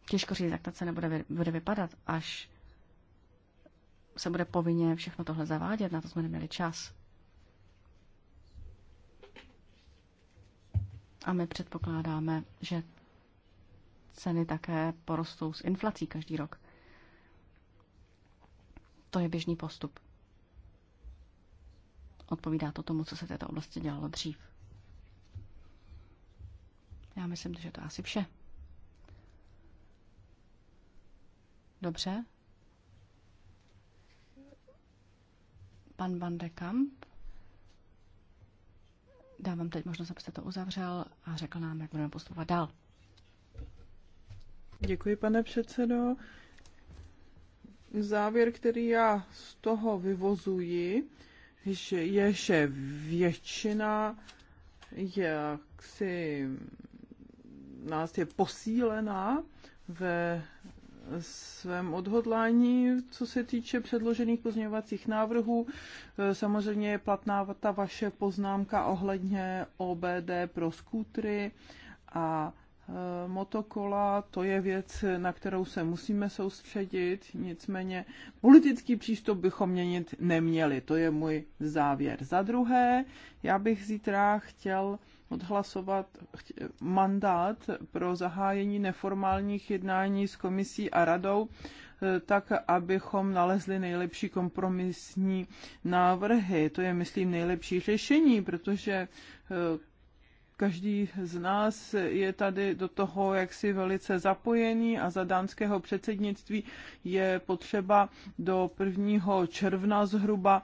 Těžko říct, jak ta cena bude, bude vypadat, až se bude povinně všechno tohle zavádět, na to jsme neměli čas. A my předpokládáme, že ceny také porostou s inflací každý rok. To je běžný postup. Odpovídá to tomu, co se této oblasti dělalo dřív. Já myslím, že to asi vše. Dobře, pan Van de Kamp. Dávám teď možnost, abyste to uzavřel a řekl nám, jak budeme postupovat dál. Děkuji, pane předsedo. Závěr, který já z toho vyvozuji, je, že většina jaksi nás je posílená ve svém odhodlání, co se týče předložených pozměňovacích návrhů. E, samozřejmě je platná ta vaše poznámka ohledně OBD pro skútry a e, motokola, to je věc, na kterou se musíme soustředit, nicméně politický přístup bychom měnit neměli, to je můj závěr. Za druhé, já bych zítra chtěl odhlasovat mandát pro zahájení neformálních jednání s komisí a radou, eh, tak abychom nalezli nejlepší kompromisní návrhy. To je, myslím, nejlepší řešení, protože eh, každý z nás je tady do toho jaksi velice zapojený a za dánského předsednictví je potřeba do 1. června zhruba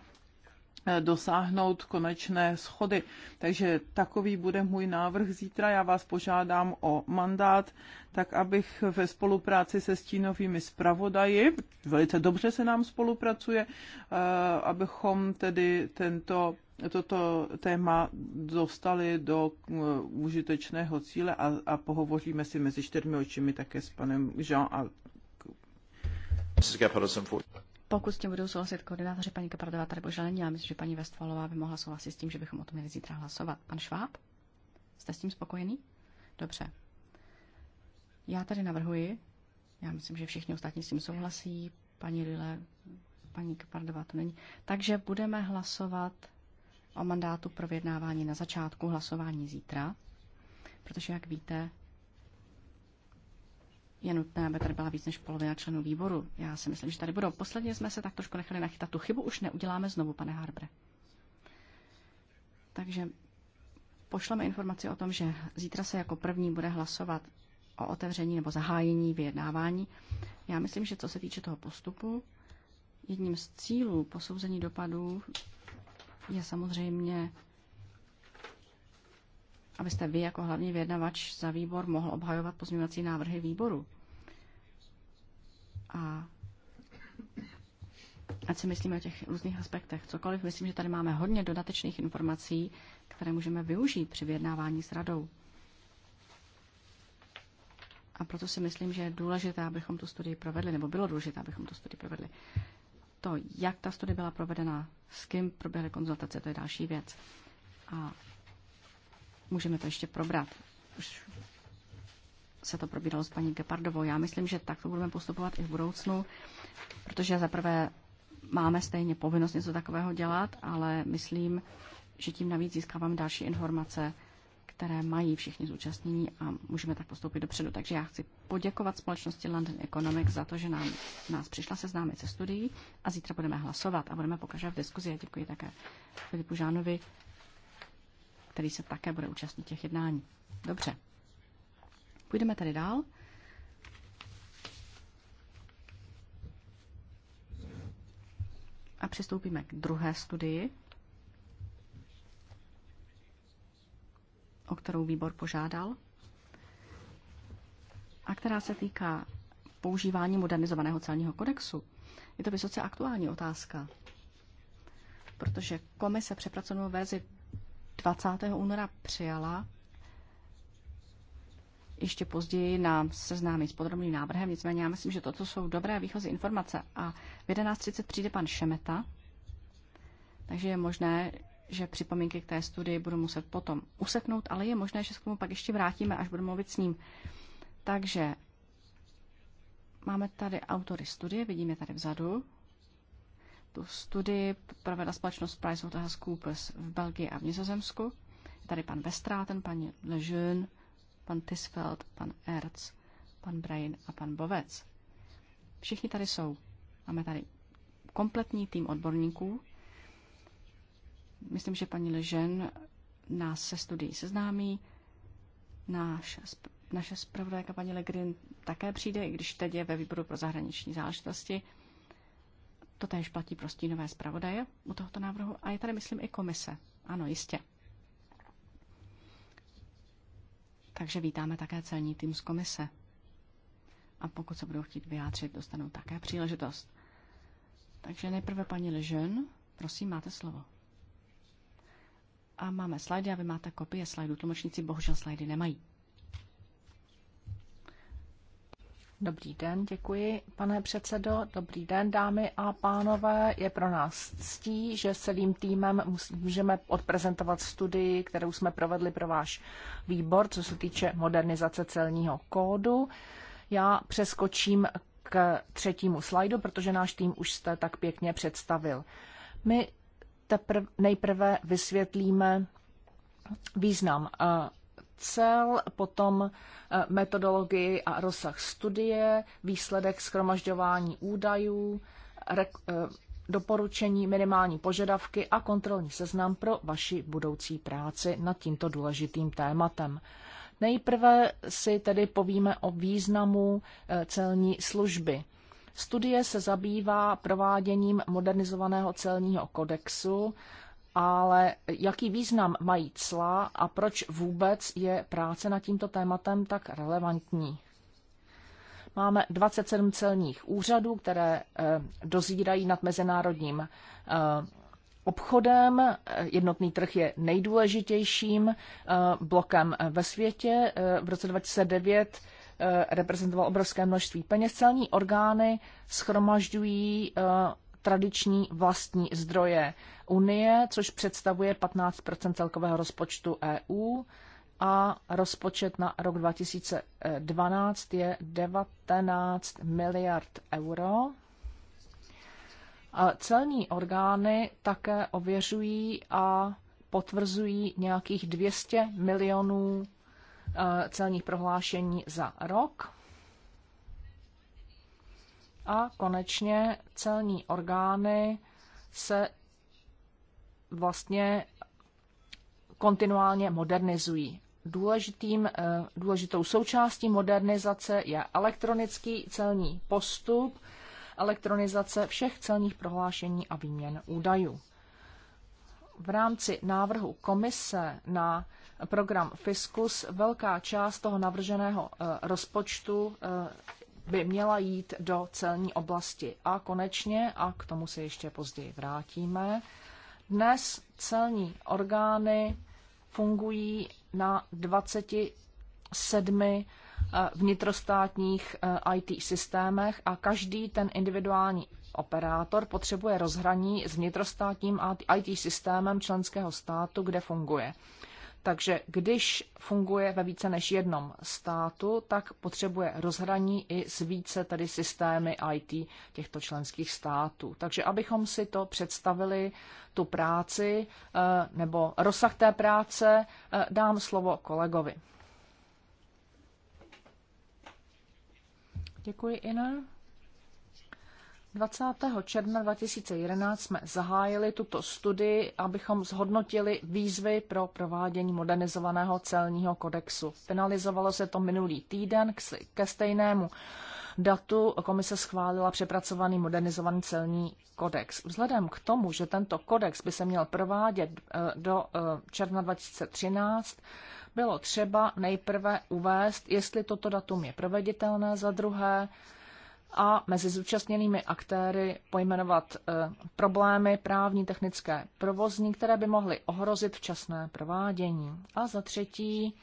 dosáhnout konečné schody. Takže takový bude můj návrh zítra. Já vás požádám o mandát, tak abych ve spolupráci se stínovými zpravodaji, velice dobře se nám spolupracuje, eh, abychom tedy tento toto téma dostali do eh, užitečného cíle a, a pohovoříme si mezi čtyřmi očimi také s panem Jean a pokud s tím budou souhlasit koordinátoři, paní Kapardová tady bohužel není, ale myslím, že paní Vestfalová by mohla souhlasit s tím, že bychom o tom měli zítra hlasovat. Pan Šváb? Jste s tím spokojený? Dobře. Já tady navrhuji, já myslím, že všichni ostatní s tím souhlasí, paní Lile, paní Kapardová to není. Takže budeme hlasovat o mandátu pro vyjednávání na začátku hlasování zítra, protože, jak víte, je nutné, aby tady byla víc než polovina členů výboru. Já si myslím, že tady budou. Posledně jsme se tak trošku nechali nachytat. Tu chybu už neuděláme znovu, pane Harbre. Takže pošleme informaci o tom, že zítra se jako první bude hlasovat o otevření nebo zahájení vyjednávání. Já myslím, že co se týče toho postupu, jedním z cílů posouzení dopadů je samozřejmě, abyste vy jako hlavní vyjednavač za výbor mohl obhajovat pozměňovací návrhy výboru. A ať si myslíme o těch různých aspektech, cokoliv, myslím, že tady máme hodně dodatečných informací, které můžeme využít při vyjednávání s radou. A proto si myslím, že je důležité, abychom tu studii provedli, nebo bylo důležité, abychom tu studii provedli. To, jak ta studie byla provedena, s kým proběhly konzultace, to je další věc. A můžeme to ještě probrat. Už se to probíralo s paní Gepardovou. Já myslím, že tak to budeme postupovat i v budoucnu, protože zaprvé máme stejně povinnost něco takového dělat, ale myslím, že tím navíc získáváme další informace, které mají všichni zúčastnění a můžeme tak postoupit dopředu. Takže já chci poděkovat společnosti London Economics za to, že nám, nás přišla seznámit se studií a zítra budeme hlasovat a budeme pokračovat v diskuzi. Já děkuji také Filipu Žánovi, který se také bude účastnit těch jednání. Dobře. Půjdeme tady dál. A přistoupíme k druhé studii, o kterou výbor požádal, a která se týká používání modernizovaného celního kodexu. Je to vysoce aktuální otázka, protože komise přepracovanou verzi 20. února přijala ještě později nám seznámit s podrobným návrhem. Nicméně já myslím, že toto jsou dobré výchozí informace. A v 11.30 přijde pan Šemeta, takže je možné, že připomínky k té studii budu muset potom useknout, ale je možné, že se k tomu pak ještě vrátíme, až budu mluvit s ním. Takže máme tady autory studie, vidíme tady vzadu. Tu studii provedla společnost PricewaterhouseCoopers v Belgii a v Nizozemsku. Je tady pan Vestra, ten paní Lejeune pan Tisfeld, pan Erz, pan Brain a pan Bovec. Všichni tady jsou. Máme tady kompletní tým odborníků. Myslím, že paní Ležen nás se studií seznámí. Náš, naše zpravodajka paní Legrin také přijde, i když teď je ve výboru pro zahraniční záležitosti. To též platí pro stínové zpravodaje u tohoto návrhu. A je tady, myslím, i komise. Ano, jistě. Takže vítáme také celní tým z komise. A pokud se budou chtít vyjádřit, dostanou také příležitost. Takže nejprve paní Ležen, prosím, máte slovo. A máme slajdy a vy máte kopie slajdů. Tlumočníci bohužel slajdy nemají. Dobrý den, děkuji, pane předsedo. Dobrý den, dámy a pánové. Je pro nás ctí, že celým týmem můžeme odprezentovat studii, kterou jsme provedli pro váš výbor, co se týče modernizace celního kódu. Já přeskočím k třetímu slajdu, protože náš tým už jste tak pěkně představil. My teprve nejprve vysvětlíme význam eh, cel, potom eh, metodologii a rozsah studie, výsledek schromažďování údajů, eh, doporučení, minimální požadavky a kontrolní seznam pro vaši budoucí práci nad tímto důležitým tématem. Nejprve si tedy povíme o významu eh, celní služby. Studie se zabývá prováděním modernizovaného celního kodexu ale jaký význam mají cla a proč vůbec je práce nad tímto tématem tak relevantní? Máme 27 celních úřadů, které eh, dozírají nad mezinárodním eh, obchodem. Jednotný trh je nejdůležitějším eh, blokem ve světě. V roce 2009 reprezentoval obrovské množství peněz. Celní orgány schromažďují tradiční vlastní zdroje unie, což představuje 15 celkového rozpočtu EU a rozpočet na rok 2012 je 19 miliard euro. Celní orgány také ověřují a potvrzují nějakých 200 milionů eh, celních prohlášení za rok. A konečně celní orgány se vlastně kontinuálně modernizují. Důležitým, eh, důležitou součástí modernizace je elektronický celní postup, elektronizace všech celních prohlášení a výměn údajů. V rámci návrhu komise na program Fiskus velká část toho navrženého eh, rozpočtu eh, by měla jít do celní oblasti. A konečně, a k tomu se ještě později vrátíme, dnes celní orgány fungují na 27 eh, vnitrostátních eh, IT systémech a každý ten individuální operátor potřebuje rozhraní s vnitrostátním IT systémem členského státu, kde funguje. Takže když funguje ve více než jednom státu, tak potřebuje rozhraní i s více tedy systémy IT těchto členských států. Takže abychom si to představili, tu práci eh, nebo rozsah té práce, eh, dám slovo kolegovi. Děkuji, Ina. 20. června 2011 jsme zahájili tuto studii, abychom zhodnotili výzvy pro provádění modernizovaného celního kodexu. Finalizovalo se to minulý týden ke stejnému datu komise schválila přepracovaný modernizovaný celní kodex. Vzhledem k tomu, že tento kodex by se měl provádět eh, do eh, června 2013, bylo třeba nejprve uvést, jestli toto datum je proveditelné, za druhé, a mezi zúčastněnými aktéry pojmenovat eh, problémy právní, technické, provozní, které by mohly ohrozit včasné provádění. A za třetí,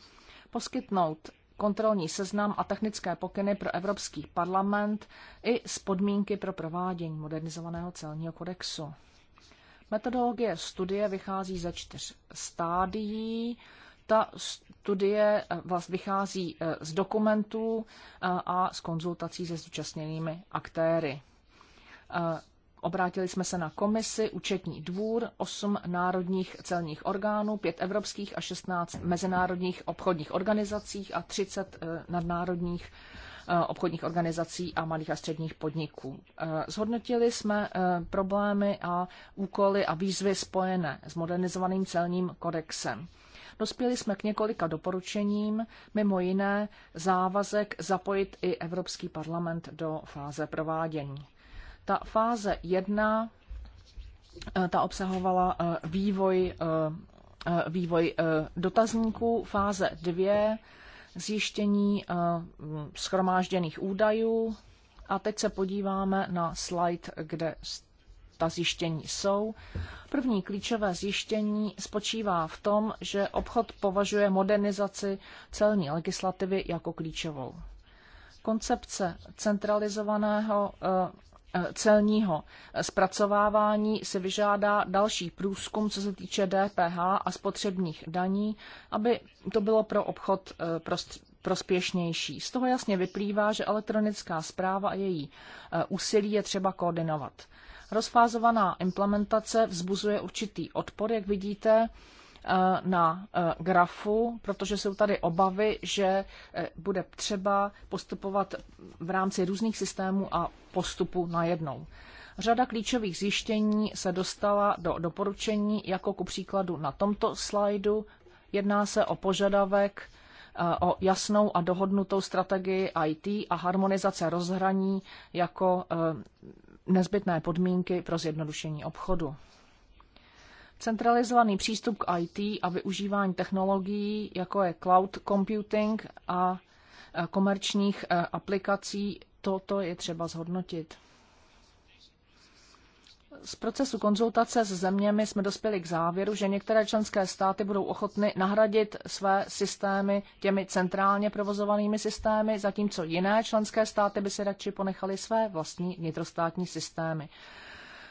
poskytnout kontrolní seznam a technické pokyny pro Evropský parlament i s podmínky pro provádění modernizovaného celního kodexu. Metodologie studie vychází ze čtyř stádií ta studie eh, vás vychází eh, z dokumentů eh, a z konzultací se zúčastněnými aktéry. Obrátili jsme se na komisi, účetní dvůr, osm národních celních orgánů, pět evropských a 16 mezinárodních obchodních organizací a 30 nadnárodních obchodních organizací a malých a středních podniků. Zhodnotili jsme problémy a úkoly a výzvy spojené s modernizovaným celním kodexem. Dospěli jsme k několika doporučením, mimo jiné závazek zapojit i Evropský parlament do fáze provádění. Ta fáze jedna, eh, ta obsahovala eh, vývoj, eh, vývoj dotazníků, fáze dvě zjištění schromážděných údajů, a teď se podíváme na slide, kde ta zjištění jsou. První klíčové zjištění spočívá v tom, že obchod považuje modernizaci celní legislativy jako klíčovou. Koncepce centralizovaného eh, eh, celního zpracovávání si vyžádá další průzkum, co se týče DPH a spotřebních daní, aby to bylo pro obchod eh, prospěšnější. Z toho jasně vyplývá, že elektronická zpráva a její úsilí je třeba koordinovat. Rozfázovaná implementace vzbuzuje určitý odpor, jak vidíte eh, na eh, grafu, protože jsou tady obavy, že eh, bude třeba postupovat v rámci různých systémů a na najednou. Řada klíčových zjištění se dostala do doporučení, jako ku příkladu na tomto slajdu. Jedná se o požadavek o jasnou a dohodnutou strategii IT a harmonizace rozhraní jako nezbytné podmínky pro zjednodušení obchodu. Centralizovaný přístup k IT a využívání technologií, jako je cloud computing a komerčních e, aplikací, toto je třeba zhodnotit. Z procesu konzultace s zeměmi jsme dospěli k závěru, že některé členské státy budou ochotny nahradit své systémy těmi centrálně provozovanými systémy, zatímco jiné členské státy by si radši ponechaly své vlastní vnitrostátní systémy.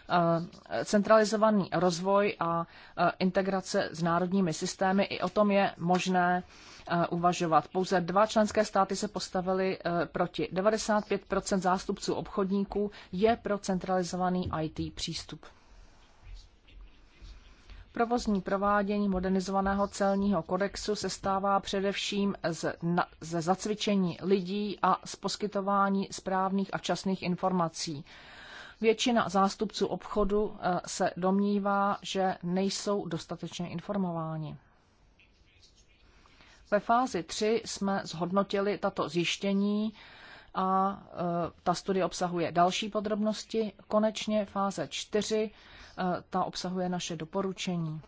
Eh, centralizovaný rozvoj a eh, integrace s národními systémy. I o tom je možné eh, uvažovat. Pouze dva členské státy se postavily proti. 95 zástupců obchodníků je pro centralizovaný IT přístup. Provozní provádění modernizovaného celního kodexu se stává především z, ze zacvičení lidí a z poskytování správných a časných informací. Většina zástupců obchodu eh, se domnívá, že nejsou dostatečně informováni. Ve fázi 3 jsme zhodnotili tato zjištění a eh, ta studie obsahuje další podrobnosti. Konečně fáze 4 eh, ta obsahuje naše doporučení.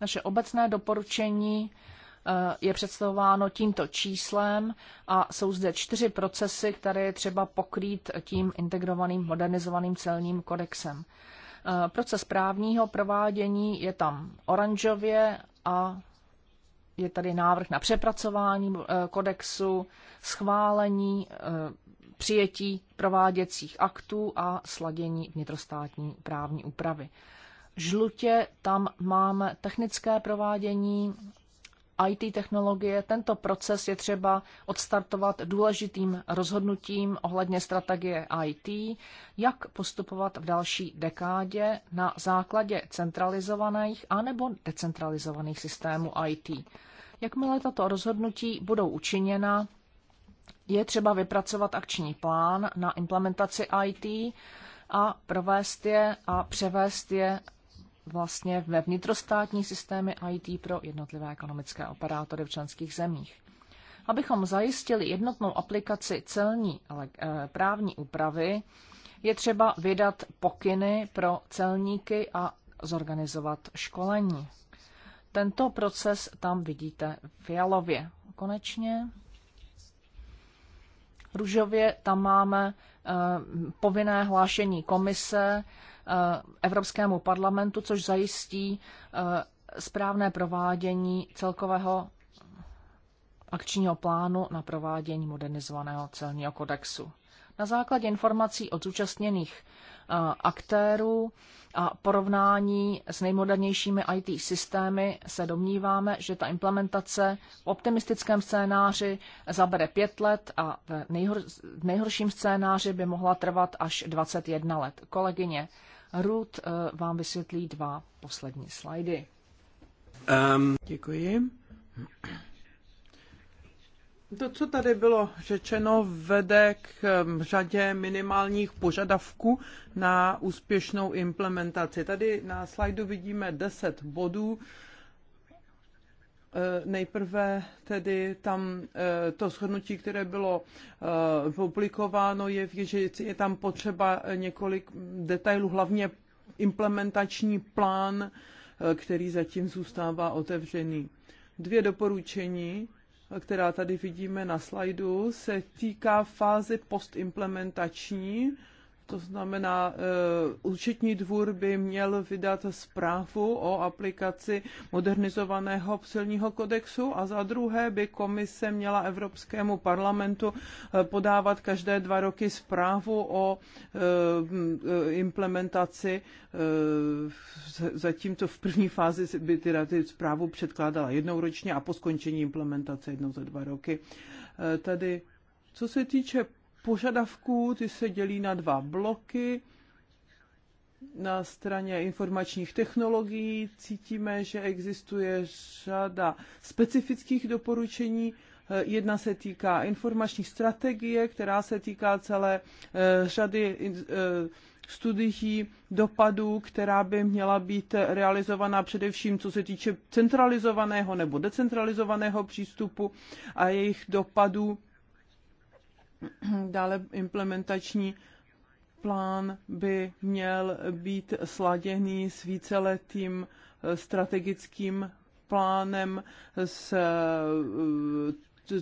Naše obecné doporučení je představováno tímto číslem a jsou zde čtyři procesy, které je třeba pokrýt tím integrovaným modernizovaným celním kodexem. Eh, proces právního provádění je tam oranžově a je tady návrh na přepracování eh, kodexu, schválení, eh, přijetí prováděcích aktů a sladění vnitrostátní právní úpravy. Žlutě tam máme technické provádění, IT technologie. Tento proces je třeba odstartovat důležitým rozhodnutím ohledně strategie IT, jak postupovat v další dekádě na základě centralizovaných anebo decentralizovaných systémů IT. Jakmile tato rozhodnutí budou učiněna, je třeba vypracovat akční plán na implementaci IT a provést je a převést je vlastně ve vnitrostátní systémy IT pro jednotlivé ekonomické operátory v členských zemích. Abychom zajistili jednotnou aplikaci celní eh, právní úpravy, je třeba vydat pokyny pro celníky a zorganizovat školení. Tento proces tam vidíte v fialově. Konečně růžově tam máme eh, povinné hlášení komise Eh, Evropskému parlamentu, což zajistí eh, správné provádění celkového akčního plánu na provádění modernizovaného celního kodexu. Na základě informací od zúčastněných eh, aktérů a porovnání s nejmodernějšími IT systémy se domníváme, že ta implementace v optimistickém scénáři zabere pět let a v nejhorším scénáři by mohla trvat až 21 let. Kolegyně Ruth eh, vám vysvětlí dva poslední slajdy. Um. Děkuji. To, co tady bylo řečeno, vede k eh, řadě minimálních požadavků na úspěšnou implementaci. Tady na slajdu vidíme 10 bodů, Eh, nejprve tedy tam eh, to shodnutí, které bylo eh, publikováno, je, že je tam potřeba několik detailů, hlavně implementační plán, který zatím zůstává otevřený. Dvě doporučení, která tady vidíme na slajdu, se týká fáze postimplementační, to znamená, eh, účetní dvůr by měl vydat zprávu o aplikaci modernizovaného celního kodexu a za druhé by komise měla Evropskému parlamentu eh, podávat každé dva roky zprávu o eh, implementaci. Zatímco v první fázi by teda ty zprávu předkládala jednou ročně a po skončení implementace jednou za dva roky. Tady co se týče požadavků, ty se dělí na dva bloky. Na straně informačních technologií cítíme, že existuje řada specifických doporučení. Eh, jedna se týká informační strategie, která se týká celé eh, řady eh, studií dopadů, která by měla být realizovaná především co se týče centralizovaného nebo decentralizovaného přístupu a jejich dopadů Dále implementační plán by měl být sladěný s víceletým eh, strategickým plánem z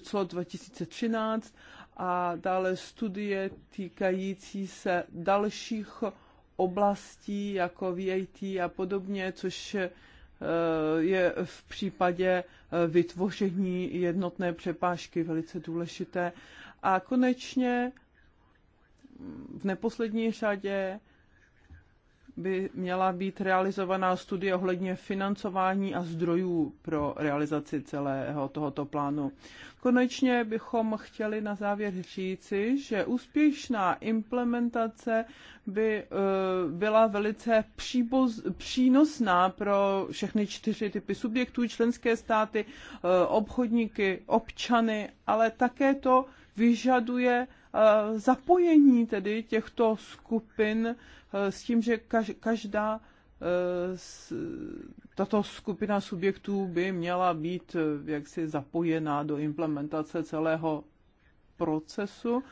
CLO 2013 a dále studie týkající se dalších oblastí jako VAT a podobně, což eh, je v případě eh, vytvoření jednotné přepážky velice důležité a konečně v neposlední řadě by měla být realizovaná studie ohledně financování a zdrojů pro realizaci celého tohoto plánu. Konečně bychom chtěli na závěr říci, že úspěšná implementace by e, byla velice příboz, přínosná pro všechny čtyři typy subjektů, členské státy, e, obchodníky, občany, ale také to, vyžaduje eh, zapojení tedy těchto skupin eh, s tím, že každá eh, tato skupina subjektů by měla být jaksi zapojená do implementace celého procesu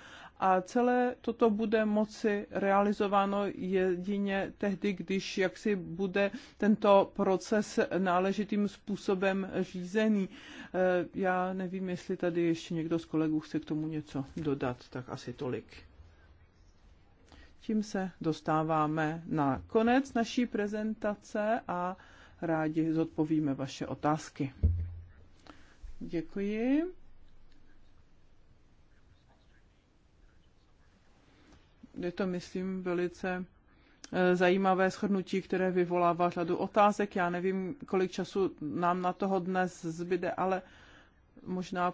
a celé toto bude moci realizováno jedině tehdy, když jaksi bude tento proces náležitým způsobem řízený. E, já nevím, jestli tady ještě někdo z kolegů chce k tomu něco dodat, tak asi tolik. Tím se dostáváme na konec naší prezentace a rádi zodpovíme vaše otázky. Děkuji. je to, myslím, velice eh, zajímavé shrnutí, které vyvolává řadu otázek. Já nevím, kolik času nám na toho dnes zbyde, ale možná,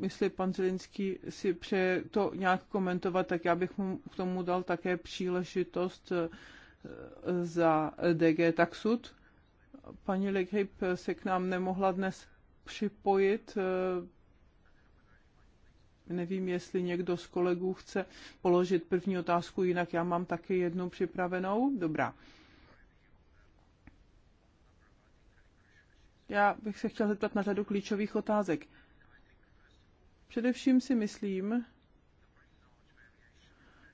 jestli pan Zelinský si přeje to nějak komentovat, tak já bych mu k tomu dal také příležitost eh, za DG Taxud. Paní Leghejp se k nám nemohla dnes připojit eh, Nevím, jestli někdo z kolegů chce položit první otázku, jinak já mám taky jednu připravenou. Dobrá. Já bych se chtěl zeptat na řadu klíčových otázek. Především si myslím,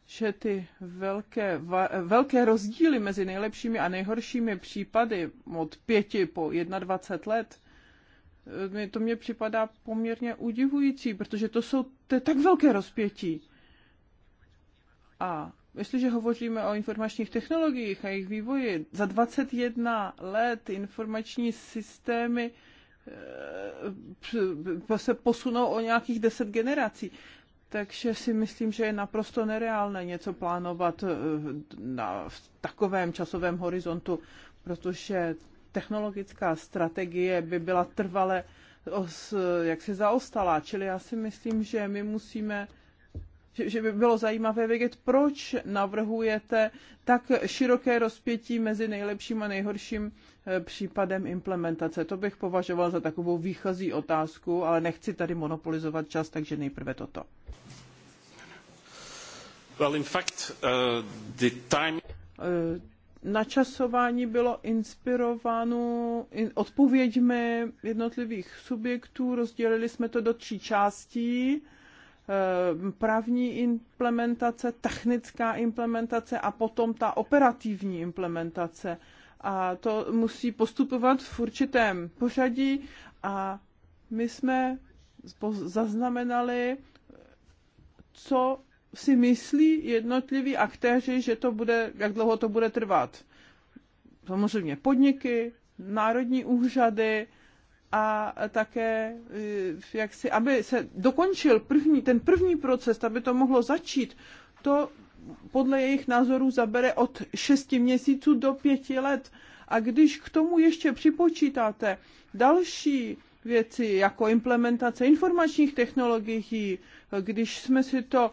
že ty velké, velké rozdíly mezi nejlepšími a nejhoršími případy od pěti po 21 let to mě připadá poměrně udivující, protože to jsou to je tak velké rozpětí. A jestliže hovoříme o informačních technologiích a jejich vývoji, za 21 let informační systémy e, se posunou o nějakých 10 generací. Takže si myslím, že je naprosto nereálné něco plánovat e, na, v takovém časovém horizontu, protože technologická strategie by byla trvale os, jaksi zaostalá. Čili já si myslím, že my musíme že, že by bylo zajímavé vědět, proč navrhujete tak široké rozpětí mezi nejlepším a nejhorším eh, případem implementace. To bych považoval za takovou výchozí otázku, ale nechci tady monopolizovat čas, takže nejprve toto. Well, in fact, uh, the time... Uh, načasování bylo inspirováno in, odpověďmi jednotlivých subjektů. Rozdělili jsme to do tří částí. Eh, právní implementace, technická implementace a potom ta operativní implementace. A to musí postupovat v určitém pořadí a my jsme zaznamenali, co si myslí jednotliví aktéři, že to bude, jak dlouho to bude trvat. Samozřejmě podniky, národní úřady a také, eh, jak si, aby se dokončil první, ten první proces, aby to mohlo začít, to podle jejich názorů zabere od 6 měsíců do 5 let. A když k tomu ještě připočítáte další věci, jako implementace informačních technologií, když jsme si to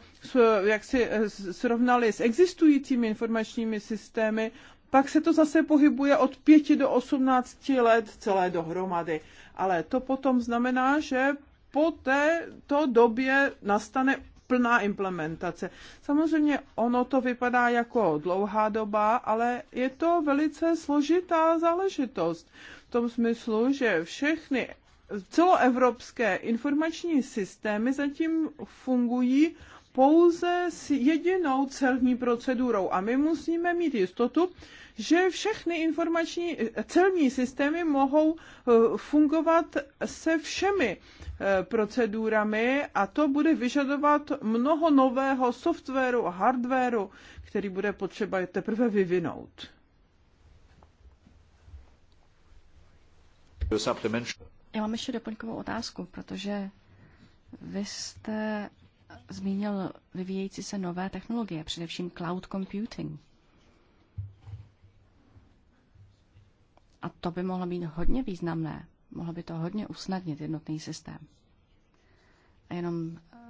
jak si eh, srovnali s existujícími informačními systémy, pak se to zase pohybuje od 5 do 18 let celé dohromady. Ale to potom znamená, že po této době nastane plná implementace. Samozřejmě ono to vypadá jako dlouhá doba, ale je to velice složitá záležitost. V tom smyslu, že všechny celoevropské informační systémy zatím fungují pouze s jedinou celní procedurou. A my musíme mít jistotu, že všechny informační celní systémy mohou eh, fungovat se všemi eh, procedurami a to bude vyžadovat mnoho nového softwaru a hardwaru, který bude potřeba teprve vyvinout. Já mám ještě doplňkovou otázku, protože vy jste zmínil vyvíjející se nové technologie, především cloud computing. A to by mohlo být hodně významné. Mohlo by to hodně usnadnit jednotný systém. A jenom eh,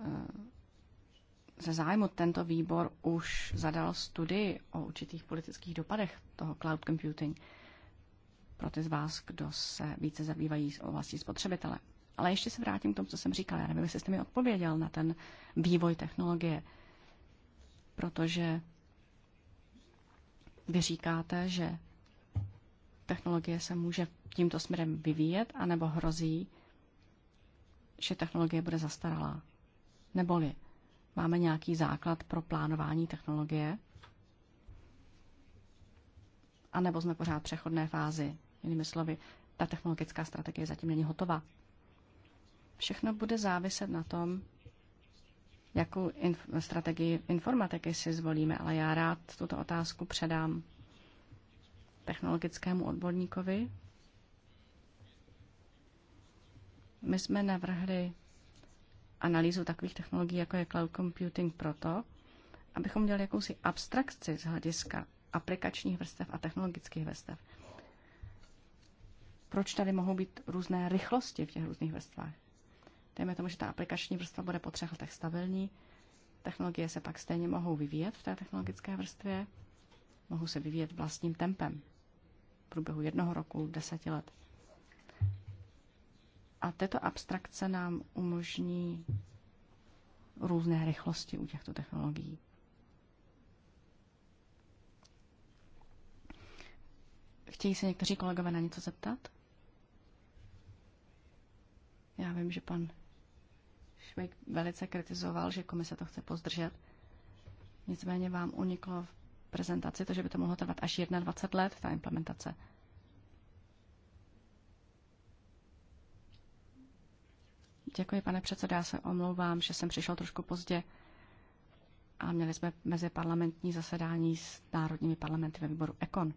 ze zájmu tento výbor už zadal studii o určitých politických dopadech toho cloud computing pro ty z vás, kdo se více zabývají s oblastí spotřebitele. Ale ještě se vrátím k tomu, co jsem říkala. Já nevím, jestli jste mi odpověděl na ten vývoj technologie, protože vy říkáte, že technologie se může tímto směrem vyvíjet, anebo hrozí, že technologie bude zastaralá. Neboli máme nějaký základ pro plánování technologie, anebo jsme pořád v přechodné fázi, Jinými slovy, ta technologická strategie zatím není hotová. Všechno bude záviset na tom, jakou inf- strategii informatiky si zvolíme, ale já rád tuto otázku předám technologickému odborníkovi. My jsme navrhli analýzu takových technologií, jako je cloud computing, proto, abychom dělali jakousi abstrakci z hlediska aplikačních vrstev a technologických vrstev proč tady mohou být různé rychlosti v těch různých vrstvách. Dejme tomu, že ta aplikační vrstva bude po třech letech stabilní, technologie se pak stejně mohou vyvíjet v té technologické vrstvě, mohou se vyvíjet vlastním tempem v průběhu jednoho roku, deseti let. A tato abstrakce nám umožní různé rychlosti u těchto technologií. Chtějí se někteří kolegové na něco zeptat? Já vím, že pan Švejk velice kritizoval, že komise to chce pozdržet. Nicméně vám uniklo v prezentaci to, že by to mohlo trvat až 21 let, ta implementace. Děkuji, pane předsedo, já se omlouvám, že jsem přišel trošku pozdě a měli jsme mezi parlamentní zasedání s národními parlamenty ve výboru Ekon.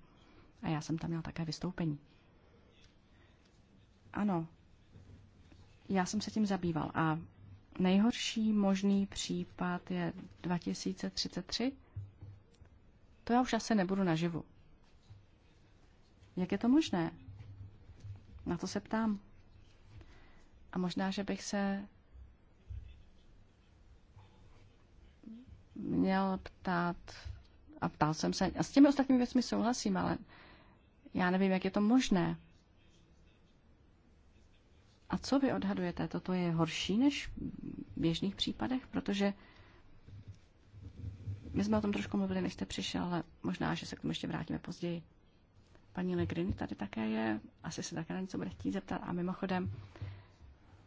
A já jsem tam měl také vystoupení. Ano, já jsem se tím zabýval a nejhorší možný případ je 2033. To já už asi nebudu naživu. Jak je to možné? Na to se ptám. A možná, že bych se měl ptát, a ptal jsem se, a s těmi ostatními věcmi souhlasím, ale já nevím, jak je to možné. A co vy odhadujete? Toto je horší než v běžných případech? Protože my jsme o tom trošku mluvili, než jste přišel, ale možná, že se k tomu ještě vrátíme později. Paní Legrin tady také je, asi se také na něco bude chtít zeptat. A mimochodem,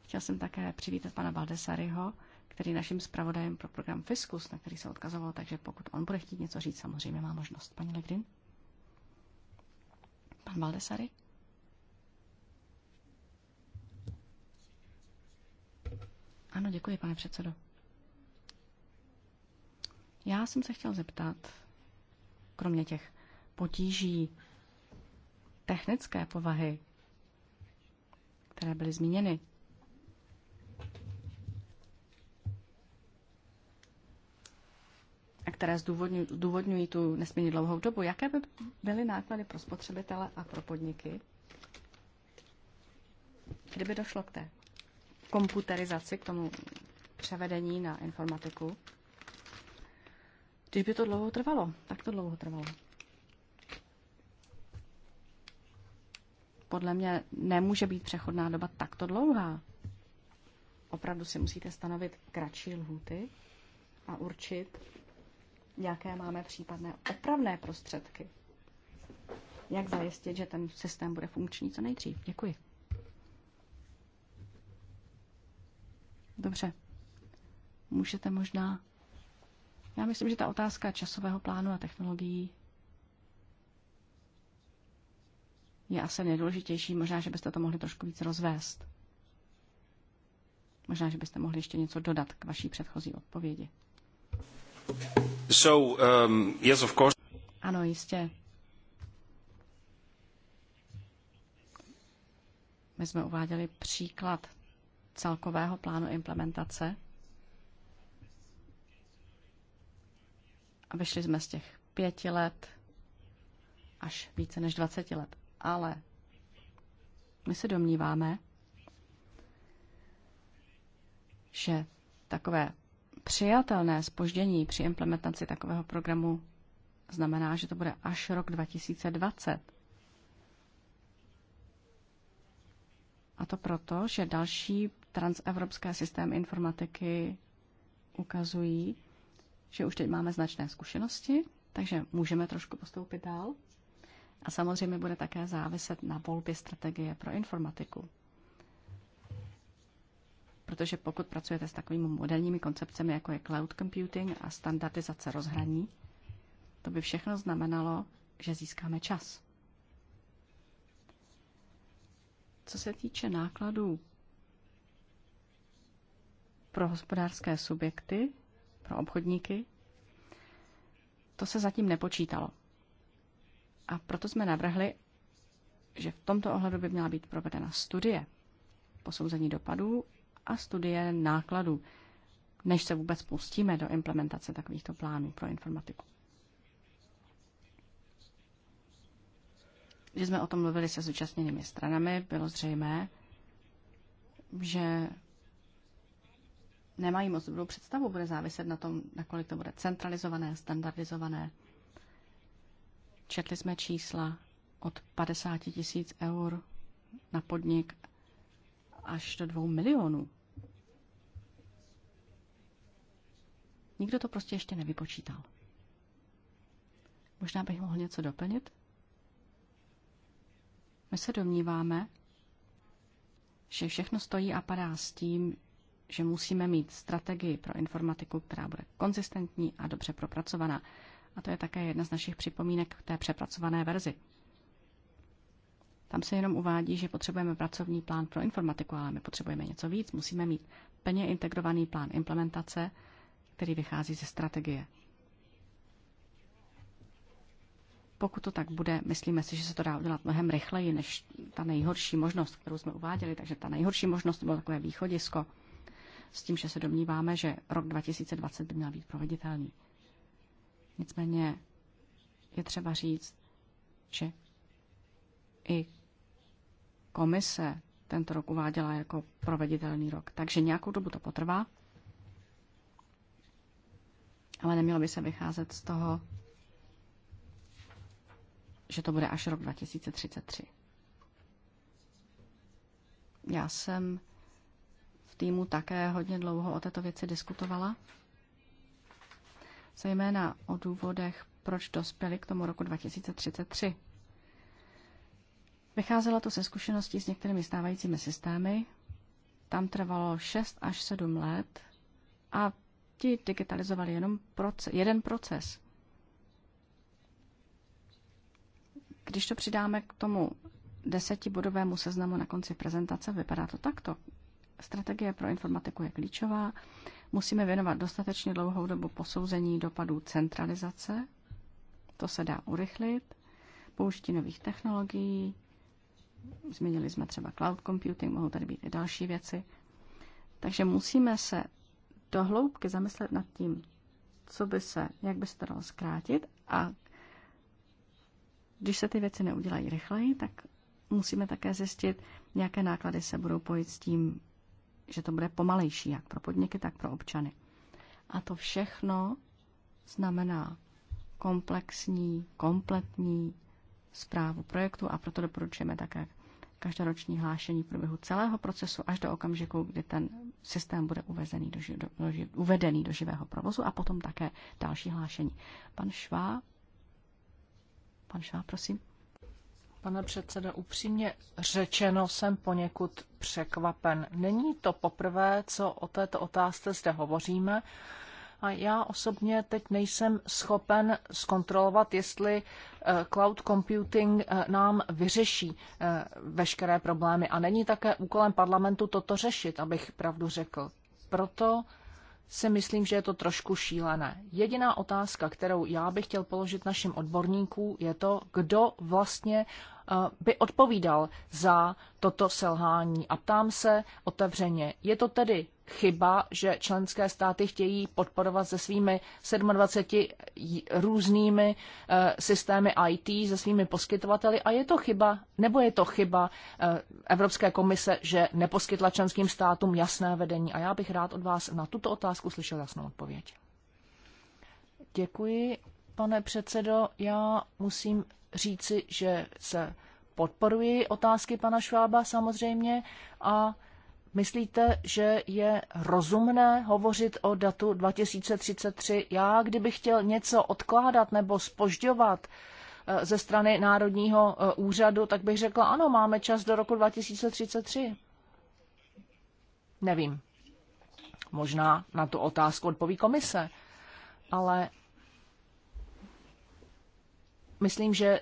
chtěl jsem také přivítat pana Baldesariho, který naším zpravodajem pro program Fiskus, na který se odkazoval, takže pokud on bude chtít něco říct, samozřejmě má možnost. Paní Legrin? Pan Baldesari? Ano, děkuji, pane předsedo. Já jsem se chtěl zeptat, kromě těch potíží technické povahy, které byly zmíněny, a které zdůvodňují, zdůvodňují tu nesmírně dlouhou dobu, jaké by byly náklady pro spotřebitele a pro podniky, kdyby došlo k té komputerizaci, k tomu převedení na informatiku. Když by to dlouho trvalo, tak to dlouho trvalo. Podle mě nemůže být přechodná doba takto dlouhá. Opravdu si musíte stanovit kratší lhuty a určit, jaké máme případné opravné prostředky. Jak zajistit, že ten systém bude funkční co nejdřív. Děkuji. Dobře. Můžete možná... Já myslím, že ta otázka časového plánu a technologií je asi nejdůležitější. Možná, že byste to mohli trošku víc rozvést. Možná, že byste mohli ještě něco dodat k vaší předchozí odpovědi. So, um, yes, of course. Ano, jistě. My jsme uváděli příklad celkového plánu implementace a vyšli jsme z těch pěti let až více než 20 let. Ale my se domníváme, že takové přijatelné spoždění při implementaci takového programu znamená, že to bude až rok 2020. A to proto, že další transevropské systémy informatiky ukazují, že už teď máme značné zkušenosti, takže můžeme trošku postoupit dál. A samozřejmě bude také záviset na volbě strategie pro informatiku. Protože pokud pracujete s takovými moderními koncepcemi, jako je cloud computing a standardizace rozhraní, to by všechno znamenalo, že získáme čas. Co se týče nákladů pro hospodářské subjekty, pro obchodníky, to se zatím nepočítalo. A proto jsme navrhli, že v tomto ohledu by měla být provedena studie posouzení dopadů a studie nákladů, než se vůbec pustíme do implementace takovýchto plánů pro informatiku. Když jsme o tom mluvili se zúčastněnými stranami, bylo zřejmé, že nemají moc dobrou představu, bude záviset na tom, nakolik to bude centralizované, standardizované. Četli jsme čísla od 50 tisíc eur na podnik až do 2 milionů. Nikdo to prostě ještě nevypočítal. Možná bych mohl něco doplnit? My se domníváme, že všechno stojí a padá s tím, že musíme mít strategii pro informatiku, která bude konzistentní a dobře propracovaná. A to je také jedna z našich připomínek k té přepracované verzi. Tam se jenom uvádí, že potřebujeme pracovní plán pro informatiku, ale my potřebujeme něco víc. Musíme mít plně integrovaný plán implementace, který vychází ze strategie. Pokud to tak bude, myslíme si, že se to dá udělat mnohem rychleji než ta nejhorší možnost, kterou jsme uváděli. Takže ta nejhorší možnost bylo takové východisko s tím, že se domníváme, že rok 2020 by měl být proveditelný. Nicméně je třeba říct, že i komise tento rok uváděla jako proveditelný rok. Takže nějakou dobu to potrvá, ale nemělo by se vycházet z toho, že to bude až rok 2033. Já jsem týmu také hodně dlouho o této věci diskutovala, zejména o důvodech, proč dospěli k tomu roku 2033. Vycházelo to se zkušeností s některými stávajícími systémy. Tam trvalo 6 až 7 let a ti digitalizovali jenom proces, jeden proces. Když to přidáme k tomu desetibodovému seznamu na konci prezentace, vypadá to takto. Strategie pro informatiku je klíčová. Musíme věnovat dostatečně dlouhou dobu posouzení dopadů centralizace. To se dá urychlit. Použití nových technologií. Změnili jsme třeba cloud computing, mohou tady být i další věci. Takže musíme se do hloubky zamyslet nad tím, co by se, jak by se to dalo zkrátit a když se ty věci neudělají rychleji, tak musíme také zjistit, jaké náklady se budou pojít s tím, že to bude pomalejší, jak pro podniky, tak pro občany. A to všechno znamená komplexní, kompletní zprávu projektu a proto doporučujeme také každoroční hlášení v průběhu celého procesu až do okamžiku, kdy ten systém bude uvezený do, ži- do, do, uvedený do živého provozu a potom také další hlášení. Pan Švá, pan Švá, prosím. Pane předsedo, upřímně řečeno jsem poněkud překvapen. Není to poprvé, co o této otázce zde hovoříme. A já osobně teď nejsem schopen zkontrolovat, jestli eh, cloud computing eh, nám vyřeší eh, veškeré problémy. A není také úkolem parlamentu toto řešit, abych pravdu řekl. Proto si myslím, že je to trošku šílené. Jediná otázka, kterou já bych chtěl položit našim odborníkům, je to, kdo vlastně eh, by odpovídal za toto selhání. A ptám se otevřeně, je to tedy chyba, že členské státy chtějí podporovat se svými 27 různými eh, systémy IT, se svými poskytovateli a je to chyba, nebo je to chyba eh, Evropské komise, že neposkytla členským státům jasné vedení. A já bych rád od vás na tuto otázku slyšel jasnou odpověď. Děkuji, pane předsedo. Já musím říci, že se podporuji otázky pana Švába samozřejmě a Myslíte, že je rozumné hovořit o datu 2033? Já, kdybych chtěl něco odkládat nebo spožďovat eh, ze strany Národního eh, úřadu, tak bych řekla, ano, máme čas do roku 2033. Nevím. Možná na tu otázku odpoví komise, ale myslím, že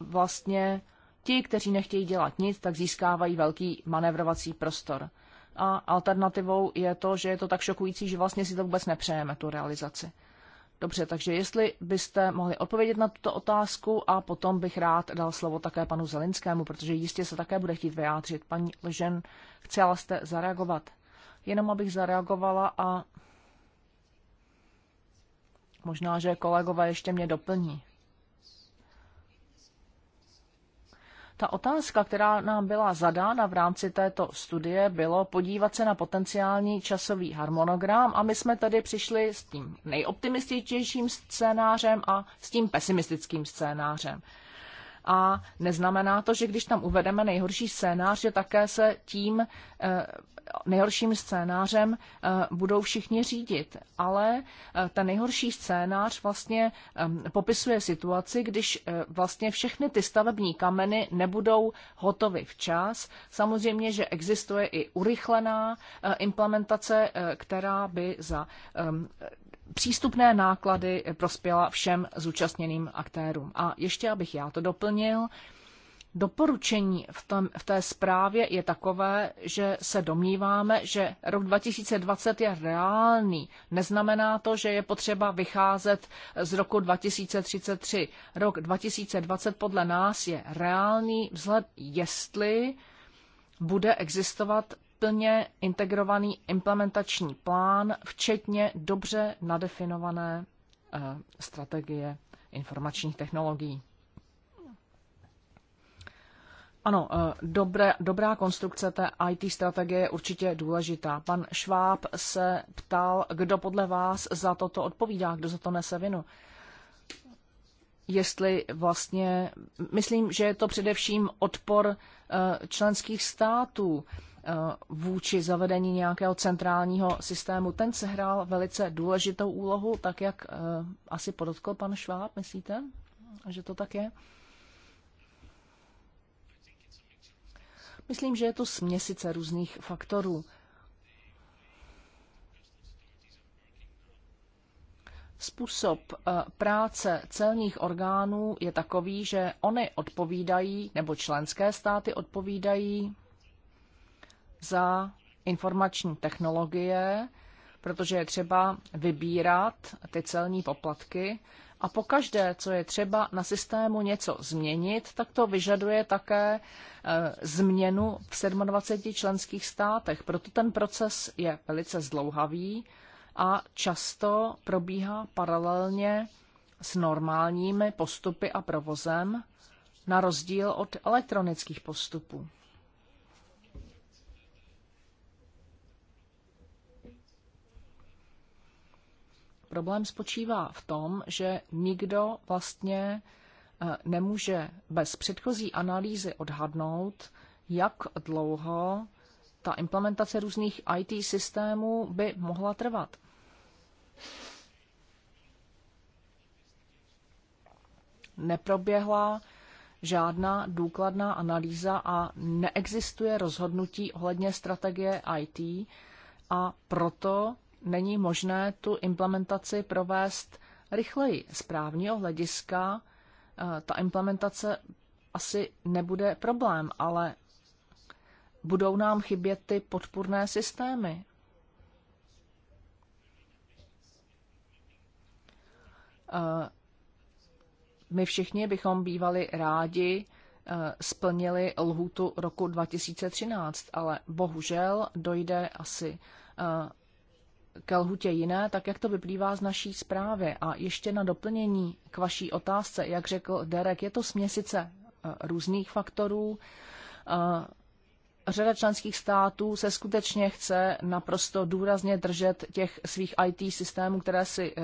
vlastně ti, kteří nechtějí dělat nic, tak získávají velký manevrovací prostor a alternativou je to, že je to tak šokující, že vlastně si to vůbec nepřejeme, tu realizaci. Dobře, takže jestli byste mohli odpovědět na tuto otázku a potom bych rád dal slovo také panu Zelinskému, protože jistě se také bude chtít vyjádřit. Paní Ležen, chtěla jste zareagovat? Jenom abych zareagovala a možná, že kolegové ještě mě doplní. Ta otázka, která nám byla zadána v rámci této studie, bylo podívat se na potenciální časový harmonogram a my jsme tady přišli s tím nejoptimističtějším scénářem a s tím pesimistickým scénářem. A neznamená to, že když tam uvedeme nejhorší scénář, že také se tím eh, nejhorším scénářem eh, budou všichni řídit. Ale eh, ten nejhorší scénář vlastně eh, popisuje situaci, když vlastně všechny ty stavební kameny nebudou hotovy včas. Samozřejmě, že existuje i urychlená implementace, která by za přístupné náklady prospěla všem zúčastněným aktérům. A ještě abych já to doplnil, doporučení v, tom, v té zprávě je takové, že se domníváme, že rok 2020 je reálný. Neznamená to, že je potřeba vycházet z roku 2033. Rok 2020 podle nás je reálný vzhled, jestli bude existovat plně integrovaný implementační plán, včetně dobře nadefinované eh, strategie informačních technologií. Ano, eh, dobré, dobrá konstrukce té IT strategie je určitě důležitá. Pan Šváb se ptal, kdo podle vás za toto odpovídá, kdo za to nese vinu. Jestli vlastně, myslím, že je to především odpor eh, členských států eh, vůči zavedení nějakého centrálního systému. Ten sehrál velice důležitou úlohu, tak jak asi podotkl pan Šváb, myslíte, že to tak je? Myslím, že je to směsice různých faktorů. Způsob eh, práce celních orgánů je takový, že oni odpovídají, nebo členské státy odpovídají za informační technologie, protože je třeba vybírat ty celní poplatky a pokaždé, co je třeba na systému něco změnit, tak to vyžaduje také e, změnu v 27 členských státech. Proto ten proces je velice zdlouhavý a často probíhá paralelně s normálními postupy a provozem, na rozdíl od elektronických postupů. Problém spočívá v tom, že nikdo vlastně eh, nemůže bez předchozí analýzy odhadnout, jak dlouho ta implementace různých IT systémů by mohla trvat. Neproběhla žádná důkladná analýza a neexistuje rozhodnutí ohledně strategie IT a proto není možné tu implementaci provést rychleji. Z právního hlediska eh, ta implementace asi nebude problém, ale budou nám chybět ty podpůrné systémy. Eh, my všichni bychom bývali rádi eh, splnili lhůtu roku 2013, ale bohužel dojde asi ke lhutě jiné, tak jak to vyplývá z naší zprávy. A ještě na doplnění k vaší otázce, jak řekl Derek, je to směsice eh, různých faktorů. Eh, řada členských států se skutečně chce naprosto důrazně držet těch svých IT systémů, které si eh,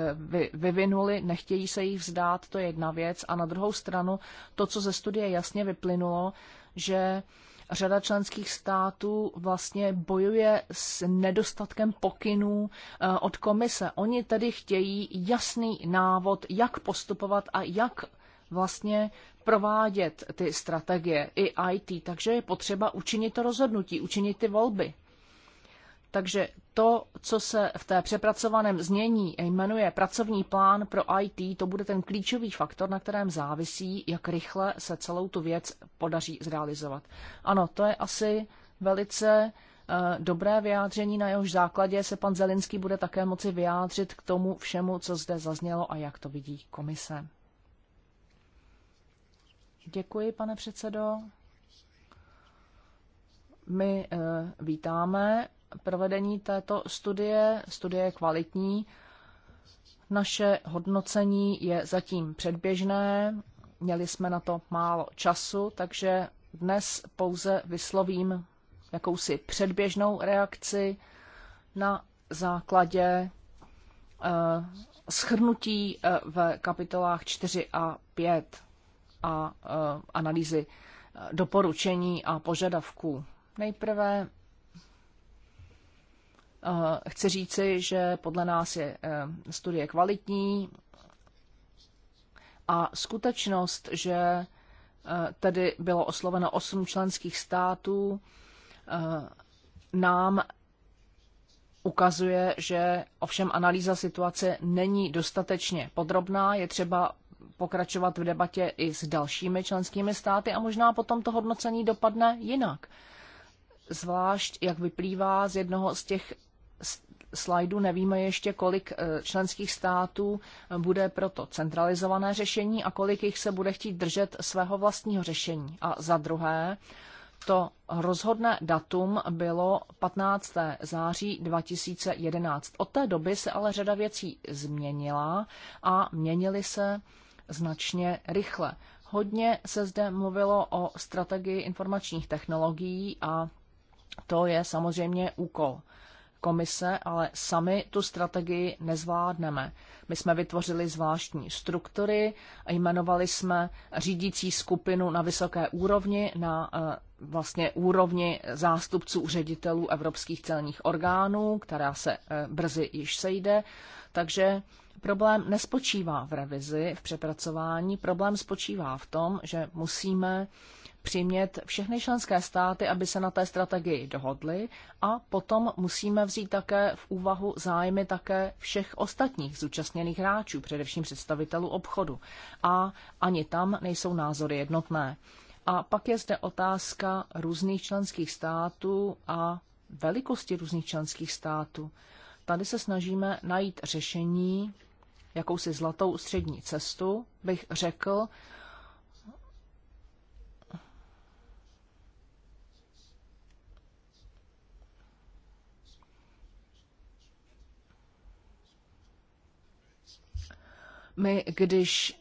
vyvinuli, nechtějí se jich vzdát, to je jedna věc. A na druhou stranu to, co ze studie jasně vyplynulo, že řada členských států vlastně bojuje s nedostatkem pokynů eh, od komise. Oni tedy chtějí jasný návod, jak postupovat a jak vlastně provádět ty strategie i IT, takže je potřeba učinit to rozhodnutí, učinit ty volby. Takže to, co se v té přepracovaném znění jmenuje pracovní plán pro IT, to bude ten klíčový faktor, na kterém závisí, jak rychle se celou tu věc podaří zrealizovat. Ano, to je asi velice eh, dobré vyjádření, na jehož základě se pan Zelinský bude také moci vyjádřit k tomu všemu, co zde zaznělo a jak to vidí komise. Děkuji, pane předsedo. My eh, vítáme provedení této studie. Studie je kvalitní. Naše hodnocení je zatím předběžné. Měli jsme na to málo času, takže dnes pouze vyslovím jakousi předběžnou reakci na základě eh, schrnutí eh, v kapitolách 4 a 5 a eh, analýzy doporučení a požadavků. Nejprve Eh, chci říci, že podle nás je eh, studie kvalitní a skutečnost, že eh, tedy bylo osloveno osm členských států, nám ukazuje, že ovšem analýza situace není dostatečně podrobná, je třeba pokračovat v debatě i s dalšími členskými státy a možná potom to hodnocení dopadne jinak. Zvlášť, jak vyplývá z jednoho z těch slajdu nevíme ještě, kolik eh, členských států eh, bude proto centralizované řešení a kolik jich se bude chtít držet svého vlastního řešení. A za druhé, to rozhodné datum bylo 15. září 2011. Od té doby se ale řada věcí změnila a měnily se značně rychle. Hodně se zde mluvilo o strategii informačních technologií a to je samozřejmě úkol komise, ale sami tu strategii nezvládneme. My jsme vytvořili zvláštní struktury, a jmenovali jsme řídící skupinu na vysoké úrovni, na eh, vlastně úrovni zástupců ředitelů evropských celních orgánů, která se eh, brzy již sejde. Takže problém nespočívá v revizi, v přepracování. Problém spočívá v tom, že musíme přimět všechny členské státy, aby se na té strategii dohodly a potom musíme vzít také v úvahu zájmy také všech ostatních zúčastněných hráčů, především představitelů obchodu. A ani tam nejsou názory jednotné. A pak je zde otázka různých členských států a velikosti různých členských států. Tady se snažíme najít řešení, jakousi zlatou střední cestu, bych řekl, My, když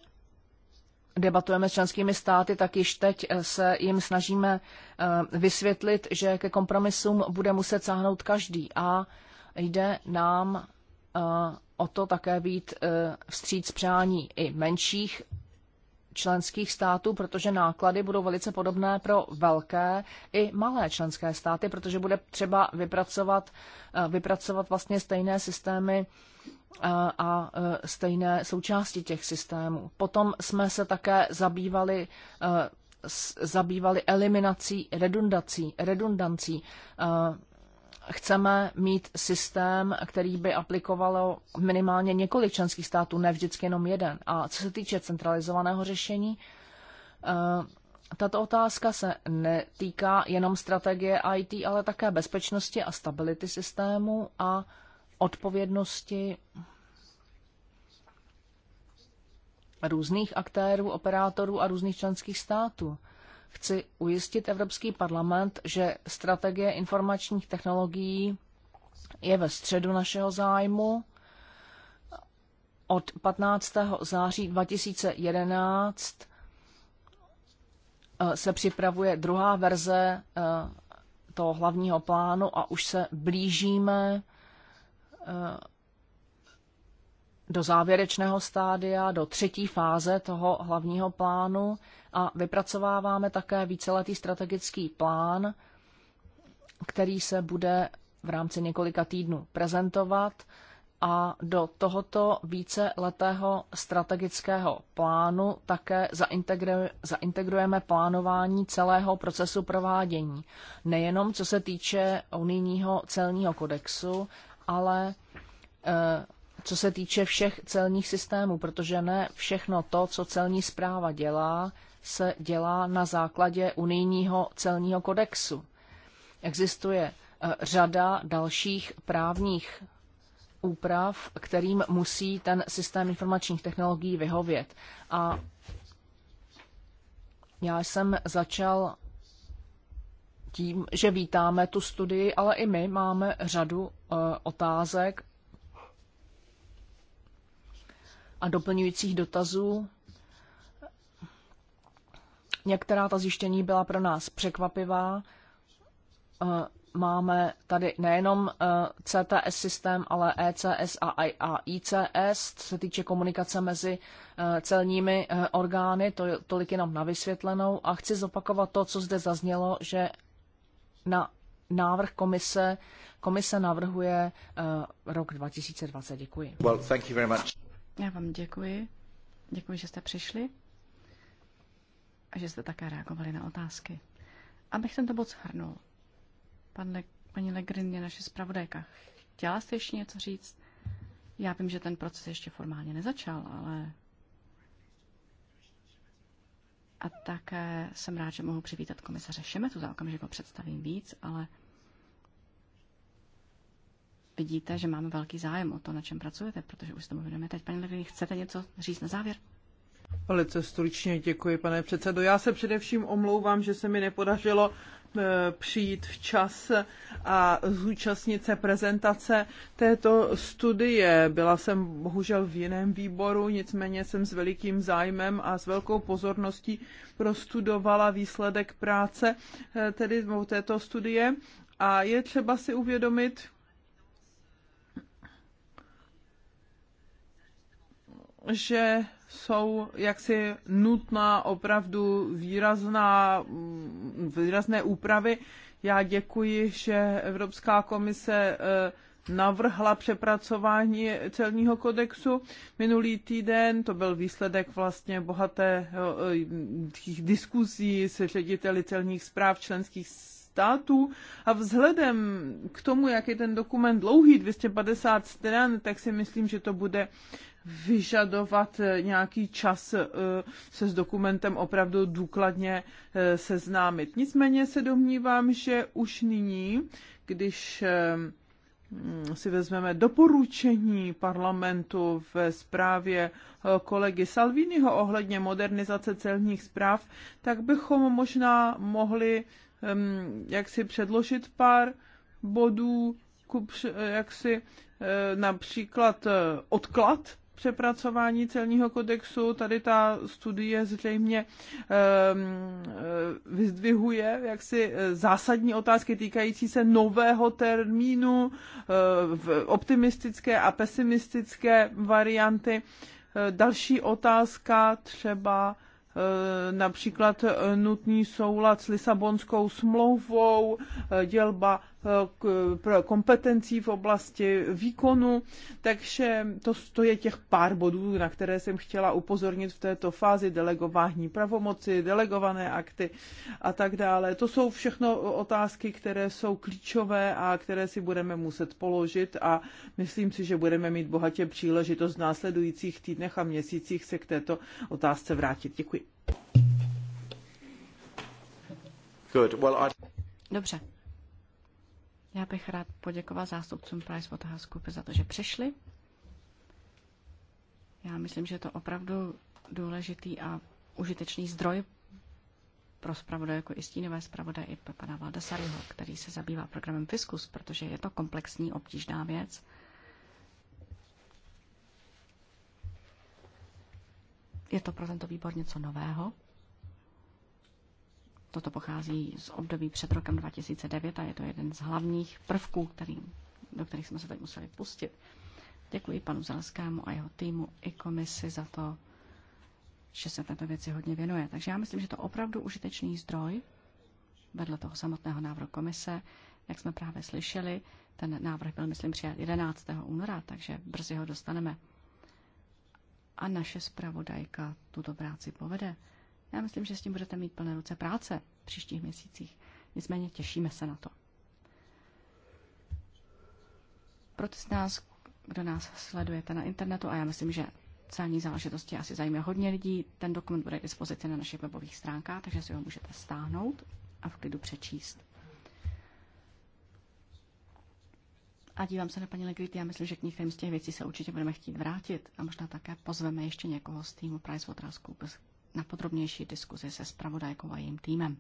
debatujeme s členskými státy, tak již teď eh, se jim snažíme eh, vysvětlit, že ke kompromisům bude muset sáhnout každý a jde nám eh, o to také být vstříc přání i menších členských států, protože náklady budou velice podobné pro velké i malé členské státy, protože bude třeba vypracovat, vypracovat vlastně stejné systémy a e, stejné součásti těch systémů. Potom jsme se také zabývali e, zabývali eliminací redundací, redundancí. E, chceme mít systém, který by aplikovalo minimálně několik členských států, ne vždycky jenom jeden. A co se týče centralizovaného řešení, tato otázka se netýká jenom strategie IT, ale také bezpečnosti a stability systému a odpovědnosti různých aktérů, operátorů a různých členských států. Chci ujistit Evropský parlament, že strategie informačních technologií je ve středu našeho zájmu. Od 15. září 2011 eh, se připravuje druhá verze eh, toho hlavního plánu a už se blížíme do závěrečného stádia, do třetí fáze toho hlavního plánu a vypracováváme také víceletý strategický plán, který se bude v rámci několika týdnů prezentovat a do tohoto víceletého strategického plánu také zaintegrujeme plánování celého procesu provádění. Nejenom co se týče unijního celního kodexu, ale eh, co se týče všech celních systémů, protože ne všechno to, co celní zpráva dělá, se dělá na základě unijního celního kodexu. Existuje eh, řada dalších právních úprav, kterým musí ten systém informačních technologií vyhovět. A já jsem začal tím, že vítáme tu studii, ale i my máme řadu eh, otázek a doplňujících dotazů. Některá ta zjištění byla pro nás překvapivá. Eh, máme tady nejenom eh, CTS systém, ale ECS a ICS, co se týče komunikace mezi celními orgány, to je tolik jenom na vysvětlenou. A chci zopakovat to, co zde zaznělo, že na návrh komise. Komise navrhuje uh, rok 2020. Děkuji. Well, thank you very much. Já vám děkuji. Děkuji, že jste přišli a že jste také reagovali na otázky. Abych tento bod shrnul. Pan Le, paní Legrin je naše zpravodajka. Chtěla jste ještě něco říct? Já vím, že ten proces ještě formálně nezačal, ale a také jsem rád, že mohu přivítat komisaře Šemetu, za okamžik ho představím víc, ale vidíte, že máme velký zájem o to, na čem pracujete, protože už se tomu věnujeme teď. Paní Levy, chcete něco říct na závěr? Velice stručně děkuji, pane předsedo. Já se především omlouvám, že se mi nepodařilo Eh, přijít včas a zúčastnit se prezentace této studie. Byla jsem bohužel v jiném výboru, nicméně jsem s velikým zájmem a s velkou pozorností prostudovala výsledek práce eh, tedy této studie. A je třeba si uvědomit, že jsou jaksi nutná opravdu výrazná, mm, výrazné úpravy. Já děkuji, že Evropská komise eh, navrhla přepracování celního kodexu minulý týden. To byl výsledek vlastně bohaté eh, diskuzí se řediteli celních zpráv členských států a vzhledem k tomu, jak je ten dokument dlouhý, 250 stran, tak si myslím, že to bude vyžadovat eh, nějaký čas eh, se s dokumentem opravdu důkladně eh, seznámit. Nicméně se domnívám, že už nyní, když si vezmeme doporučení parlamentu ve zprávě kolegy Salviniho ohledně modernizace celních zpráv, tak bychom možná mohli jak si předložit pár bodů, jak si například odklad přepracování celního kodexu. Tady ta studie zřejmě ehm, eh, vyzdvihuje jaksi eh, zásadní otázky týkající se nového termínu, eh, v optimistické a pesimistické varianty. Další otázka třeba například nutný soulad s Lisabonskou smlouvou, dělba kompetencí v oblasti výkonu, takže to, to je těch pár bodů, na které jsem chtěla upozornit v této fázi delegování pravomoci, delegované akty a tak dále. To jsou všechno otázky, které jsou klíčové a které si budeme muset položit a myslím si, že budeme mít bohatě příležitost v následujících týdnech a měsících se k této otázce vrátit. Děkuji. Good. Well, I... Dobře. Já bych rád poděkoval zástupcům PricewaterhouseCoopers za to, že přišli. Já myslím, že je to opravdu důležitý a užitečný zdroj pro jako i stínové zpravodaj i pro pana Valdesariho, který se zabývá programem Fiskus, protože je to komplexní, obtížná věc. Je to pro tento výbor něco nového. Toto pochází z období před rokem 2009 a je to jeden z hlavních prvků, který, do kterých jsme se teď museli pustit. Děkuji panu Zelskému a jeho týmu i komisi za to, že se této věci hodně věnuje. Takže já myslím, že to opravdu užitečný zdroj vedle toho samotného návrhu komise. Jak jsme právě slyšeli, ten návrh byl, myslím, přijat 11. února, takže brzy ho dostaneme. A naše zpravodajka tuto práci povede. Já myslím, že s tím budete mít plné ruce práce v příštích měsících. Nicméně těšíme se na to. Pro ty z nás, kdo nás sledujete na internetu, a já myslím, že celní záležitosti asi zajímá hodně lidí, ten dokument bude k dispozici na našich webových stránkách, takže si ho můžete stáhnout a v klidu přečíst. A dívám se na paní Legrity, já myslím, že k některým z těch věcí se určitě budeme chtít vrátit a možná také pozveme ještě někoho z týmu PricewaterhouseCoopers, na podrobnější diskuzi se spravodajkou a jejím týmem.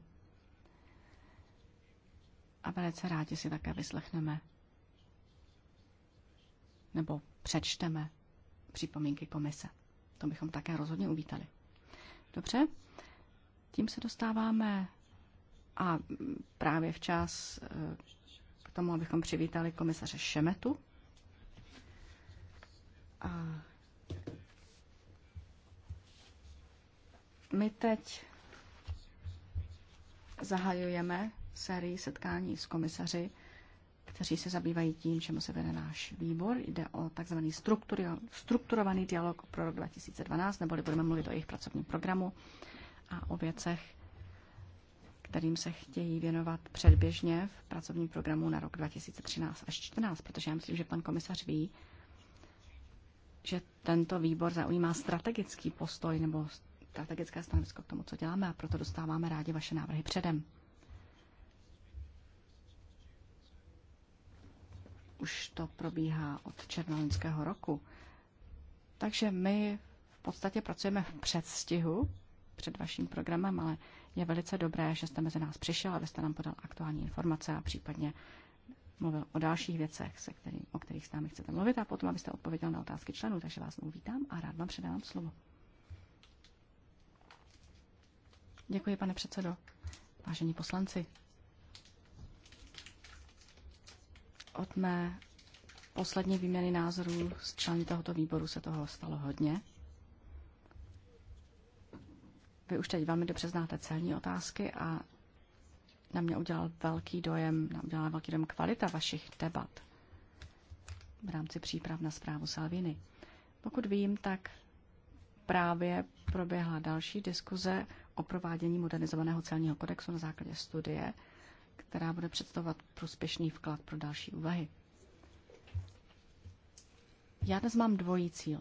A velice rádi si také vyslechneme nebo přečteme připomínky komise. To bychom také rozhodně uvítali. Dobře, tím se dostáváme a právě včas eh, k tomu, abychom přivítali komisaře Šemetu. A My teď zahajujeme sérii setkání s komisaři, kteří se zabývají tím, čemu se vede náš výbor. Jde o takzvaný strukturovaný dialog pro rok 2012, neboli budeme mluvit o jejich pracovním programu a o věcech, kterým se chtějí věnovat předběžně v pracovním programu na rok 2013 až 2014, protože já myslím, že pan komisař ví, že tento výbor zaujímá strategický postoj nebo strategické stanovisko k tomu, co děláme a proto dostáváme rádi vaše návrhy předem. Už to probíhá od černolinského roku. Takže my v podstatě pracujeme v předstihu před vaším programem, ale je velice dobré, že jste mezi nás přišel, abyste nám podal aktuální informace a případně mluvil o dalších věcech, se který, o kterých s námi chcete mluvit a potom, abyste odpověděl na otázky členů. Takže vás znovu vítám a rád vám předávám slovo. Děkuji, pane předsedo. Vážení poslanci, od mé poslední výměny názorů s členy tohoto výboru se toho stalo hodně. Vy už teď velmi dobře znáte celní otázky a na mě udělal velký dojem, na mě udělala velký dojem kvalita vašich debat v rámci příprav na zprávu Salviny. Pokud vím, tak právě proběhla další diskuze o provádění modernizovaného celního kodexu na základě studie, která bude představovat prospěšný vklad pro další úvahy. Já dnes mám dvojí cíl.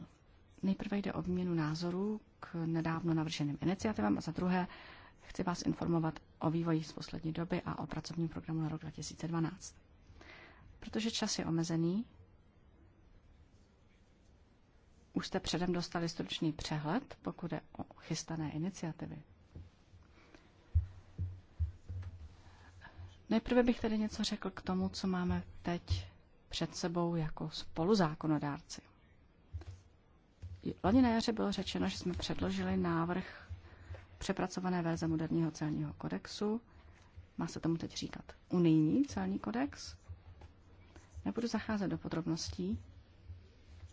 Nejprve jde o výměnu názorů k nedávno navrženým iniciativám a za druhé chci vás informovat o vývoji z poslední doby a o pracovním programu na rok 2012. Protože čas je omezený, už jste předem dostali stručný přehled, pokud je o chystané iniciativy. Nejprve bych tady něco řekl k tomu, co máme teď před sebou jako spoluzákonodárci. Loni na jaře bylo řečeno, že jsme předložili návrh přepracované verze moderního celního kodexu. Má se tomu teď říkat unijní celní kodex. Nebudu zacházet do podrobností,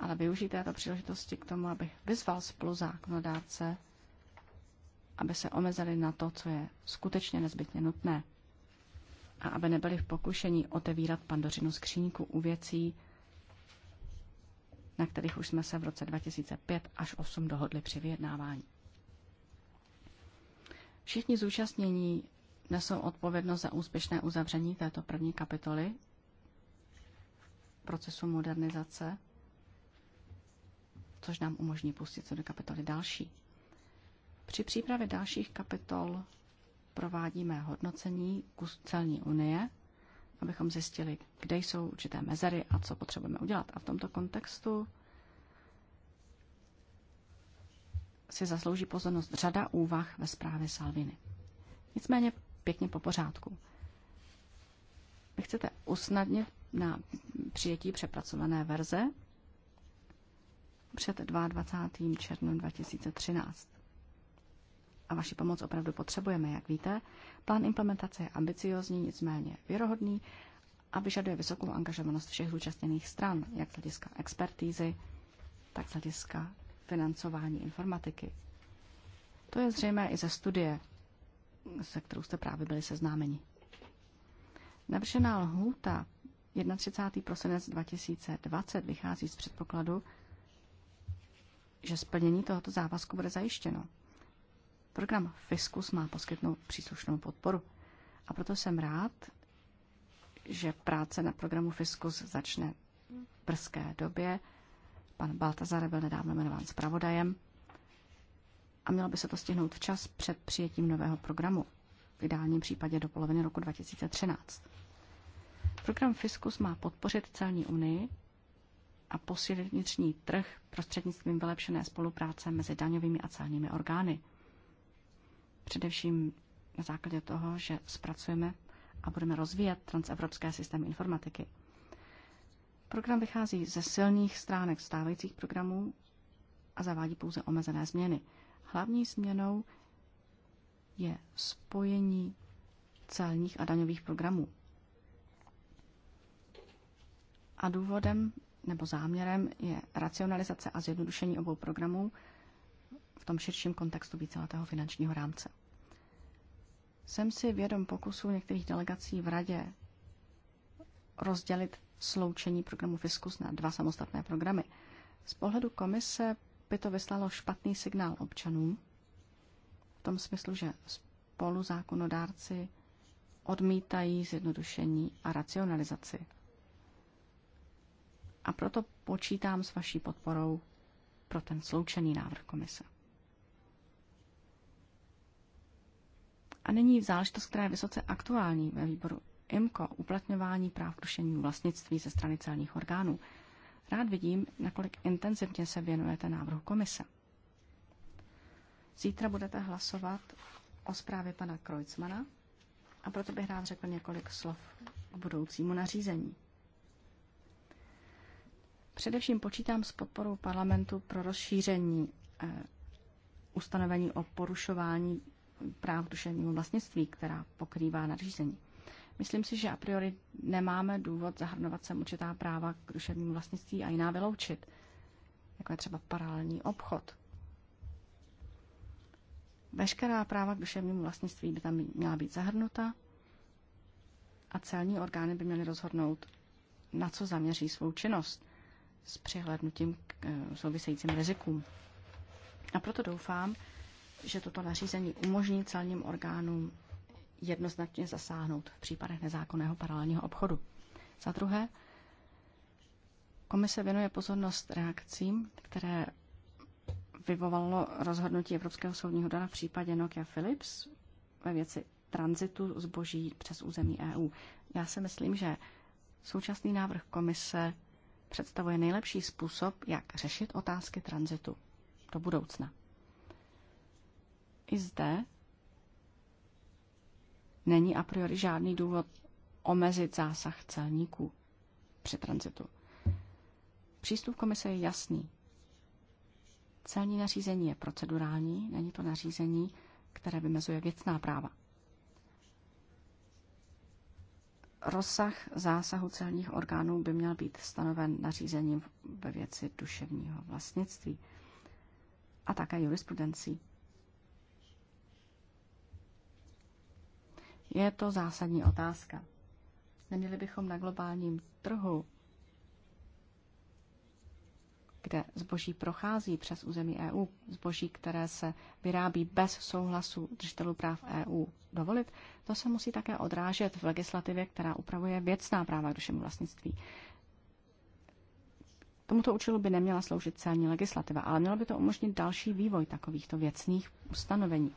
ale využít této příležitosti k tomu, abych vyzval spoluzákonodárce, aby se omezili na to, co je skutečně nezbytně nutné – a aby nebyli v pokušení otevírat pandořinu skříňku u věcí, na kterých už jsme se v roce 2005 až 8 dohodli při vyjednávání. Všichni zúčastnění nesou odpovědnost za úspěšné uzavření této první kapitoly procesu modernizace, což nám umožní pustit se do kapitoly další. Při přípravě dalších kapitol provádíme hodnocení kus celní unie, abychom zjistili, kde jsou určité mezery a co potřebujeme udělat. A v tomto kontextu si zaslouží pozornost řada úvah ve zprávě Salviny. Nicméně pěkně po pořádku. Vy chcete usnadnit na přijetí přepracované verze před 22. červnem 2013 a vaši pomoc opravdu potřebujeme, jak víte. Plán implementace je ambiciozní, nicméně věrohodný a vyžaduje vysokou angažovanost všech zúčastněných stran, jak z hlediska expertízy, tak z hlediska financování informatiky. To je zřejmé i ze studie, se kterou jste právě byli seznámeni. Navržená lhůta 31. prosinec 2020 vychází z předpokladu, že splnění tohoto závazku bude zajištěno. Program Fiskus má poskytnout příslušnou podporu. A proto jsem rád, že práce na programu Fiskus začne v brzké době. Pan Baltazar byl nedávno jmenován zpravodajem a mělo by se to stihnout včas před přijetím nového programu, v ideálním případě do poloviny roku 2013. Program Fiskus má podpořit celní unii a posílit vnitřní trh prostřednictvím vylepšené spolupráce mezi daňovými a celními orgány – Především na základě toho, že zpracujeme a budeme rozvíjet transevropské systémy informatiky. Program vychází ze silných stránek stávajících programů a zavádí pouze omezené změny. Hlavní změnou je spojení celních a daňových programů. A důvodem nebo záměrem je racionalizace a zjednodušení obou programů v tom širším kontextu víceletého finančního rámce. Jsem si vědom pokusu některých delegací v radě rozdělit sloučení programu Fiskus na dva samostatné programy. Z pohledu komise by to vyslalo špatný signál občanům, v tom smyslu, že spolu zákonodárci odmítají zjednodušení a racionalizaci. A proto počítám s vaší podporou pro ten sloučený návrh komise. A nyní záležitost, která je vysoce aktuální ve výboru IMCO, uplatňování práv duševního vlastnictví ze strany celních orgánů. Rád vidím, nakolik intenzivně se věnujete návrhu komise. Zítra budete hlasovat o zprávě pana Kreutzmana a proto bych rád řekl několik slov k budoucímu nařízení. Především počítám s podporou parlamentu pro rozšíření eh, ustanovení o porušování práv duševního duševnímu vlastnictví, která pokrývá nadřízení. Myslím si, že a priori nemáme důvod zahrnovat sem určitá práva k duševnímu vlastnictví a jiná vyloučit, jako je třeba paralelní obchod. Veškerá práva k duševnímu vlastnictví by tam měla být zahrnuta a celní orgány by měly rozhodnout, na co zaměří svou činnost s přihlednutím k e, souvisejícím rizikům. A proto doufám, že toto nařízení umožní celním orgánům jednoznačně zasáhnout v případech nezákonného paralelního obchodu. Za druhé, komise věnuje pozornost reakcím, které vyvovalo rozhodnutí Evropského soudního dana v případě Nokia Philips ve věci tranzitu zboží přes území EU. Já si myslím, že současný návrh komise představuje nejlepší způsob, jak řešit otázky tranzitu do budoucna. I zde není a priori žádný důvod omezit zásah celníků při tranzitu. Přístup komise je jasný. Celní nařízení je procedurální, není to nařízení, které vymezuje věcná práva. Rozsah zásahu celních orgánů by měl být stanoven nařízením ve věci duševního vlastnictví a také jurisprudencí. Je to zásadní otázka. Neměli bychom na globálním trhu, kde zboží prochází přes území EU, zboží, které se vyrábí bez souhlasu držitelů práv EU, dovolit, to se musí také odrážet v legislativě, která upravuje věcná práva k dušemu vlastnictví. Tomuto účelu by neměla sloužit celní legislativa, ale mělo by to umožnit další vývoj takovýchto věcných ustanovení.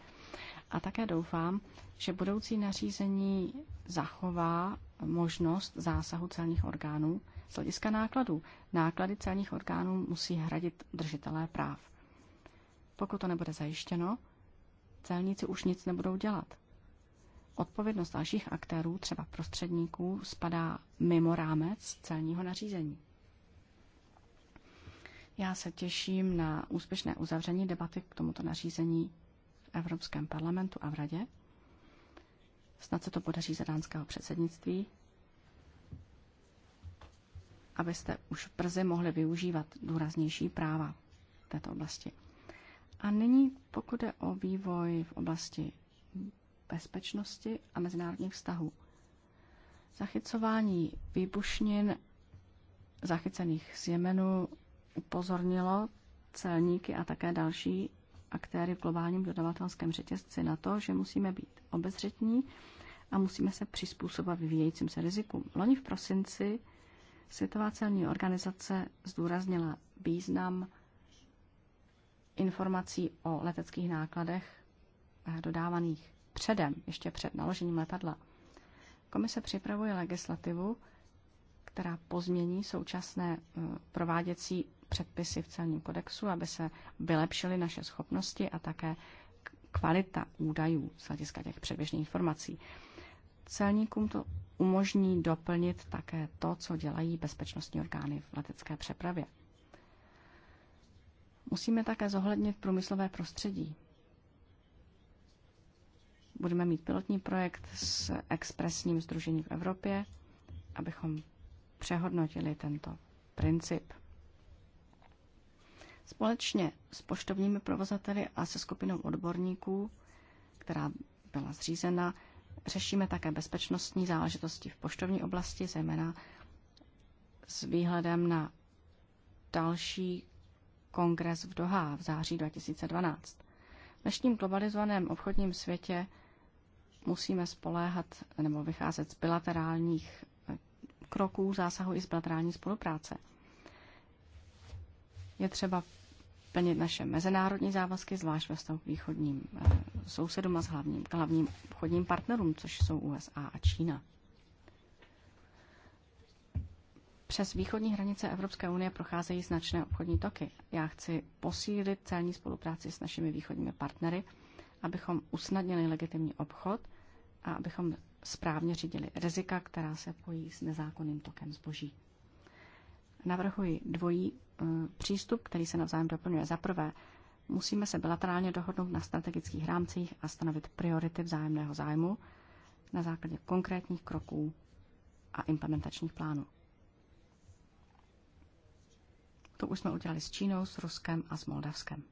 A také doufám, že budoucí nařízení zachová možnost zásahu celních orgánů z hlediska nákladů. Náklady celních orgánů musí hradit držitelé práv. Pokud to nebude zajištěno, celníci už nic nebudou dělat. Odpovědnost dalších aktérů, třeba prostředníků, spadá mimo rámec celního nařízení. Já se těším na úspěšné uzavření debaty k tomuto nařízení Evropském parlamentu a v radě. Snad se to podaří za dánského předsednictví, abyste už brzy mohli využívat důraznější práva v této oblasti. A nyní, pokud jde o vývoj v oblasti bezpečnosti a mezinárodních vztahů. Zachycování výbušnin zachycených z Jemenu upozornilo celníky a také další aktéry v globálním dodavatelském řetězci na to, že musíme být obezřetní a musíme se přizpůsobit vyvíjejícím se rizikům. Loni v prosinci Světová celní organizace zdůraznila význam informací o leteckých nákladech eh, dodávaných předem, ještě před naložením letadla. Komise připravuje legislativu, která pozmění současné eh, prováděcí předpisy v celním kodexu, aby se vylepšily naše schopnosti a také kvalita údajů z hlediska těch předběžných informací. Celníkům to umožní doplnit také to, co dělají bezpečnostní orgány v letecké přepravě. Musíme také zohlednit průmyslové prostředí. Budeme mít pilotní projekt s expresním združením v Evropě, abychom přehodnotili tento princip. Společně s poštovními provozateli a se skupinou odborníků, která byla zřízena, řešíme také bezpečnostní záležitosti v poštovní oblasti, zejména s výhledem na další kongres v Doha v září 2012. V dnešním globalizovaném obchodním světě musíme spoléhat nebo vycházet z bilaterálních eh, kroků, zásahu i z bilaterální spolupráce. Je třeba plnit naše mezinárodní závazky, zvlášť ve vztahu k východním eh, sousedům a s hlavním, k hlavním obchodním partnerům, což jsou USA a Čína. Přes východní hranice Evropské unie procházejí značné obchodní toky. Já chci posílit celní spolupráci s našimi východními partnery, abychom usnadnili legitimní obchod a abychom správně řídili rizika, která se pojí s nezákonným tokem zboží. Navrhuji dvojí Mm, přístup, který se navzájem doplňuje. Za prvé, musíme se bilaterálně dohodnout na strategických rámcích a stanovit priority vzájemného zájmu na základě konkrétních kroků a implementačních plánů. To už jsme udělali s Čínou, s Ruskem a s Moldavskem.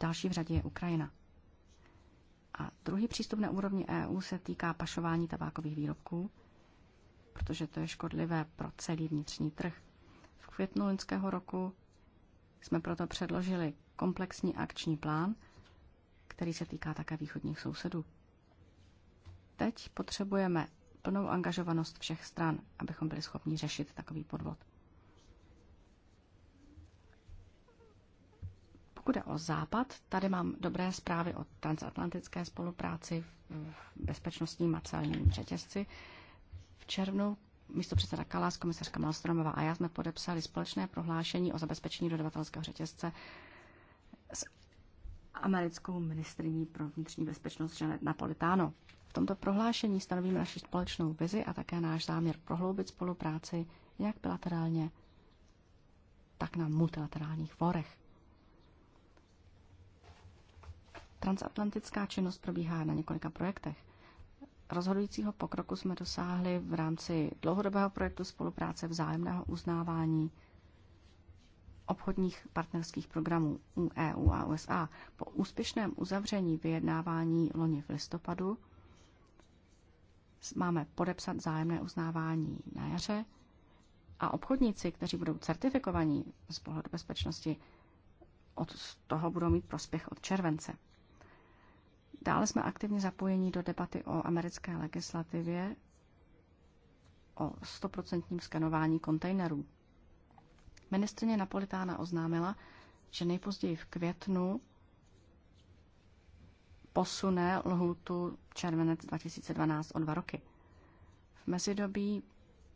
Další v řadě je Ukrajina. A druhý přístup na úrovni EU se týká pašování tabákových výrobků, protože to je škodlivé pro celý vnitřní trh květnu loňského roku jsme proto předložili komplexní akční plán, který se týká také východních sousedů. Teď potřebujeme plnou angažovanost všech stran, abychom byli schopni řešit takový podvod. Pokud je o západ, tady mám dobré zprávy o transatlantické spolupráci v bezpečnostním a celním řetězci. V červnu místo předseda Kalas, komisařka Malstromová a já jsme podepsali společné prohlášení o zabezpečení dodavatelského řetězce s americkou ministriní pro vnitřní bezpečnost Janet Napolitano. V tomto prohlášení stanovíme naši společnou vizi a také náš záměr prohloubit spolupráci jak bilaterálně, tak na multilaterálních forech. Transatlantická činnost probíhá na několika projektech. Rozhodujícího pokroku jsme dosáhli v rámci dlouhodobého projektu spolupráce vzájemného uznávání obchodních partnerských programů u EU a USA. Po úspěšném uzavření vyjednávání loni v listopadu máme podepsat vzájemné uznávání na jaře a obchodníci, kteří budou certifikovaní z pohledu bezpečnosti, od toho budou mít prospěch od července. Dále jsme aktivně zapojeni do debaty o americké legislativě o stoprocentním skanování kontejnerů. Ministrně Napolitána oznámila, že nejpozději v květnu posune lhůtu červenec 2012 o dva roky. V mezidobí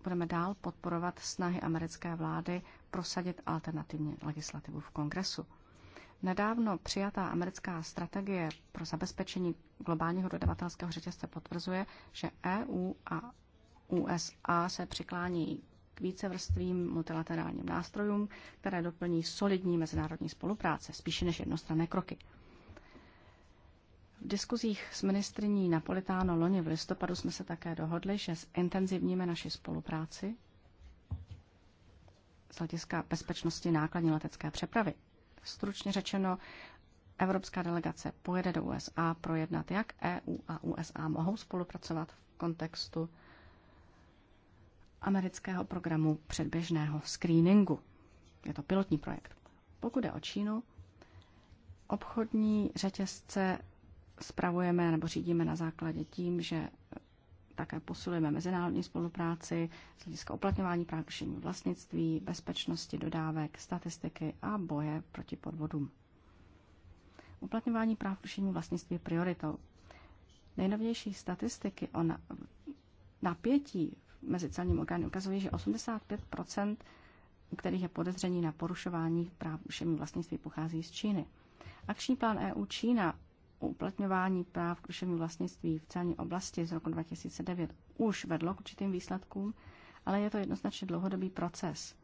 budeme dál podporovat snahy americké vlády prosadit alternativní legislativu v kongresu. Nedávno přijatá americká strategie pro zabezpečení globálního dodavatelského řetězce potvrzuje, že EU a USA se přiklání k vícevrstvým multilaterálním nástrojům, které doplní solidní mezinárodní spolupráce, spíše než jednostranné kroky. V diskuzích s ministriní Napolitáno loni v listopadu jsme se také dohodli, že zintenzivníme naši spolupráci z hlediska bezpečnosti nákladní letecké přepravy. Stručně řečeno, evropská delegace pojede do USA projednat, jak EU a USA mohou spolupracovat v kontextu amerického programu předběžného screeningu. Je to pilotní projekt. Pokud je o Čínu, obchodní řetězce spravujeme nebo řídíme na základě tím, že také posilujeme mezinárodní spolupráci z hlediska uplatňování právěšení vlastnictví, bezpečnosti dodávek, statistiky a boje proti podvodům. Uplatňování práv rušení vlastnictví je prioritou. Nejnovější statistiky o napětí mezi celním orgány ukazují, že 85 u kterých je podezření na porušování práv rušení vlastnictví, pochází z Číny. Akční plán EU Čína uplatňování práv k duševnímu vlastnictví v celní oblasti z roku 2009 už vedlo k určitým výsledkům, ale je to jednoznačně dlouhodobý proces.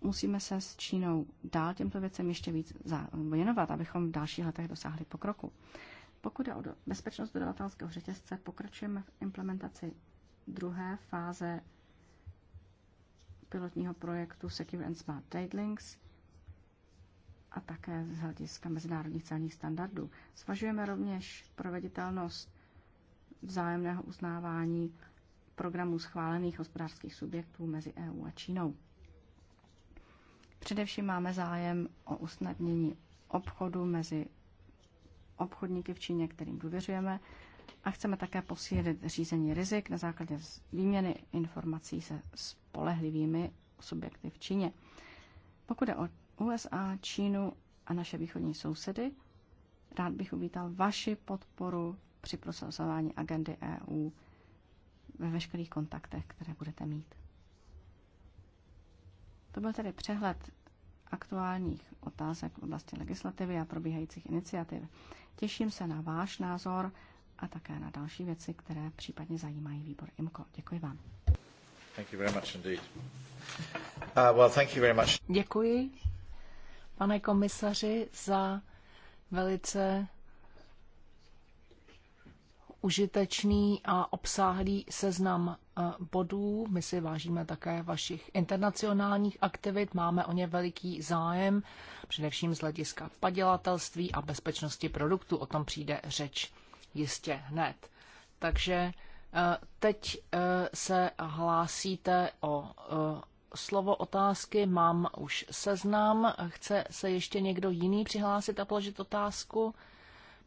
Musíme se s Čínou dál těmto věcem ještě víc věnovat, abychom v dalších letech dosáhli pokroku. Pokud je o bezpečnost dodavatelského řetězce, pokračujeme v implementaci druhé fáze pilotního projektu Secure and Smart Trade Links – a také z hlediska mezinárodních celních standardů. Zvažujeme rovněž proveditelnost vzájemného uznávání programů schválených hospodářských subjektů mezi EU a Čínou. Především máme zájem o usnadnění obchodu mezi obchodníky v Číně, kterým důvěřujeme, a chceme také posílit řízení rizik na základě výměny informací se spolehlivými subjekty v Číně. Pokud je o USA, Čínu a naše východní sousedy. Rád bych uvítal vaši podporu při prosazování agendy EU ve veškerých kontaktech, které budete mít. To byl tedy přehled aktuálních otázek v oblasti legislativy a probíhajících iniciativ. Těším se na váš názor a také na další věci, které případně zajímají výbor IMCO. Děkuji vám. Uh, Děkuji pane komisaři, za velice užitečný a obsáhlý seznam eh, bodů. My si vážíme také vašich internacionálních aktivit, máme o ně veliký zájem, především z hlediska padělatelství a bezpečnosti produktu. O tom přijde řeč jistě hned. Takže eh, teď eh, se hlásíte o slovo otázky, mám už seznam. Chce se ještě někdo jiný přihlásit a položit otázku?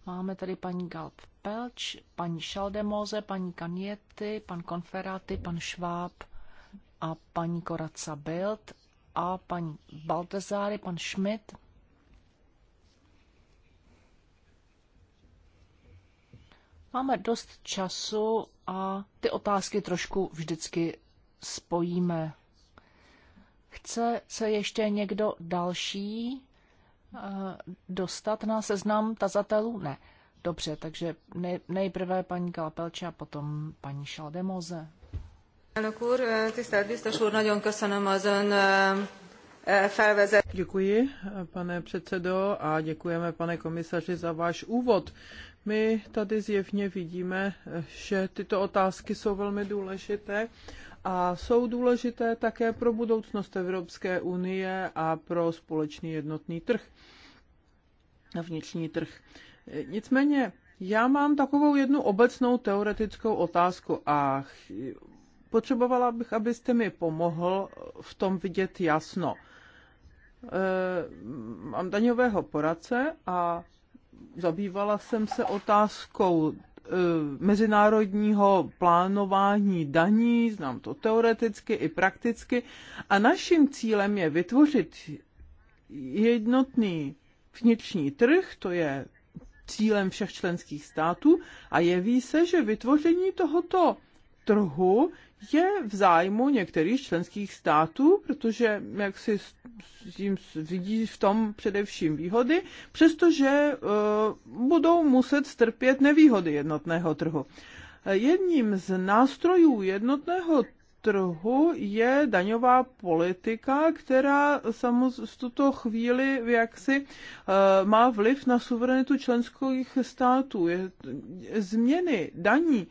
Máme tady paní Galp Pelč, paní Šaldemoze, paní Kaniety, pan Konferáty, pan Šváb a paní Koraca Bild a paní Baltezáry, pan Schmidt. Máme dost času a ty otázky trošku vždycky spojíme. Chce se ještě někdo další eh, dostat na seznam tazatelů? Ne. Dobře, takže nejprve paní Kalapelče a potom paní Šaldemoze. Eh, eh, Děkuji, pane předsedo, a děkujeme, pane komisaři, za váš úvod. My tady zjevně vidíme, že tyto otázky jsou velmi důležité a jsou důležité také pro budoucnost Evropské unie a pro společný jednotný trh a vnitřní trh. Nicméně já mám takovou jednu obecnou teoretickou otázku a potřebovala bych, abyste mi pomohl v tom vidět jasno. E, mám daňového poradce a zabývala jsem se otázkou Eh, mezinárodního plánování daní, znám to teoreticky i prakticky, a naším cílem je vytvořit jednotný vnitřní trh, to je cílem všech členských států, a jeví se, že vytvoření tohoto trhu je v zájmu některých členských států, protože jak si tím vidí v tom především výhody, přestože e, budou muset strpět nevýhody jednotného trhu. Jedním z nástrojů jednotného trhu je daňová politika, která samozřejmě v tuto chvíli jaksi e, má vliv na suverenitu členských států. E, změny daní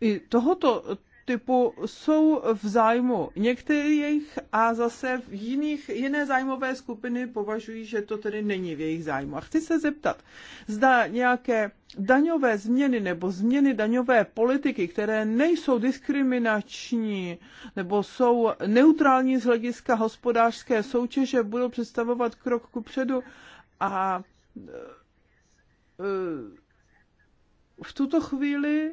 i tohoto typu jsou v zájmu některých a zase v jiných, jiné zájmové skupiny považují, že to tedy není v jejich zájmu. A chci se zeptat, zda nějaké daňové změny nebo změny daňové politiky, které nejsou diskriminační nebo jsou neutrální z hlediska hospodářské soutěže, budou představovat krok ku předu a e, e, v tuto chvíli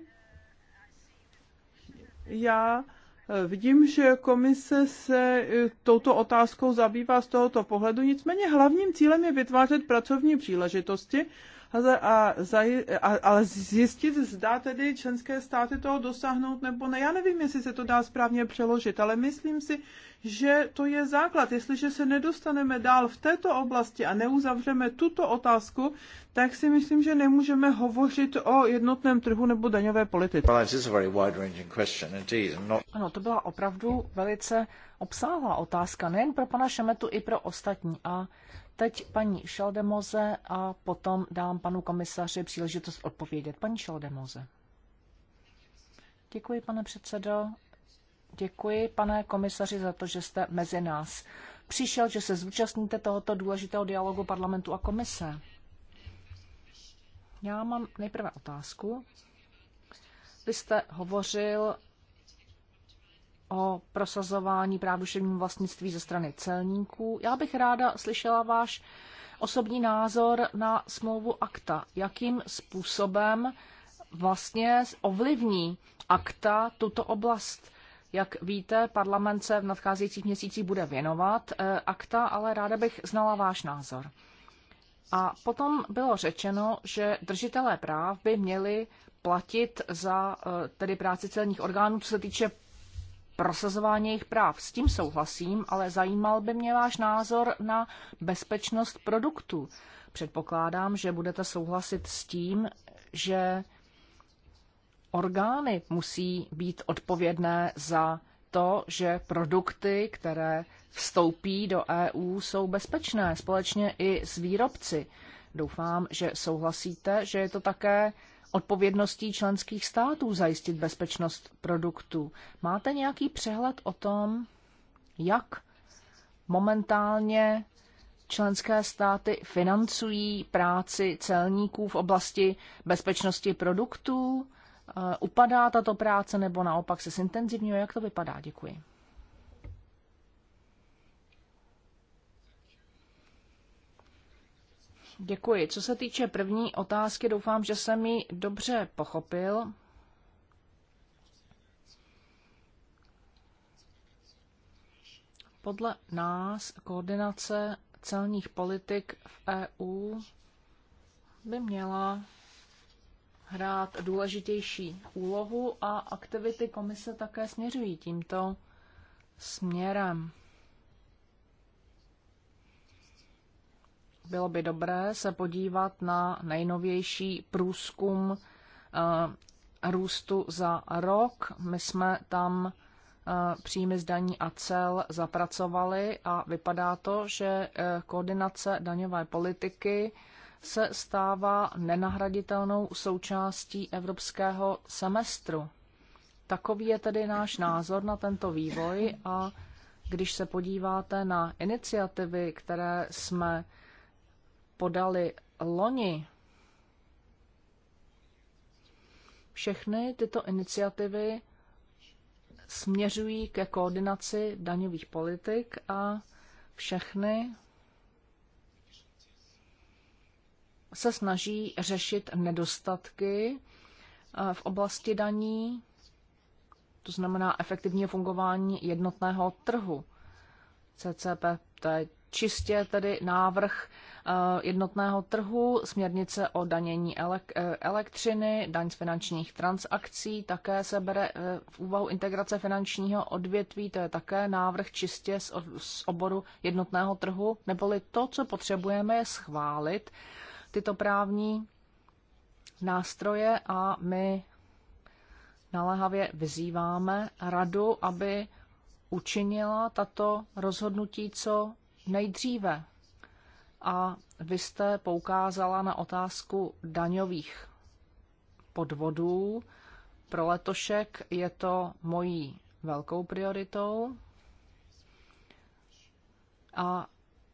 já eh, vidím, že komise se eh, touto otázkou zabývá z tohoto pohledu, nicméně hlavním cílem je vytvářet pracovní příležitosti a, a, ale zjistit, zda tedy členské státy toho dosáhnout nebo ne. Já nevím, jestli se to dá správně přeložit, ale myslím si, že to je základ. Jestliže se nedostaneme dál v této oblasti a neuzavřeme tuto otázku, tak si myslím, že nemůžeme hovořit o jednotném trhu nebo daňové politice. Ano, to byla opravdu velice obsáhlá otázka, nejen pro pana Šemetu, i pro ostatní. A Teď paní Šaldemoze a potom dám panu komisaři příležitost odpovědět. Paní Šaldemoze. Děkuji, pane předsedo. Děkuji, pane komisaři, za to, že jste mezi nás přišel, že se zúčastníte tohoto důležitého dialogu parlamentu a komise. Já mám nejprve otázku. Vy jste hovořil o prosazování práv duševního vlastnictví ze strany celníků. Já bych ráda slyšela váš osobní názor na smlouvu akta. Jakým způsobem vlastně ovlivní akta tuto oblast? Jak víte, parlament se v nadcházejících měsících bude věnovat eh, akta, ale ráda bych znala váš názor. A potom bylo řečeno, že držitelé práv by měli platit za eh, tedy práci celních orgánů, co se týče prosazování jejich práv. S tím souhlasím, ale zajímal by mě váš názor na bezpečnost produktu. Předpokládám, že budete souhlasit s tím, že orgány musí být odpovědné za to, že produkty, které vstoupí do EU, jsou bezpečné, společně i s výrobci. Doufám, že souhlasíte, že je to také odpovědností členských států zajistit bezpečnost produktů. Máte nějaký přehled o tom, jak momentálně členské státy financují práci celníků v oblasti bezpečnosti produktů? Eh, upadá tato práce nebo naopak se zintenzivňuje? Jak to vypadá? Děkuji. Děkuji. Co se týče první otázky, doufám, že jsem ji dobře pochopil. Podle nás koordinace celních politik v EU by měla hrát důležitější úlohu a aktivity komise také směřují tímto směrem. bylo by dobré se podívat na nejnovější průzkum eh, růstu za rok. My jsme tam eh, příjmy z daní a cel zapracovali a vypadá to, že eh, koordinace daňové politiky se stává nenahraditelnou součástí evropského semestru. Takový je tedy náš názor na tento vývoj a když se podíváte na iniciativy, které jsme podali loni, všechny tyto iniciativy směřují ke koordinaci daňových politik a všechny se snaží řešit nedostatky eh, v oblasti daní, to znamená efektivního fungování jednotného trhu. CCP to je čistě tedy návrh Eh, jednotného trhu, směrnice o danění eh, elektřiny, daň z finančních transakcí, také se bere eh, v úvahu integrace finančního odvětví, to je také návrh čistě z oboru jednotného trhu, neboli to, co potřebujeme, je schválit tyto právní nástroje a my naléhavě vyzýváme radu, aby učinila tato rozhodnutí co nejdříve a vy jste poukázala na otázku daňových podvodů. Pro letošek je to mojí velkou prioritou. A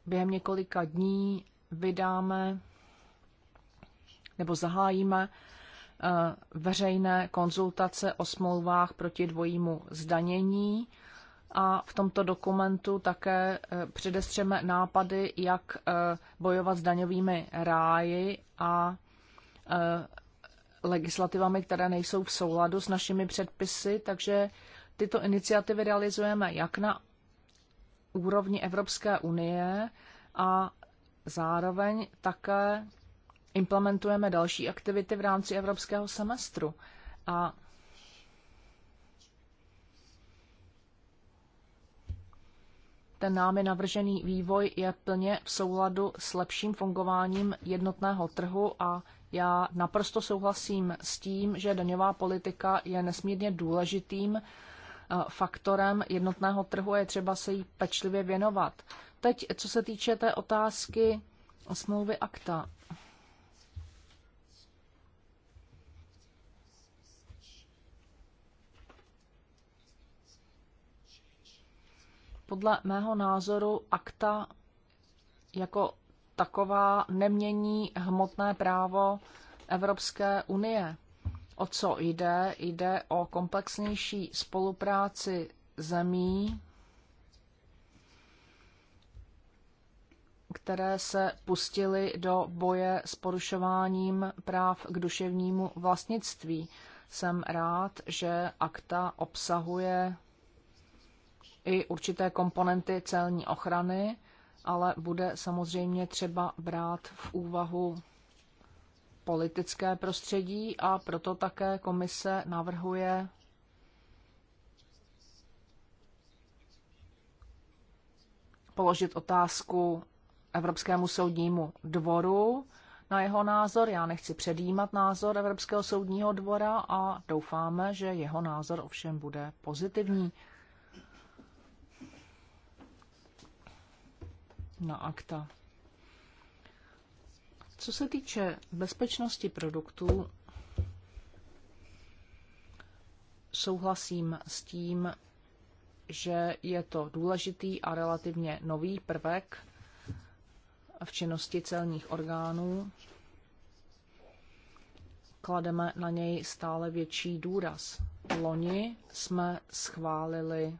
během několika dní vydáme nebo zahájíme eh, veřejné konzultace o smlouvách proti dvojímu zdanění a v tomto dokumentu také eh, předestřeme nápady, jak eh, bojovat s daňovými ráji a eh, legislativami, které nejsou v souladu s našimi předpisy, takže tyto iniciativy realizujeme jak na úrovni Evropské unie a zároveň také implementujeme další aktivity v rámci evropského semestru. A ten námi navržený vývoj je plně v souladu s lepším fungováním jednotného trhu a já naprosto souhlasím s tím, že daňová politika je nesmírně důležitým eh, faktorem jednotného trhu a je třeba se jí pečlivě věnovat. Teď, co se týče té otázky smlouvy akta. Podle mého názoru akta jako taková nemění hmotné právo Evropské unie. O co jde? Jde o komplexnější spolupráci zemí, které se pustily do boje s porušováním práv k duševnímu vlastnictví. Jsem rád, že akta obsahuje i určité komponenty celní ochrany, ale bude samozřejmě třeba brát v úvahu politické prostředí a proto také komise navrhuje položit otázku Evropskému soudnímu dvoru na jeho názor. Já nechci předjímat názor Evropského soudního dvora a doufáme, že jeho názor ovšem bude pozitivní. na akta. Co se týče bezpečnosti produktů, souhlasím s tím, že je to důležitý a relativně nový prvek v činnosti celních orgánů. Klademe na něj stále větší důraz. Loni jsme schválili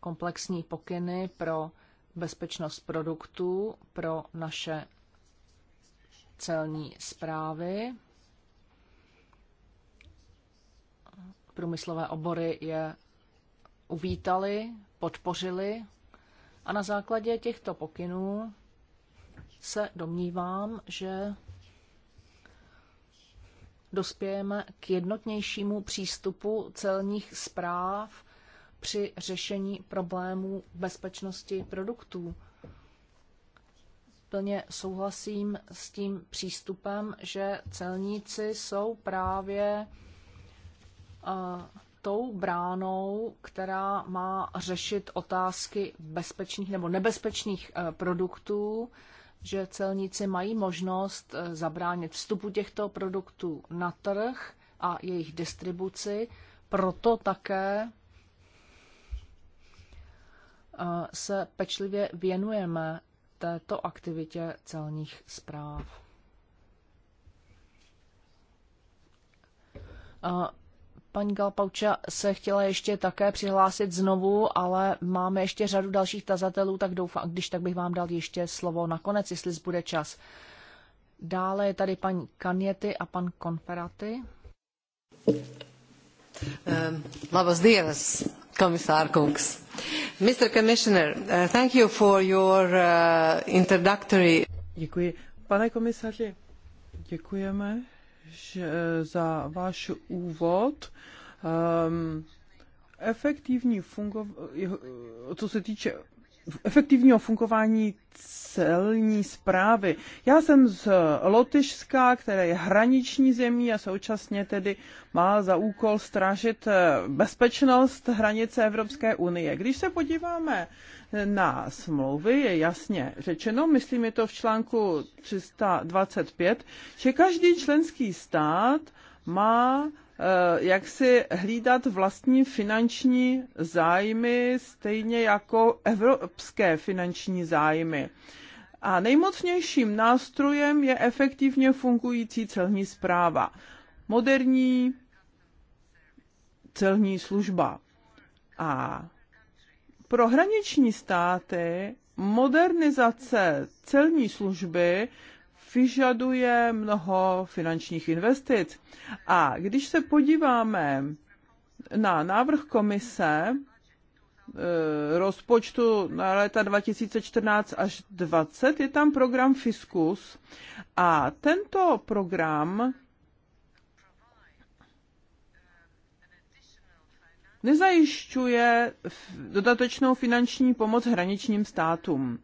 komplexní pokyny pro bezpečnost produktů pro naše celní zprávy. Průmyslové obory je uvítali, podpořili a na základě těchto pokynů se domnívám, že dospějeme k jednotnějšímu přístupu celních zpráv při řešení problémů bezpečnosti produktů. Plně souhlasím s tím přístupem, že celníci jsou právě tou bránou, která má řešit otázky bezpečných nebo nebezpečných e, produktů, že celníci mají možnost e, zabránit vstupu těchto produktů na trh a jejich distribuci. Proto také se pečlivě věnujeme této aktivitě celních zpráv. Paní Galpauča se chtěla ještě také přihlásit znovu, ale máme ještě řadu dalších tazatelů, tak doufám, když tak bych vám dal ještě slovo nakonec, jestli zbude čas. Dále je tady paní Kaněty a pan Konferaty. Um, labas dienas, komisār kungs. Mr. Commissioner, uh, thank you for your uh, introductory... Děkuji. Pane komisaři, děkujeme že, eh, za váš úvod. Um, efektivní fungování, co se týče efektivního fungování celní zprávy. Já jsem z Lotyšska, které je hraniční zemí a současně tedy má za úkol strážit eh, bezpečnost hranice Evropské unie. Když se podíváme na smlouvy, je jasně řečeno, myslím je to v článku 325, že každý členský stát má Eh, jak si hlídat vlastní finanční zájmy, stejně jako evropské finanční zájmy. A nejmocnějším nástrojem je efektivně fungující celní zpráva. Moderní celní služba. A pro hraniční státy modernizace celní služby vyžaduje mnoho finančních investic. A když se podíváme na návrh komise e, rozpočtu na léta 2014 až 2020, je tam program Fiskus a tento program nezajišťuje dodatečnou finanční pomoc hraničním státům.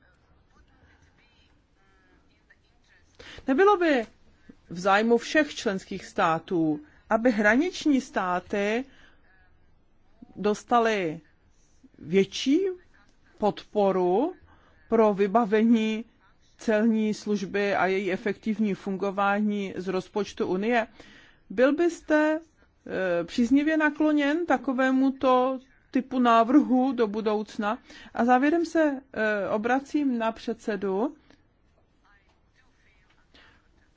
Nebylo by v zájmu všech členských států, aby hraniční státy dostaly větší podporu pro vybavení celní služby a její efektivní fungování z rozpočtu Unie. Byl byste e, příznivě nakloněn takovémuto typu návrhu do budoucna? A závěrem se e, obracím na předsedu.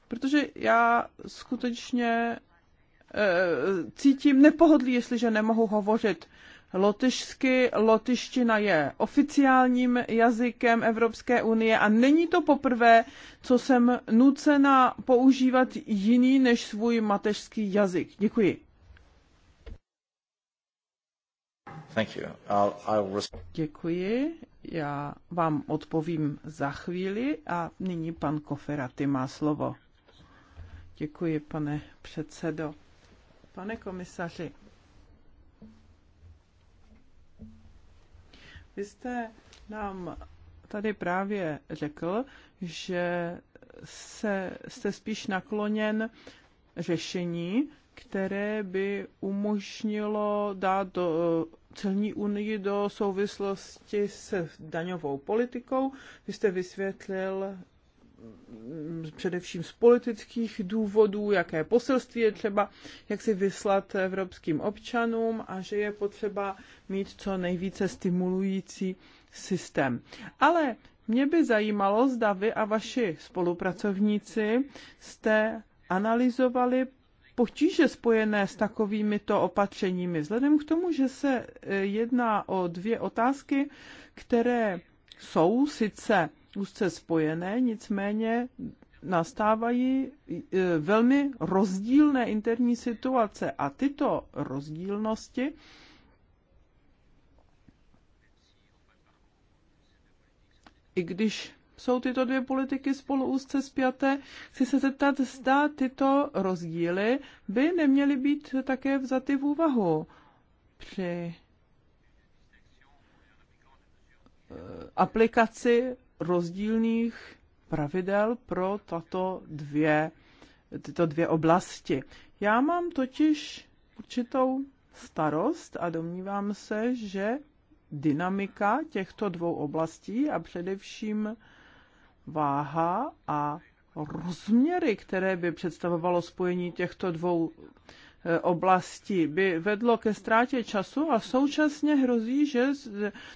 Protože já skutečně eh, cítím nepohodlí, jestliže nemohu hovořit lotyšsky. Lotyština je oficiálním jazykem Evropské unie a není to poprvé, co jsem nucena používat jiný než svůj mateřský jazyk. Děkuji. Thank you. I'll, I'll... Děkuji. Já vám odpovím za chvíli a nyní pan Koferaty má slovo. Děkuji, pane předsedo. Pane komisaři, vy jste nám tady právě řekl, že se, jste spíš nakloněn řešení, které by umožnilo dát do celní unii do souvislosti s daňovou politikou. Vy jste vysvětlil, Mm, především z politických důvodů, jaké poselství je třeba, jak si vyslat evropským občanům a že je potřeba mít co nejvíce stimulující systém. Ale mě by zajímalo, zda vy a vaši spolupracovníci jste analyzovali potíže spojené s takovýmito opatřeními. Vzhledem k tomu, že se eh, jedná o dvě otázky, které jsou sice úzce spojené, nicméně nastávají e, velmi rozdílné interní situace a tyto rozdílnosti i když jsou tyto dvě politiky spolu úzce spjaté, chci se zeptat, zda tyto rozdíly by neměly být také vzaty v úvahu při e, aplikaci rozdílných pravidel pro tato dvě, tyto dvě oblasti. Já mám totiž určitou starost a domnívám se, že dynamika těchto dvou oblastí a především váha a rozměry, které by představovalo spojení těchto dvou Eh, oblasti by vedlo ke ztrátě času a současně hrozí, že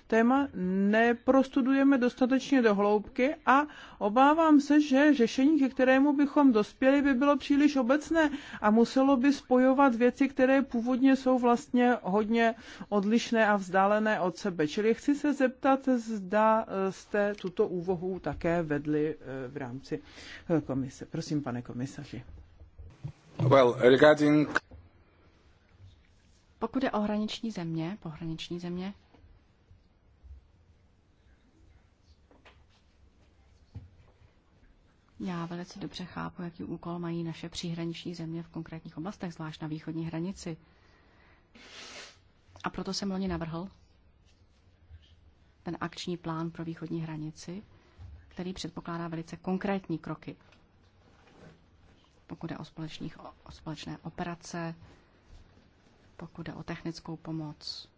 téma neprostudujeme dostatečně do hloubky a obávám se, že řešení, ke kterému bychom dospěli, by bylo příliš obecné a muselo by spojovat věci, které původně jsou vlastně hodně odlišné a vzdálené od sebe. Čili chci se zeptat, zda eh, jste tuto úvahu také vedli eh, v rámci komise. Prosím, pane komisaři. Well, regarding... Pokud je o hraniční země, pohraniční země, Já velice dobře chápu, jaký úkol mají naše příhraniční země v konkrétních oblastech, zvlášť na východní hranici. A proto jsem loni navrhl ten akční plán pro východní hranici, který předpokládá velice konkrétní kroky, pokud je o, o společné operace, pokud jde o technickou pomoc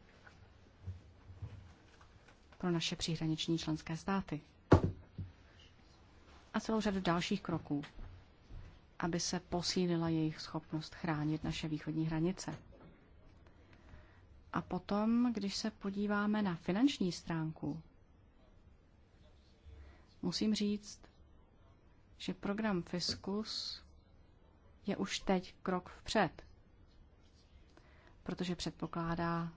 pro naše příhraniční členské státy. A celou řadu dalších kroků, aby se posílila jejich schopnost chránit naše východní hranice. A potom, když se podíváme na finanční stránku, musím říct, že program Fiskus je už teď krok vpřed – protože předpokládá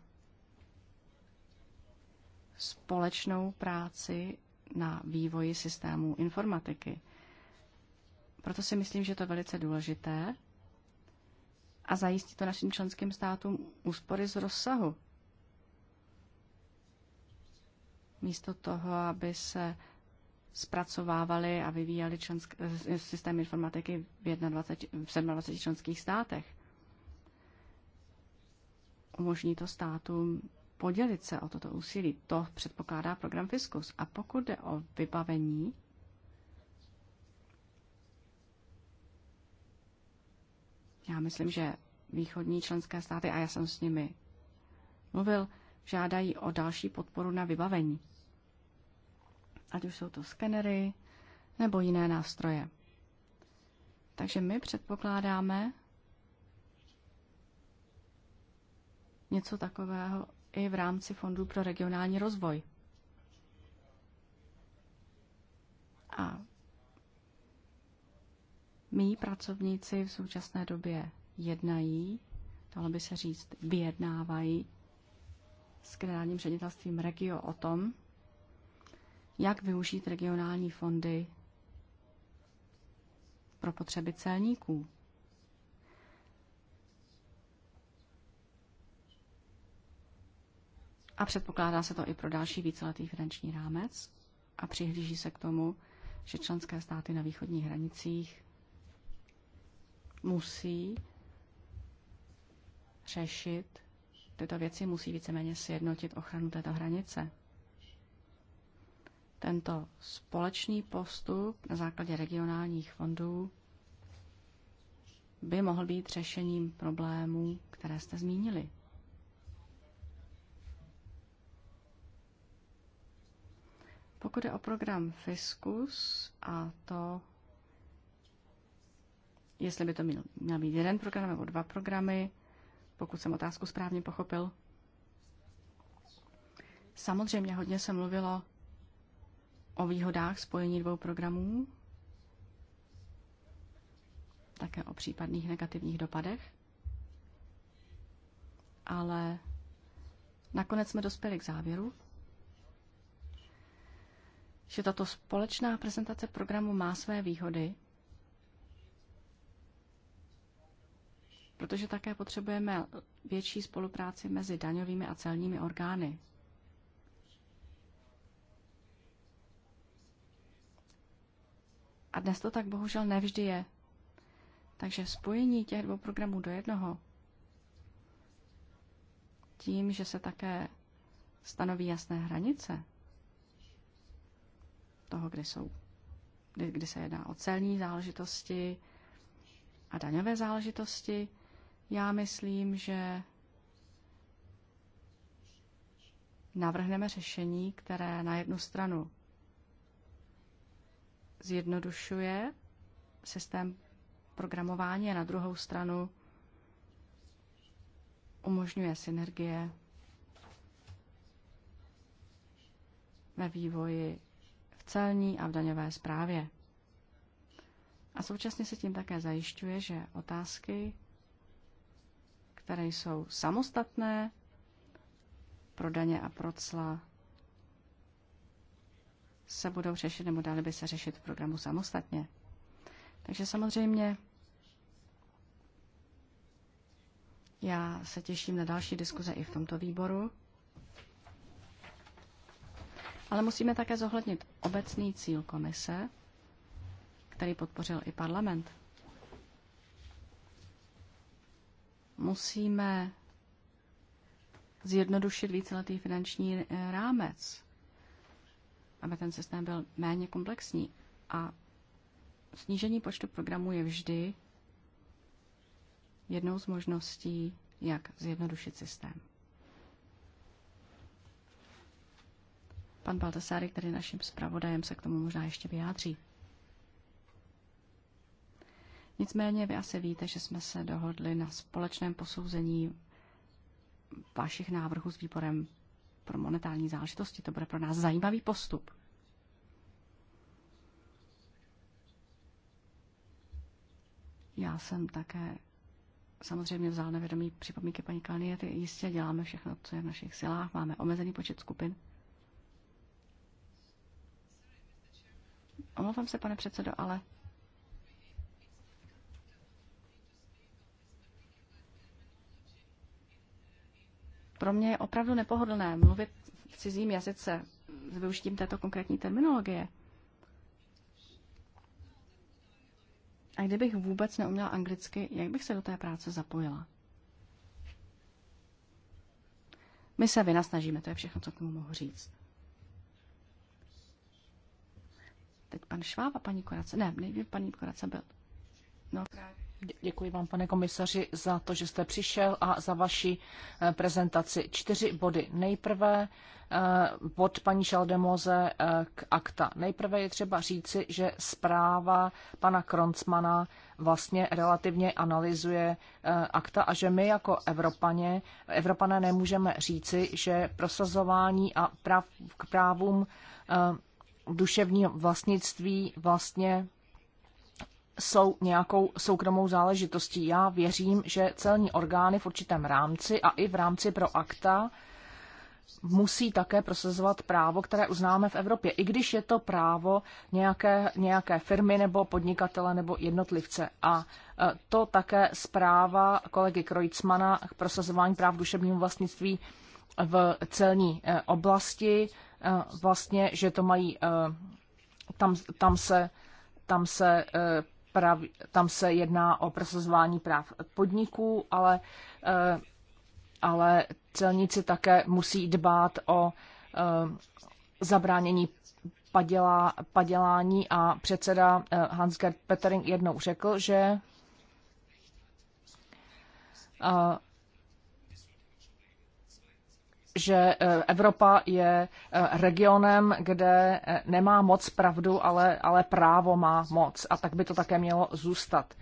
společnou práci na vývoji systémů informatiky. Proto si myslím, že to je velice důležité a zajistí to našim členským státům úspory z rozsahu. Místo toho, aby se zpracovávaly a vyvíjely eh, systém informatiky v, 21, v 27 členských státech umožní to státům podělit se o toto úsilí. To předpokládá program Fiskus. A pokud jde o vybavení, já myslím, že východní členské státy, a já jsem s nimi mluvil, žádají o další podporu na vybavení. Ať už jsou to skenery nebo jiné nástroje. Takže my předpokládáme, něco takového i v rámci Fondu pro regionální rozvoj. A mý pracovníci v současné době jednají, dalo by se říct, vyjednávají s generálním ředitelstvím Regio o tom, jak využít regionální fondy pro potřeby celníků, a předpokládá se to i pro další víceletý finanční rámec a přihlíží se k tomu, že členské státy na východních hranicích musí řešit tyto věci, musí víceméně sjednotit ochranu této hranice. Tento společný postup na základě regionálních fondů by mohl být řešením problémů, které jste zmínili. Pokud je o program Fiskus a to, jestli by to měl, měl být jeden program nebo dva programy, pokud jsem otázku správně pochopil. Samozřejmě hodně se mluvilo o výhodách spojení dvou programů, také o případných negativních dopadech, ale nakonec jsme dospěli k závěru, že tato společná prezentace programu má své výhody, protože také potřebujeme větší spolupráci mezi daňovými a celními orgány. A dnes to tak bohužel nevždy je. Takže spojení těch dvou programů do jednoho, tím, že se také stanoví jasné hranice, toho, kde, jsou, kdy, kdy se jedná o celní záležitosti a daňové záležitosti. Já myslím, že navrhneme řešení, které na jednu stranu zjednodušuje systém programování a na druhou stranu umožňuje synergie ve vývoji celní a v daňové správě. A současně se tím také zajišťuje, že otázky, které jsou samostatné pro daně a pro cla, se budou řešit nebo dali by se řešit v programu samostatně. Takže samozřejmě já se těším na další diskuze i v tomto výboru ale musíme také zohlednit obecný cíl komise, který podpořil i parlament. Musíme zjednodušit víceletý finanční eh, rámec, aby ten systém byl méně komplexní. A snížení počtu programů je vždy jednou z možností, jak zjednodušit systém. Pan Baltasáry, který naším zpravodajem, se k tomu možná ještě vyjádří. Nicméně vy asi víte, že jsme se dohodli na společném posouzení vašich návrhů s výborem pro monetární záležitosti. To bude pro nás zajímavý postup. Já jsem také samozřejmě vzal nevědomí připomínky paní Kalniety. Jistě děláme všechno, co je v našich silách. Máme omezený počet skupin. Omlouvám se, pane předsedo, ale pro mě je opravdu nepohodlné mluvit v cizím jazyce s využitím této konkrétní terminologie. A kdybych vůbec neuměla anglicky, jak bych se do té práce zapojila? My se vynasnažíme, to je všechno, co k tomu mohu říct. Teď pan Šváb a paní Korace. Ne, nejdřív paní Korace byl. No. Děkuji vám, pane komisaři, za to, že jste přišel a za vaši eh, prezentaci. Čtyři body. Nejprve eh, bod paní Šaldemoze eh, k akta. Nejprve je třeba říci, že zpráva pana Kroncmana vlastně relativně analyzuje akta a že my jako Evropaně, Evropané nemůžeme říci, že prosazování a práv k právům duševní vlastnictví vlastně jsou nějakou soukromou záležitostí. Já věřím, že celní orgány v určitém rámci a i v rámci pro akta musí také prosazovat právo, které uznáme v Evropě, i když je to právo nějaké, nějaké firmy nebo podnikatele nebo jednotlivce. A e, to také zpráva kolegy Krojcmana k prosazování práv duševního vlastnictví v celní e, oblasti Eh, vlastně, že to mají, eh, tam, tam se, tam se eh, prav, tam se jedná o prosazování práv podniků, ale, ale celníci také musí dbát o zabránění padělá, padělání a předseda Hans-Gerd Petering jednou řekl, že že eh, Evropa je eh, regionem, kde eh, nemá moc pravdu, ale, ale právo má moc. A tak by to také mělo zůstat.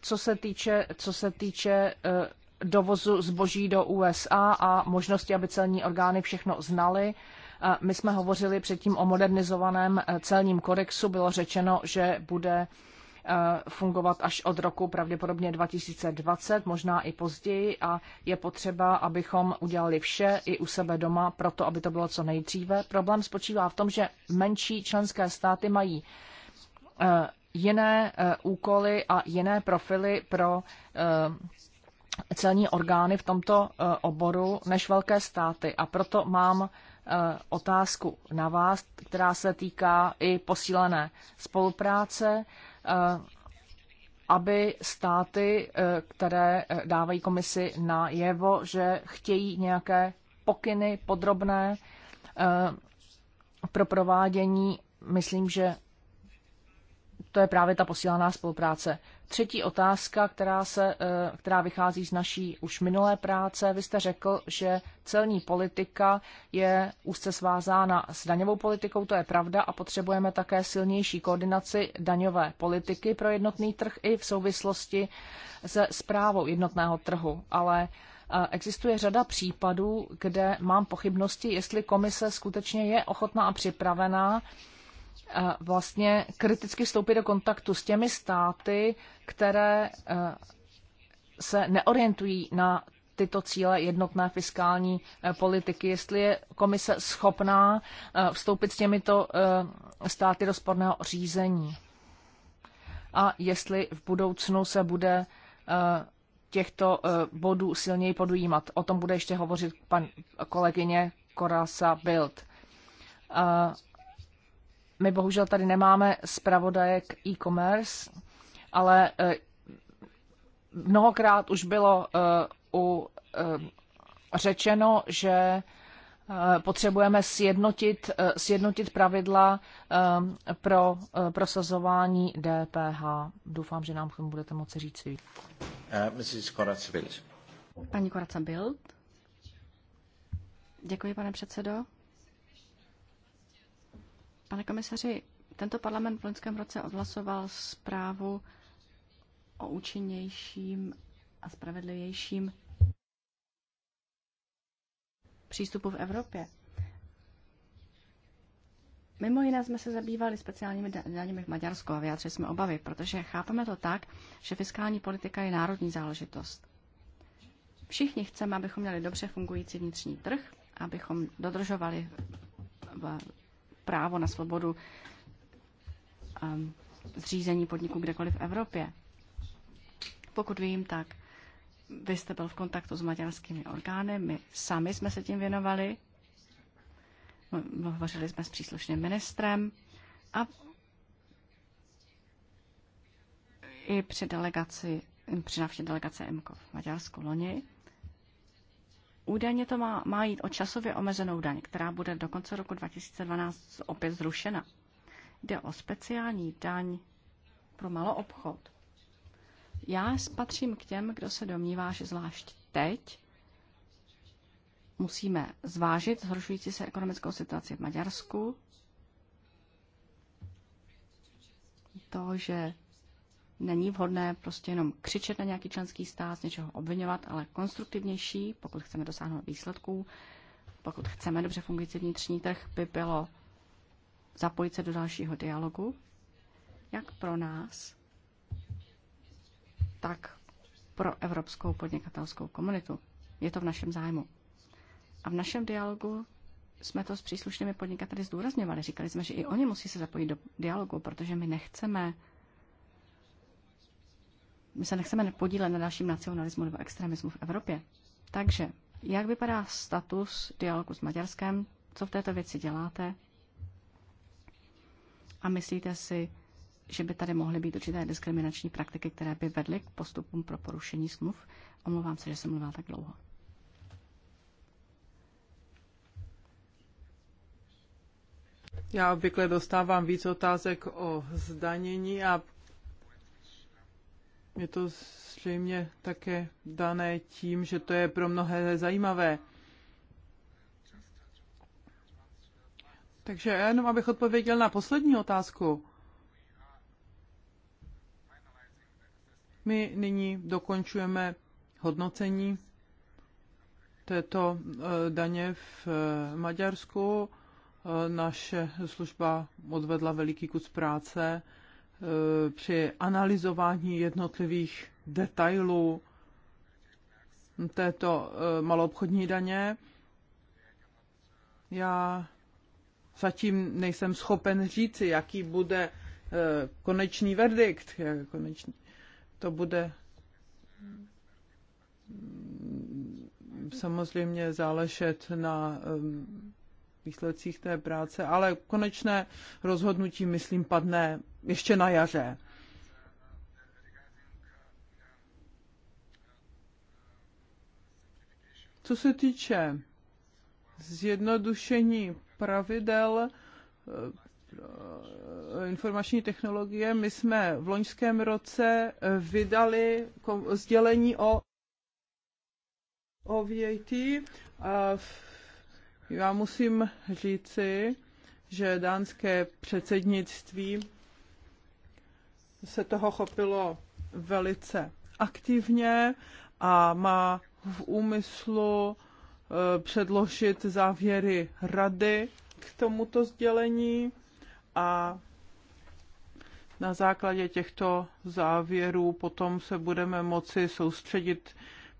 Co se týče, co se týče dovozu zboží do USA a možnosti, aby celní orgány všechno znaly, my jsme hovořili předtím o modernizovaném celním kodexu. Bylo řečeno, že bude Eh, fungovat až od roku pravděpodobně 2020, možná i později a je potřeba, abychom udělali vše i u sebe doma, proto aby to bylo co nejdříve. Problém spočívá v tom, že menší členské státy mají eh, jiné eh, úkoly a jiné profily pro celní orgány v tomto oboru než velké státy. A proto mám otázku na vás, která se týká i posílené spolupráce. Eh, aby státy, eh, které eh, dávají komisi na jevo, že chtějí nějaké pokyny podrobné pro provádění, myslím, že to je právě ta posílaná spolupráce. Třetí otázka, která, se, eh, která vychází z naší už minulé práce. Vy jste řekl, že celní politika je úzce svázána s daňovou politikou, to je pravda, a potřebujeme také silnější koordinaci daňové politiky pro jednotný trh i v souvislosti se zprávou jednotného trhu. Ale eh, Existuje řada případů, kde mám pochybnosti, jestli komise skutečně je ochotná a připravená vlastně kriticky vstoupit do kontaktu s těmi státy, které eh, se neorientují na tyto cíle jednotné fiskální eh, politiky, jestli je komise schopná eh, vstoupit s těmito státy do sporného řízení a jestli v budoucnu se bude těchto bodů silněji podujímat. O tom bude ještě hovořit pan kolegyně Korasa Bild. My bohužel tady nemáme zpravodaje k e-commerce, ale eh, mnohokrát už bylo eh, u eh, řečeno, že potřebujeme sjednotit, sjednotit pravidla pro prosazování DPH. Doufám, že nám k tomu budete moci říct víc. Paní Koraca Bild. Děkuji, pane předsedo. Pane komisaři, tento parlament v loňském roce odhlasoval zprávu o účinnějším a spravedlivějším přístupu v Evropě. Mimo jiné jsme se zabývali speciálními daněmi v Maďarsku a vyjádřili jsme obavy, protože chápeme to tak, že fiskální politika je národní záležitost. Všichni chceme, abychom měli dobře fungující vnitřní trh, abychom dodržovali právo na svobodu um, zřízení podniku kdekoliv v Evropě. Pokud vím, tak vy jste byl v kontaktu s maďarskými orgány, my sami jsme se tím věnovali, hovořili jsme s příslušným ministrem a i při delegaci, při návštěvě delegace MKO v Maďarsku loni Údajně to má, má jít o časově omezenou daň, která bude do konce roku 2012 opět zrušena. Jde o speciální daň pro maloobchod. Já patřím k těm, kdo se domnívá, že zvlášť teď musíme zvážit zhoršující se ekonomickou situaci v Maďarsku, to, že Není vhodné prostě jenom křičet na nějaký členský stát, z něčeho obvinovat, ale konstruktivnější, pokud chceme dosáhnout výsledků, pokud chceme dobře fungující vnitřní trh, by bylo zapojit se do dalšího dialogu, jak pro nás, tak pro evropskou podnikatelskou komunitu. Je to v našem zájmu. A v našem dialogu jsme to s příslušnými podnikateli zdůrazňovali. Říkali jsme, že i oni musí se zapojit do dialogu, protože my nechceme my se nechceme podílet na dalším nacionalismu nebo extremismu v Evropě. Takže, jak vypadá status dialogu s Maďarskem? Co v této věci děláte? A myslíte si, že by tady mohly být určité diskriminační praktiky, které by vedly k postupům pro porušení smluv? Omlouvám se, že jsem mluvila tak dlouho. Já obvykle dostávám víc otázek o zdanění a je to zřejmě také dané tím, že to je pro mnohé zajímavé. Takže jenom abych odpověděl na poslední otázku. My nyní dokončujeme hodnocení této eh, daně v eh, Maďarsku. Eh, naše služba odvedla veliký kus práce Eh, při analyzování jednotlivých detailů této eh, maloobchodní daně. Já zatím nejsem schopen říci, jaký bude eh, konečný verdikt. Konečný. To bude mm, samozřejmě záležet na výsledcích té práce, ale konečné rozhodnutí, myslím, padne ještě na jaře. Co se týče zjednodušení pravidel eh, informační technologie, my jsme v loňském roce eh, vydali sdělení o o VAT eh, já musím říci, že dánské předsednictví se toho chopilo velice aktivně a má v úmyslu eh, předložit závěry rady k tomuto sdělení a na základě těchto závěrů potom se budeme moci soustředit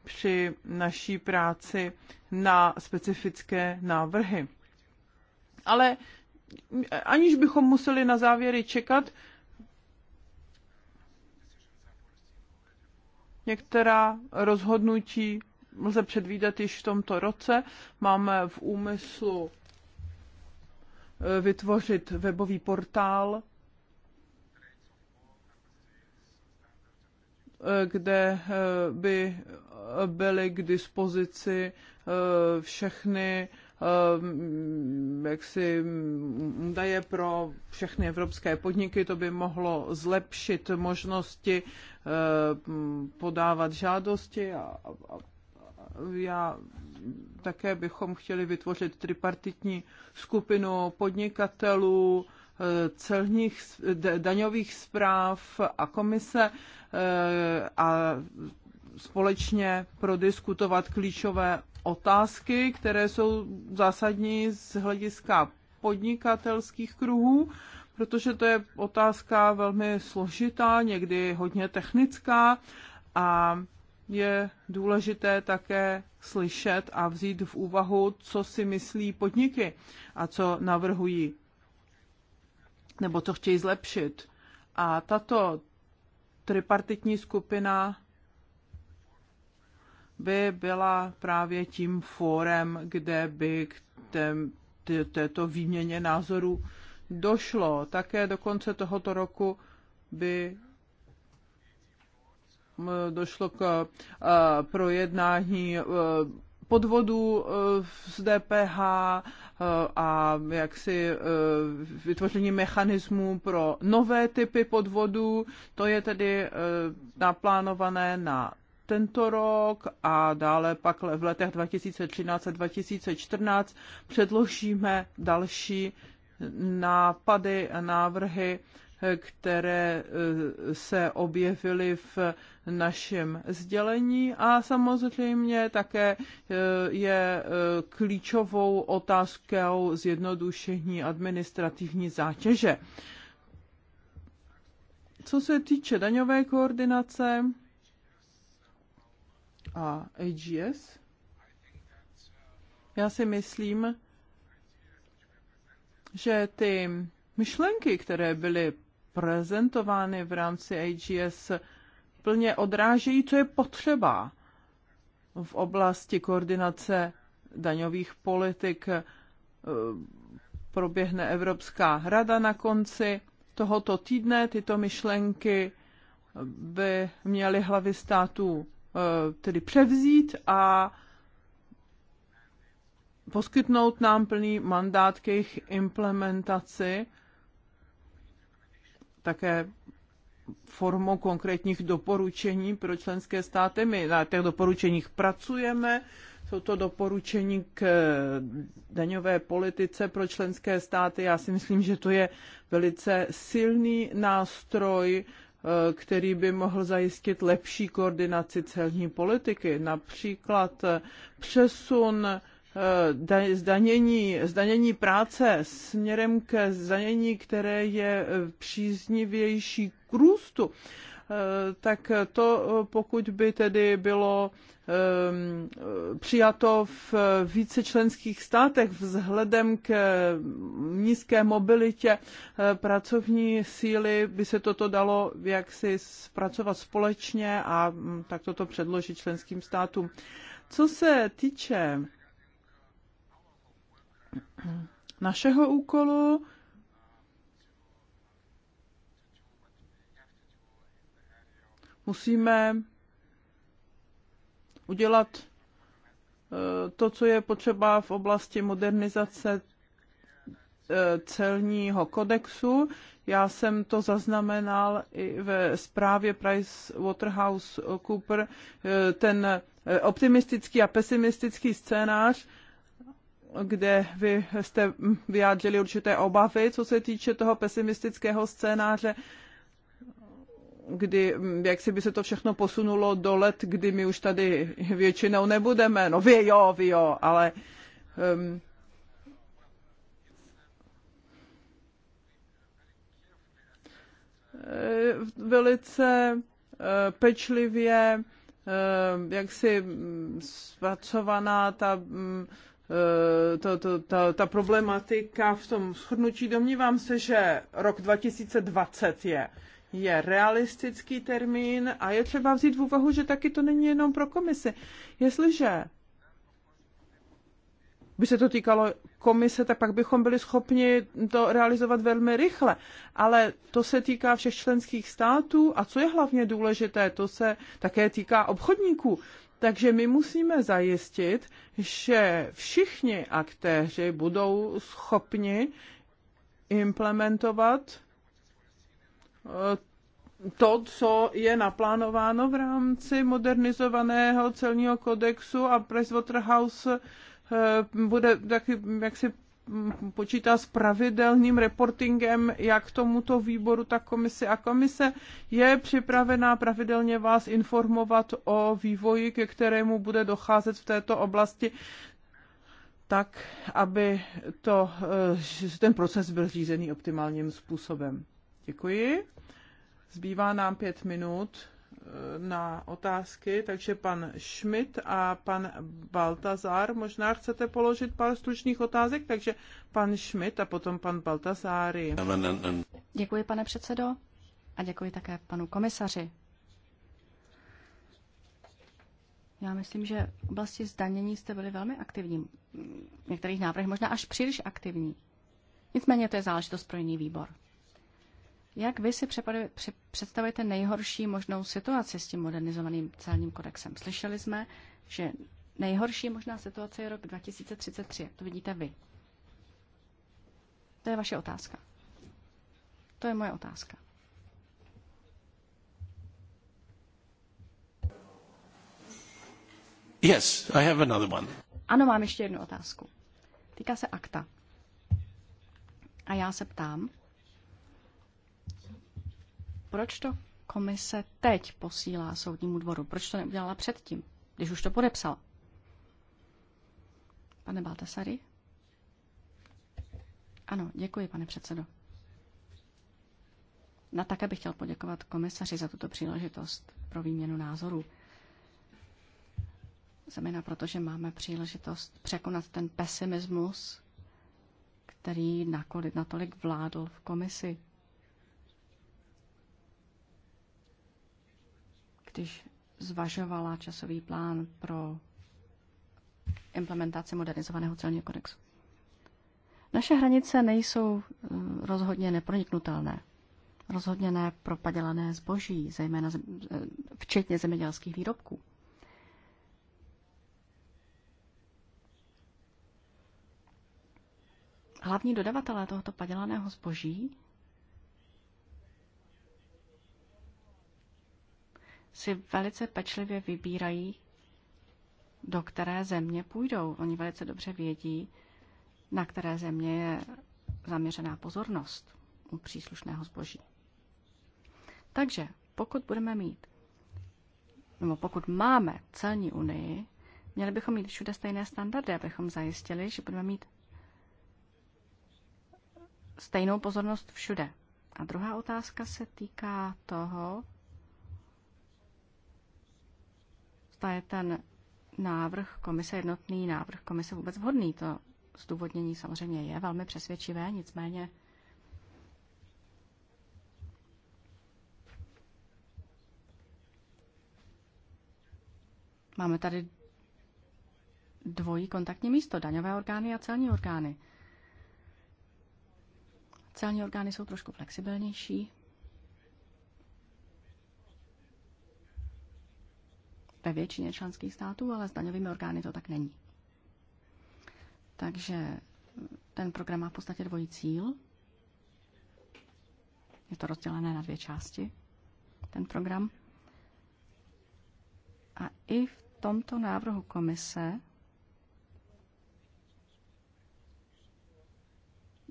při naší práci na specifické návrhy. Ale aniž bychom museli na závěry čekat, některá rozhodnutí lze předvídat již v tomto roce. Máme v úmyslu eh, vytvořit webový portál kde eh, by eh, byly k dispozici eh, všechny jaksi daje pro všechny evropské podniky, to by mohlo zlepšit možnosti podávat žádosti a, a já také bychom chtěli vytvořit tripartitní skupinu podnikatelů, celních, daňových zpráv a komise eh, a společně prodiskutovat klíčové otázky, které jsou zásadní z hlediska podnikatelských kruhů, protože to je otázka velmi složitá, někdy hodně technická a je důležité také slyšet a vzít v úvahu, co si myslí podniky a co navrhují nebo to chtějí zlepšit. A tato tripartitní skupina by byla právě tím fórem, kde by k této výměně názorů došlo. Také do konce tohoto roku by došlo k projednání podvodů z eh, DPH eh, a jaksi eh, vytvoření mechanismů pro nové typy podvodů. To je tedy naplánované na tento rok a dále pak v letech 2013 a 2014 předložíme další nápady a návrhy které eh, se objevily v našem sdělení a samozřejmě také eh, je eh, klíčovou otázkou zjednodušení administrativní zátěže. Co se týče daňové koordinace a AGS, já si myslím, že ty myšlenky, které byly prezentovány v rámci AGS, plně odrážejí, co je potřeba v oblasti koordinace daňových politik. E, proběhne Evropská rada na konci tohoto týdne. Tyto myšlenky by měly hlavy států e, tedy převzít a poskytnout nám plný mandát k jejich implementaci také formou konkrétních doporučení pro členské státy. My na těch doporučeních pracujeme, jsou to doporučení k daňové politice pro členské státy. Já si myslím, že to je velice silný nástroj, eh, který by mohl zajistit lepší koordinaci celní politiky, například eh, přesun Eh, zdanění, zdanění práce směrem ke zdanění, které je eh, příznivější k růstu, eh, tak to pokud by tedy bylo ehm, přijato v více členských státech vzhledem k nízké mobilitě pracovní síly, by se toto dalo jaksi zpracovat společně a mm, tak toto předložit členským státům. Co se týče našeho úkolu. Musíme udělat eh, to, co je potřeba v oblasti modernizace eh, celního kodexu. Já jsem to zaznamenal i ve zprávě Price Waterhouse Cooper, eh, ten optimistický a pesimistický scénář kde vy jste vyjádřili určité obavy, co se týče toho pesimistického scénáře, kdy jak si by se to všechno posunulo do let, kdy my už tady většinou nebudeme. No vy jo, vy jo, ale um, eh, velice eh, pečlivě eh, jak si mm, zpracovaná ta mm, Eh, to, to, ta, ta problematika v tom shrnutí. Domnívám se, že rok 2020 je, je realistický termín a je třeba vzít v úvahu, že taky to není jenom pro komisi. Jestliže by se to týkalo komise, tak pak bychom byli schopni to realizovat velmi rychle. Ale to se týká všech členských států a co je hlavně důležité, to se také týká obchodníků. Takže my musíme zajistit, že všichni aktéři budou schopni implementovat eh, to, co je naplánováno v rámci modernizovaného celního kodexu a Pricewaterhouse eh, bude taky jaksi počítá s pravidelným reportingem jak tomuto výboru, tak komisi. A komise je připravená pravidelně vás informovat o vývoji, ke kterému bude docházet v této oblasti tak, aby to, e, ten proces byl řízený optimálním způsobem. Děkuji. Zbývá nám pět minut na otázky, takže pan Schmidt a pan Baltazar. Možná chcete položit pár stručných otázek, takže pan Schmidt a potom pan Baltazári. Děkuji, pane předsedo, a děkuji také panu komisaři. Já myslím, že v oblasti zdanění jste byli velmi aktivní. V některých návrhech možná až příliš aktivní. Nicméně to je záležitost pro jiný výbor. Jak vy si představujete nejhorší možnou situaci s tím modernizovaným celním kodexem? Slyšeli jsme, že nejhorší možná situace je rok 2033. Jak to vidíte vy? To je vaše otázka. To je moje otázka. Yes, I have another one. Ano, mám ještě jednu otázku. Týká se akta. A já se ptám, proč to komise teď posílá soudnímu dvoru? Proč to neudělala předtím, když už to podepsala? Pane Baltasary? Ano, děkuji, pane předsedo. Na také bych chtěl poděkovat komisaři za tuto příležitost pro výměnu názorů. proto, protože máme příležitost překonat ten pesimismus, který nakolik natolik vládl v komisi když zvažovala časový plán pro implementaci modernizovaného celního kodexu. Naše hranice nejsou eh, rozhodně neproniknutelné. Rozhodně ne pro padělané zboží, zejména eh, včetně zemědělských výrobků. Hlavní dodavatelé tohoto padělaného zboží si velice pečlivě vybírají, do které země půjdou. Oni velice dobře vědí, na které země je zaměřená pozornost u příslušného zboží. Takže pokud budeme mít, nebo pokud máme celní unii, měli bychom mít všude stejné standardy, abychom zajistili, že budeme mít stejnou pozornost všude. A druhá otázka se týká toho, zda je ten návrh komise, jednotný návrh komise vůbec vhodný. To zdůvodnění samozřejmě je velmi přesvědčivé, nicméně máme tady dvojí kontaktní místo, daňové orgány a celní orgány. Celní orgány jsou trošku flexibilnější. ve většině členských států, ale s daňovými orgány to tak není. Takže ten program má v podstatě dvojí cíl. Je to rozdělené na dvě části, ten program. A i v tomto návrhu komise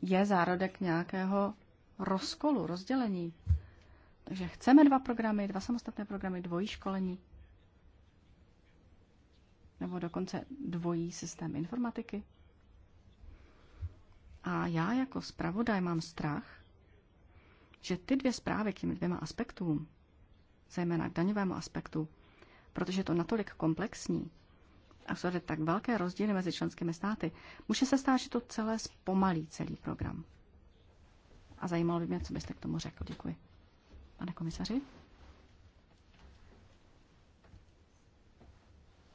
je zárodek nějakého rozkolu, rozdělení. Takže chceme dva programy, dva samostatné programy, dvojí školení nebo dokonce dvojí systém informatiky. A já jako zpravodaj mám strach, že ty dvě zprávy k těm dvěma aspektům, zejména k daňovému aspektu, protože je to natolik komplexní a jsou tak velké rozdíly mezi členskými státy, může se stát, že to celé zpomalí celý program. A zajímalo by mě, co byste k tomu řekl. Děkuji. Pane komisaři?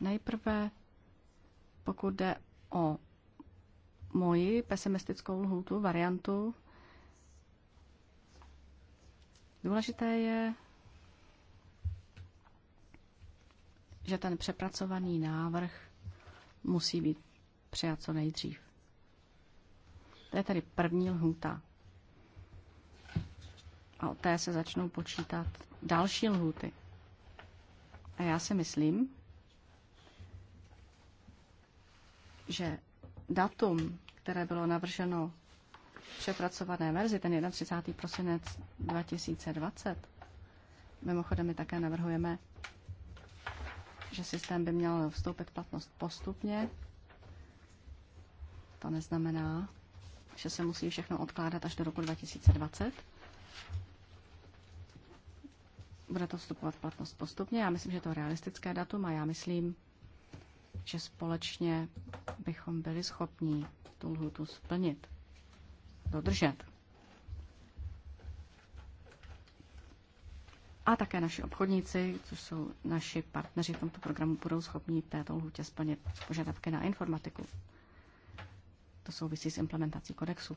Nejprve, pokud jde o moji pesimistickou lhůtu, variantu, důležité je, že ten přepracovaný návrh musí být přijat co nejdřív. To je tedy první lhůta. A od té se začnou počítat další lhůty. A já si myslím, že datum, které bylo navrženo v přepracované verzi, ten 31. prosinec 2020, mimochodem my také navrhujeme, že systém by měl vstoupit v platnost postupně. To neznamená, že se musí všechno odkládat až do roku 2020 bude to vstupovat v platnost postupně. Já myslím, že to je realistické datum a já myslím, že společně bychom byli schopni tu lhutu splnit, dodržet. A také naši obchodníci, což jsou naši partneři v tomto programu, budou schopni této lhutě splnit požadavky na informatiku. To souvisí s implementací kodexu.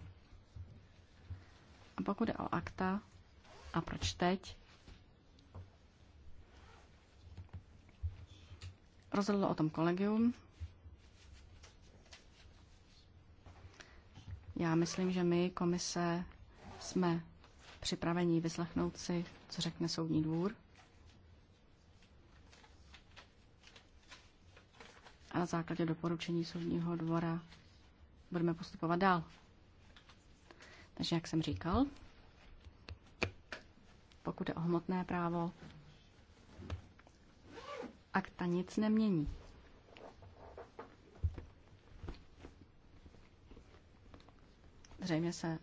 A pokud je o akta, a proč teď? Rozhodlo o tom kolegium. Já myslím, že my, komise, jsme připraveni vyslechnout si, co řekne soudní dvůr. A na základě doporučení soudního dvora budeme postupovat dál. Takže, jak jsem říkal, pokud je o hmotné právo, akta nic nemění. Zřejmě se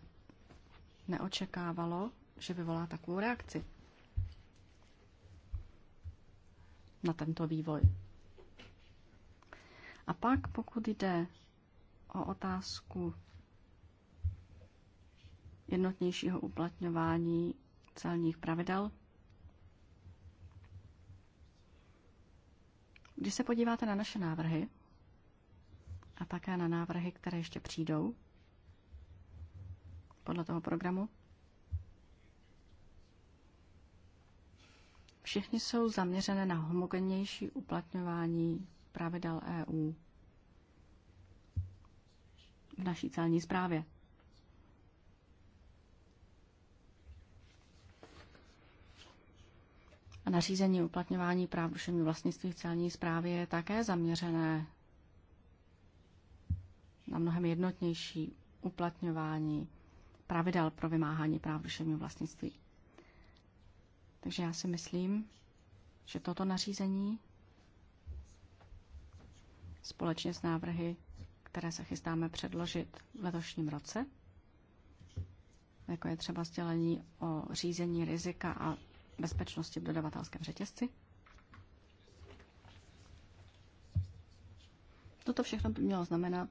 neočekávalo, že vyvolá takovou reakci na tento vývoj. A pak, pokud jde o otázku jednotnějšího uplatňování celních pravidel, Když se podíváte na naše návrhy a také na návrhy, které ještě přijdou podle toho programu, všichni jsou zaměřené na homogennější uplatňování pravidel EU v naší celní zprávě. Nařízení uplatňování práv duševního vlastnictví v celní správě je také zaměřené na mnohem jednotnější uplatňování pravidel pro vymáhání práv duševního vlastnictví. Takže já si myslím, že toto nařízení společně s návrhy, které se chystáme předložit v letošním roce, jako je třeba sdělení o řízení rizika a bezpečnosti v dodavatelském řetězci. Toto všechno by mělo znamenat,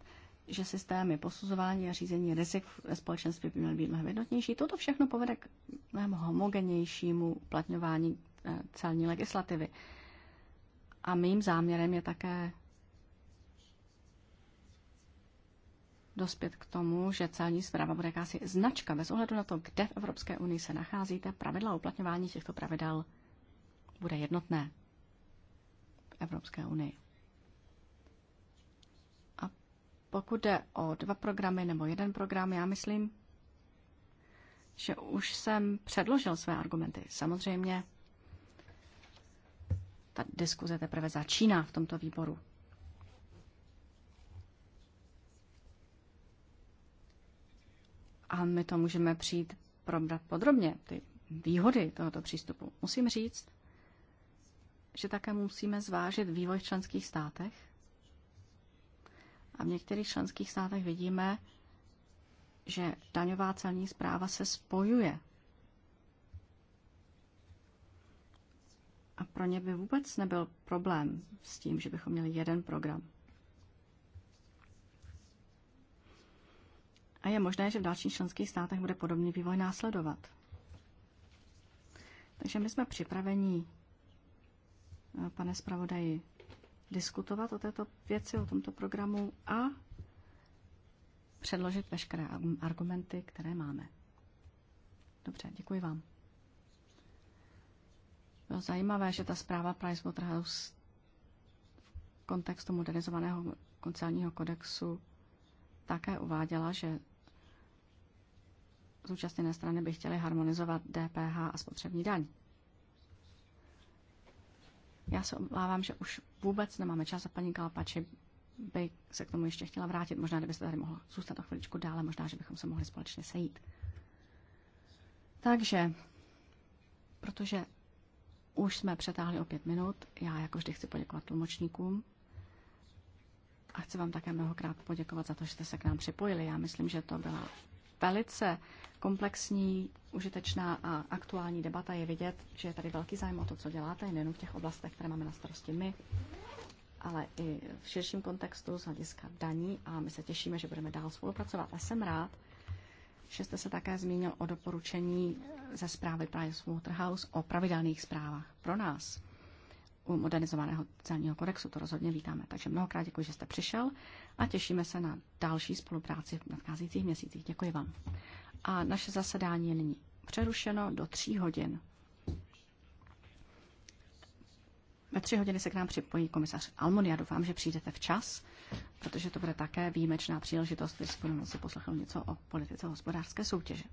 že systémy posuzování a řízení rizik ve společenství by měly být mnohem jednotnější. Toto všechno povede k mnohem homogenějšímu uplatňování eh, celní legislativy. A mým záměrem je také dospět k tomu, že celní zpráva bude jakási značka bez ohledu na to, kde v Evropské unii se nacházíte, pravidla uplatňování těchto pravidel bude jednotné v Evropské unii. A pokud jde o dva programy nebo jeden program, já myslím, že už jsem předložil své argumenty. Samozřejmě ta diskuze teprve začíná v tomto výboru. A my to můžeme přijít probrat podrobně, ty výhody tohoto přístupu. Musím říct, že také musíme zvážit vývoj v členských státech. A v některých členských státech vidíme, že daňová celní zpráva se spojuje. A pro ně by vůbec nebyl problém s tím, že bychom měli jeden program. A je možné, že v dalších členských státech bude podobný vývoj následovat. Takže my jsme připraveni, eh, pane zpravodaji, diskutovat o této věci, o tomto programu a předložit veškeré argumenty, které máme. Dobře, děkuji vám. Bylo zajímavé, že ta zpráva Pricewaterhouse v kontextu modernizovaného koncelního kodexu také uváděla, že současné strany by chtěly harmonizovat DPH a spotřební daň. Já se obávám, že už vůbec nemáme čas a paní Kalpači by se k tomu ještě chtěla vrátit. Možná, kdybyste tady mohla zůstat o chviličku dále, možná, že bychom se mohli společně sejít. Takže, protože už jsme přetáhli o pět minut, já jako vždy chci poděkovat tlumočníkům a chci vám také mnohokrát poděkovat za to, že jste se k nám připojili. Já myslím, že to byla velice komplexní, užitečná a aktuální debata. Je vidět, že je tady velký zájem o to, co děláte, nejen v těch oblastech, které máme na starosti my, ale i v širším kontextu z hlediska daní a my se těšíme, že budeme dál spolupracovat. A jsem rád, že jste se také zmínil o doporučení ze zprávy Price Waterhouse o pravidelných zprávách pro nás u modernizovaného celního kodexu. To rozhodně vítáme. Takže mnohokrát děkuji, že jste přišel a těšíme se na další spolupráci v nadcházejících měsících. Děkuji vám. A naše zasedání je nyní přerušeno do tří hodin. Ve tři hodiny se k nám připojí komisař Almon. Já doufám, že přijdete včas, protože to bude také výjimečná příležitost, když si budeme moci poslechnout něco o politice hospodářské soutěže.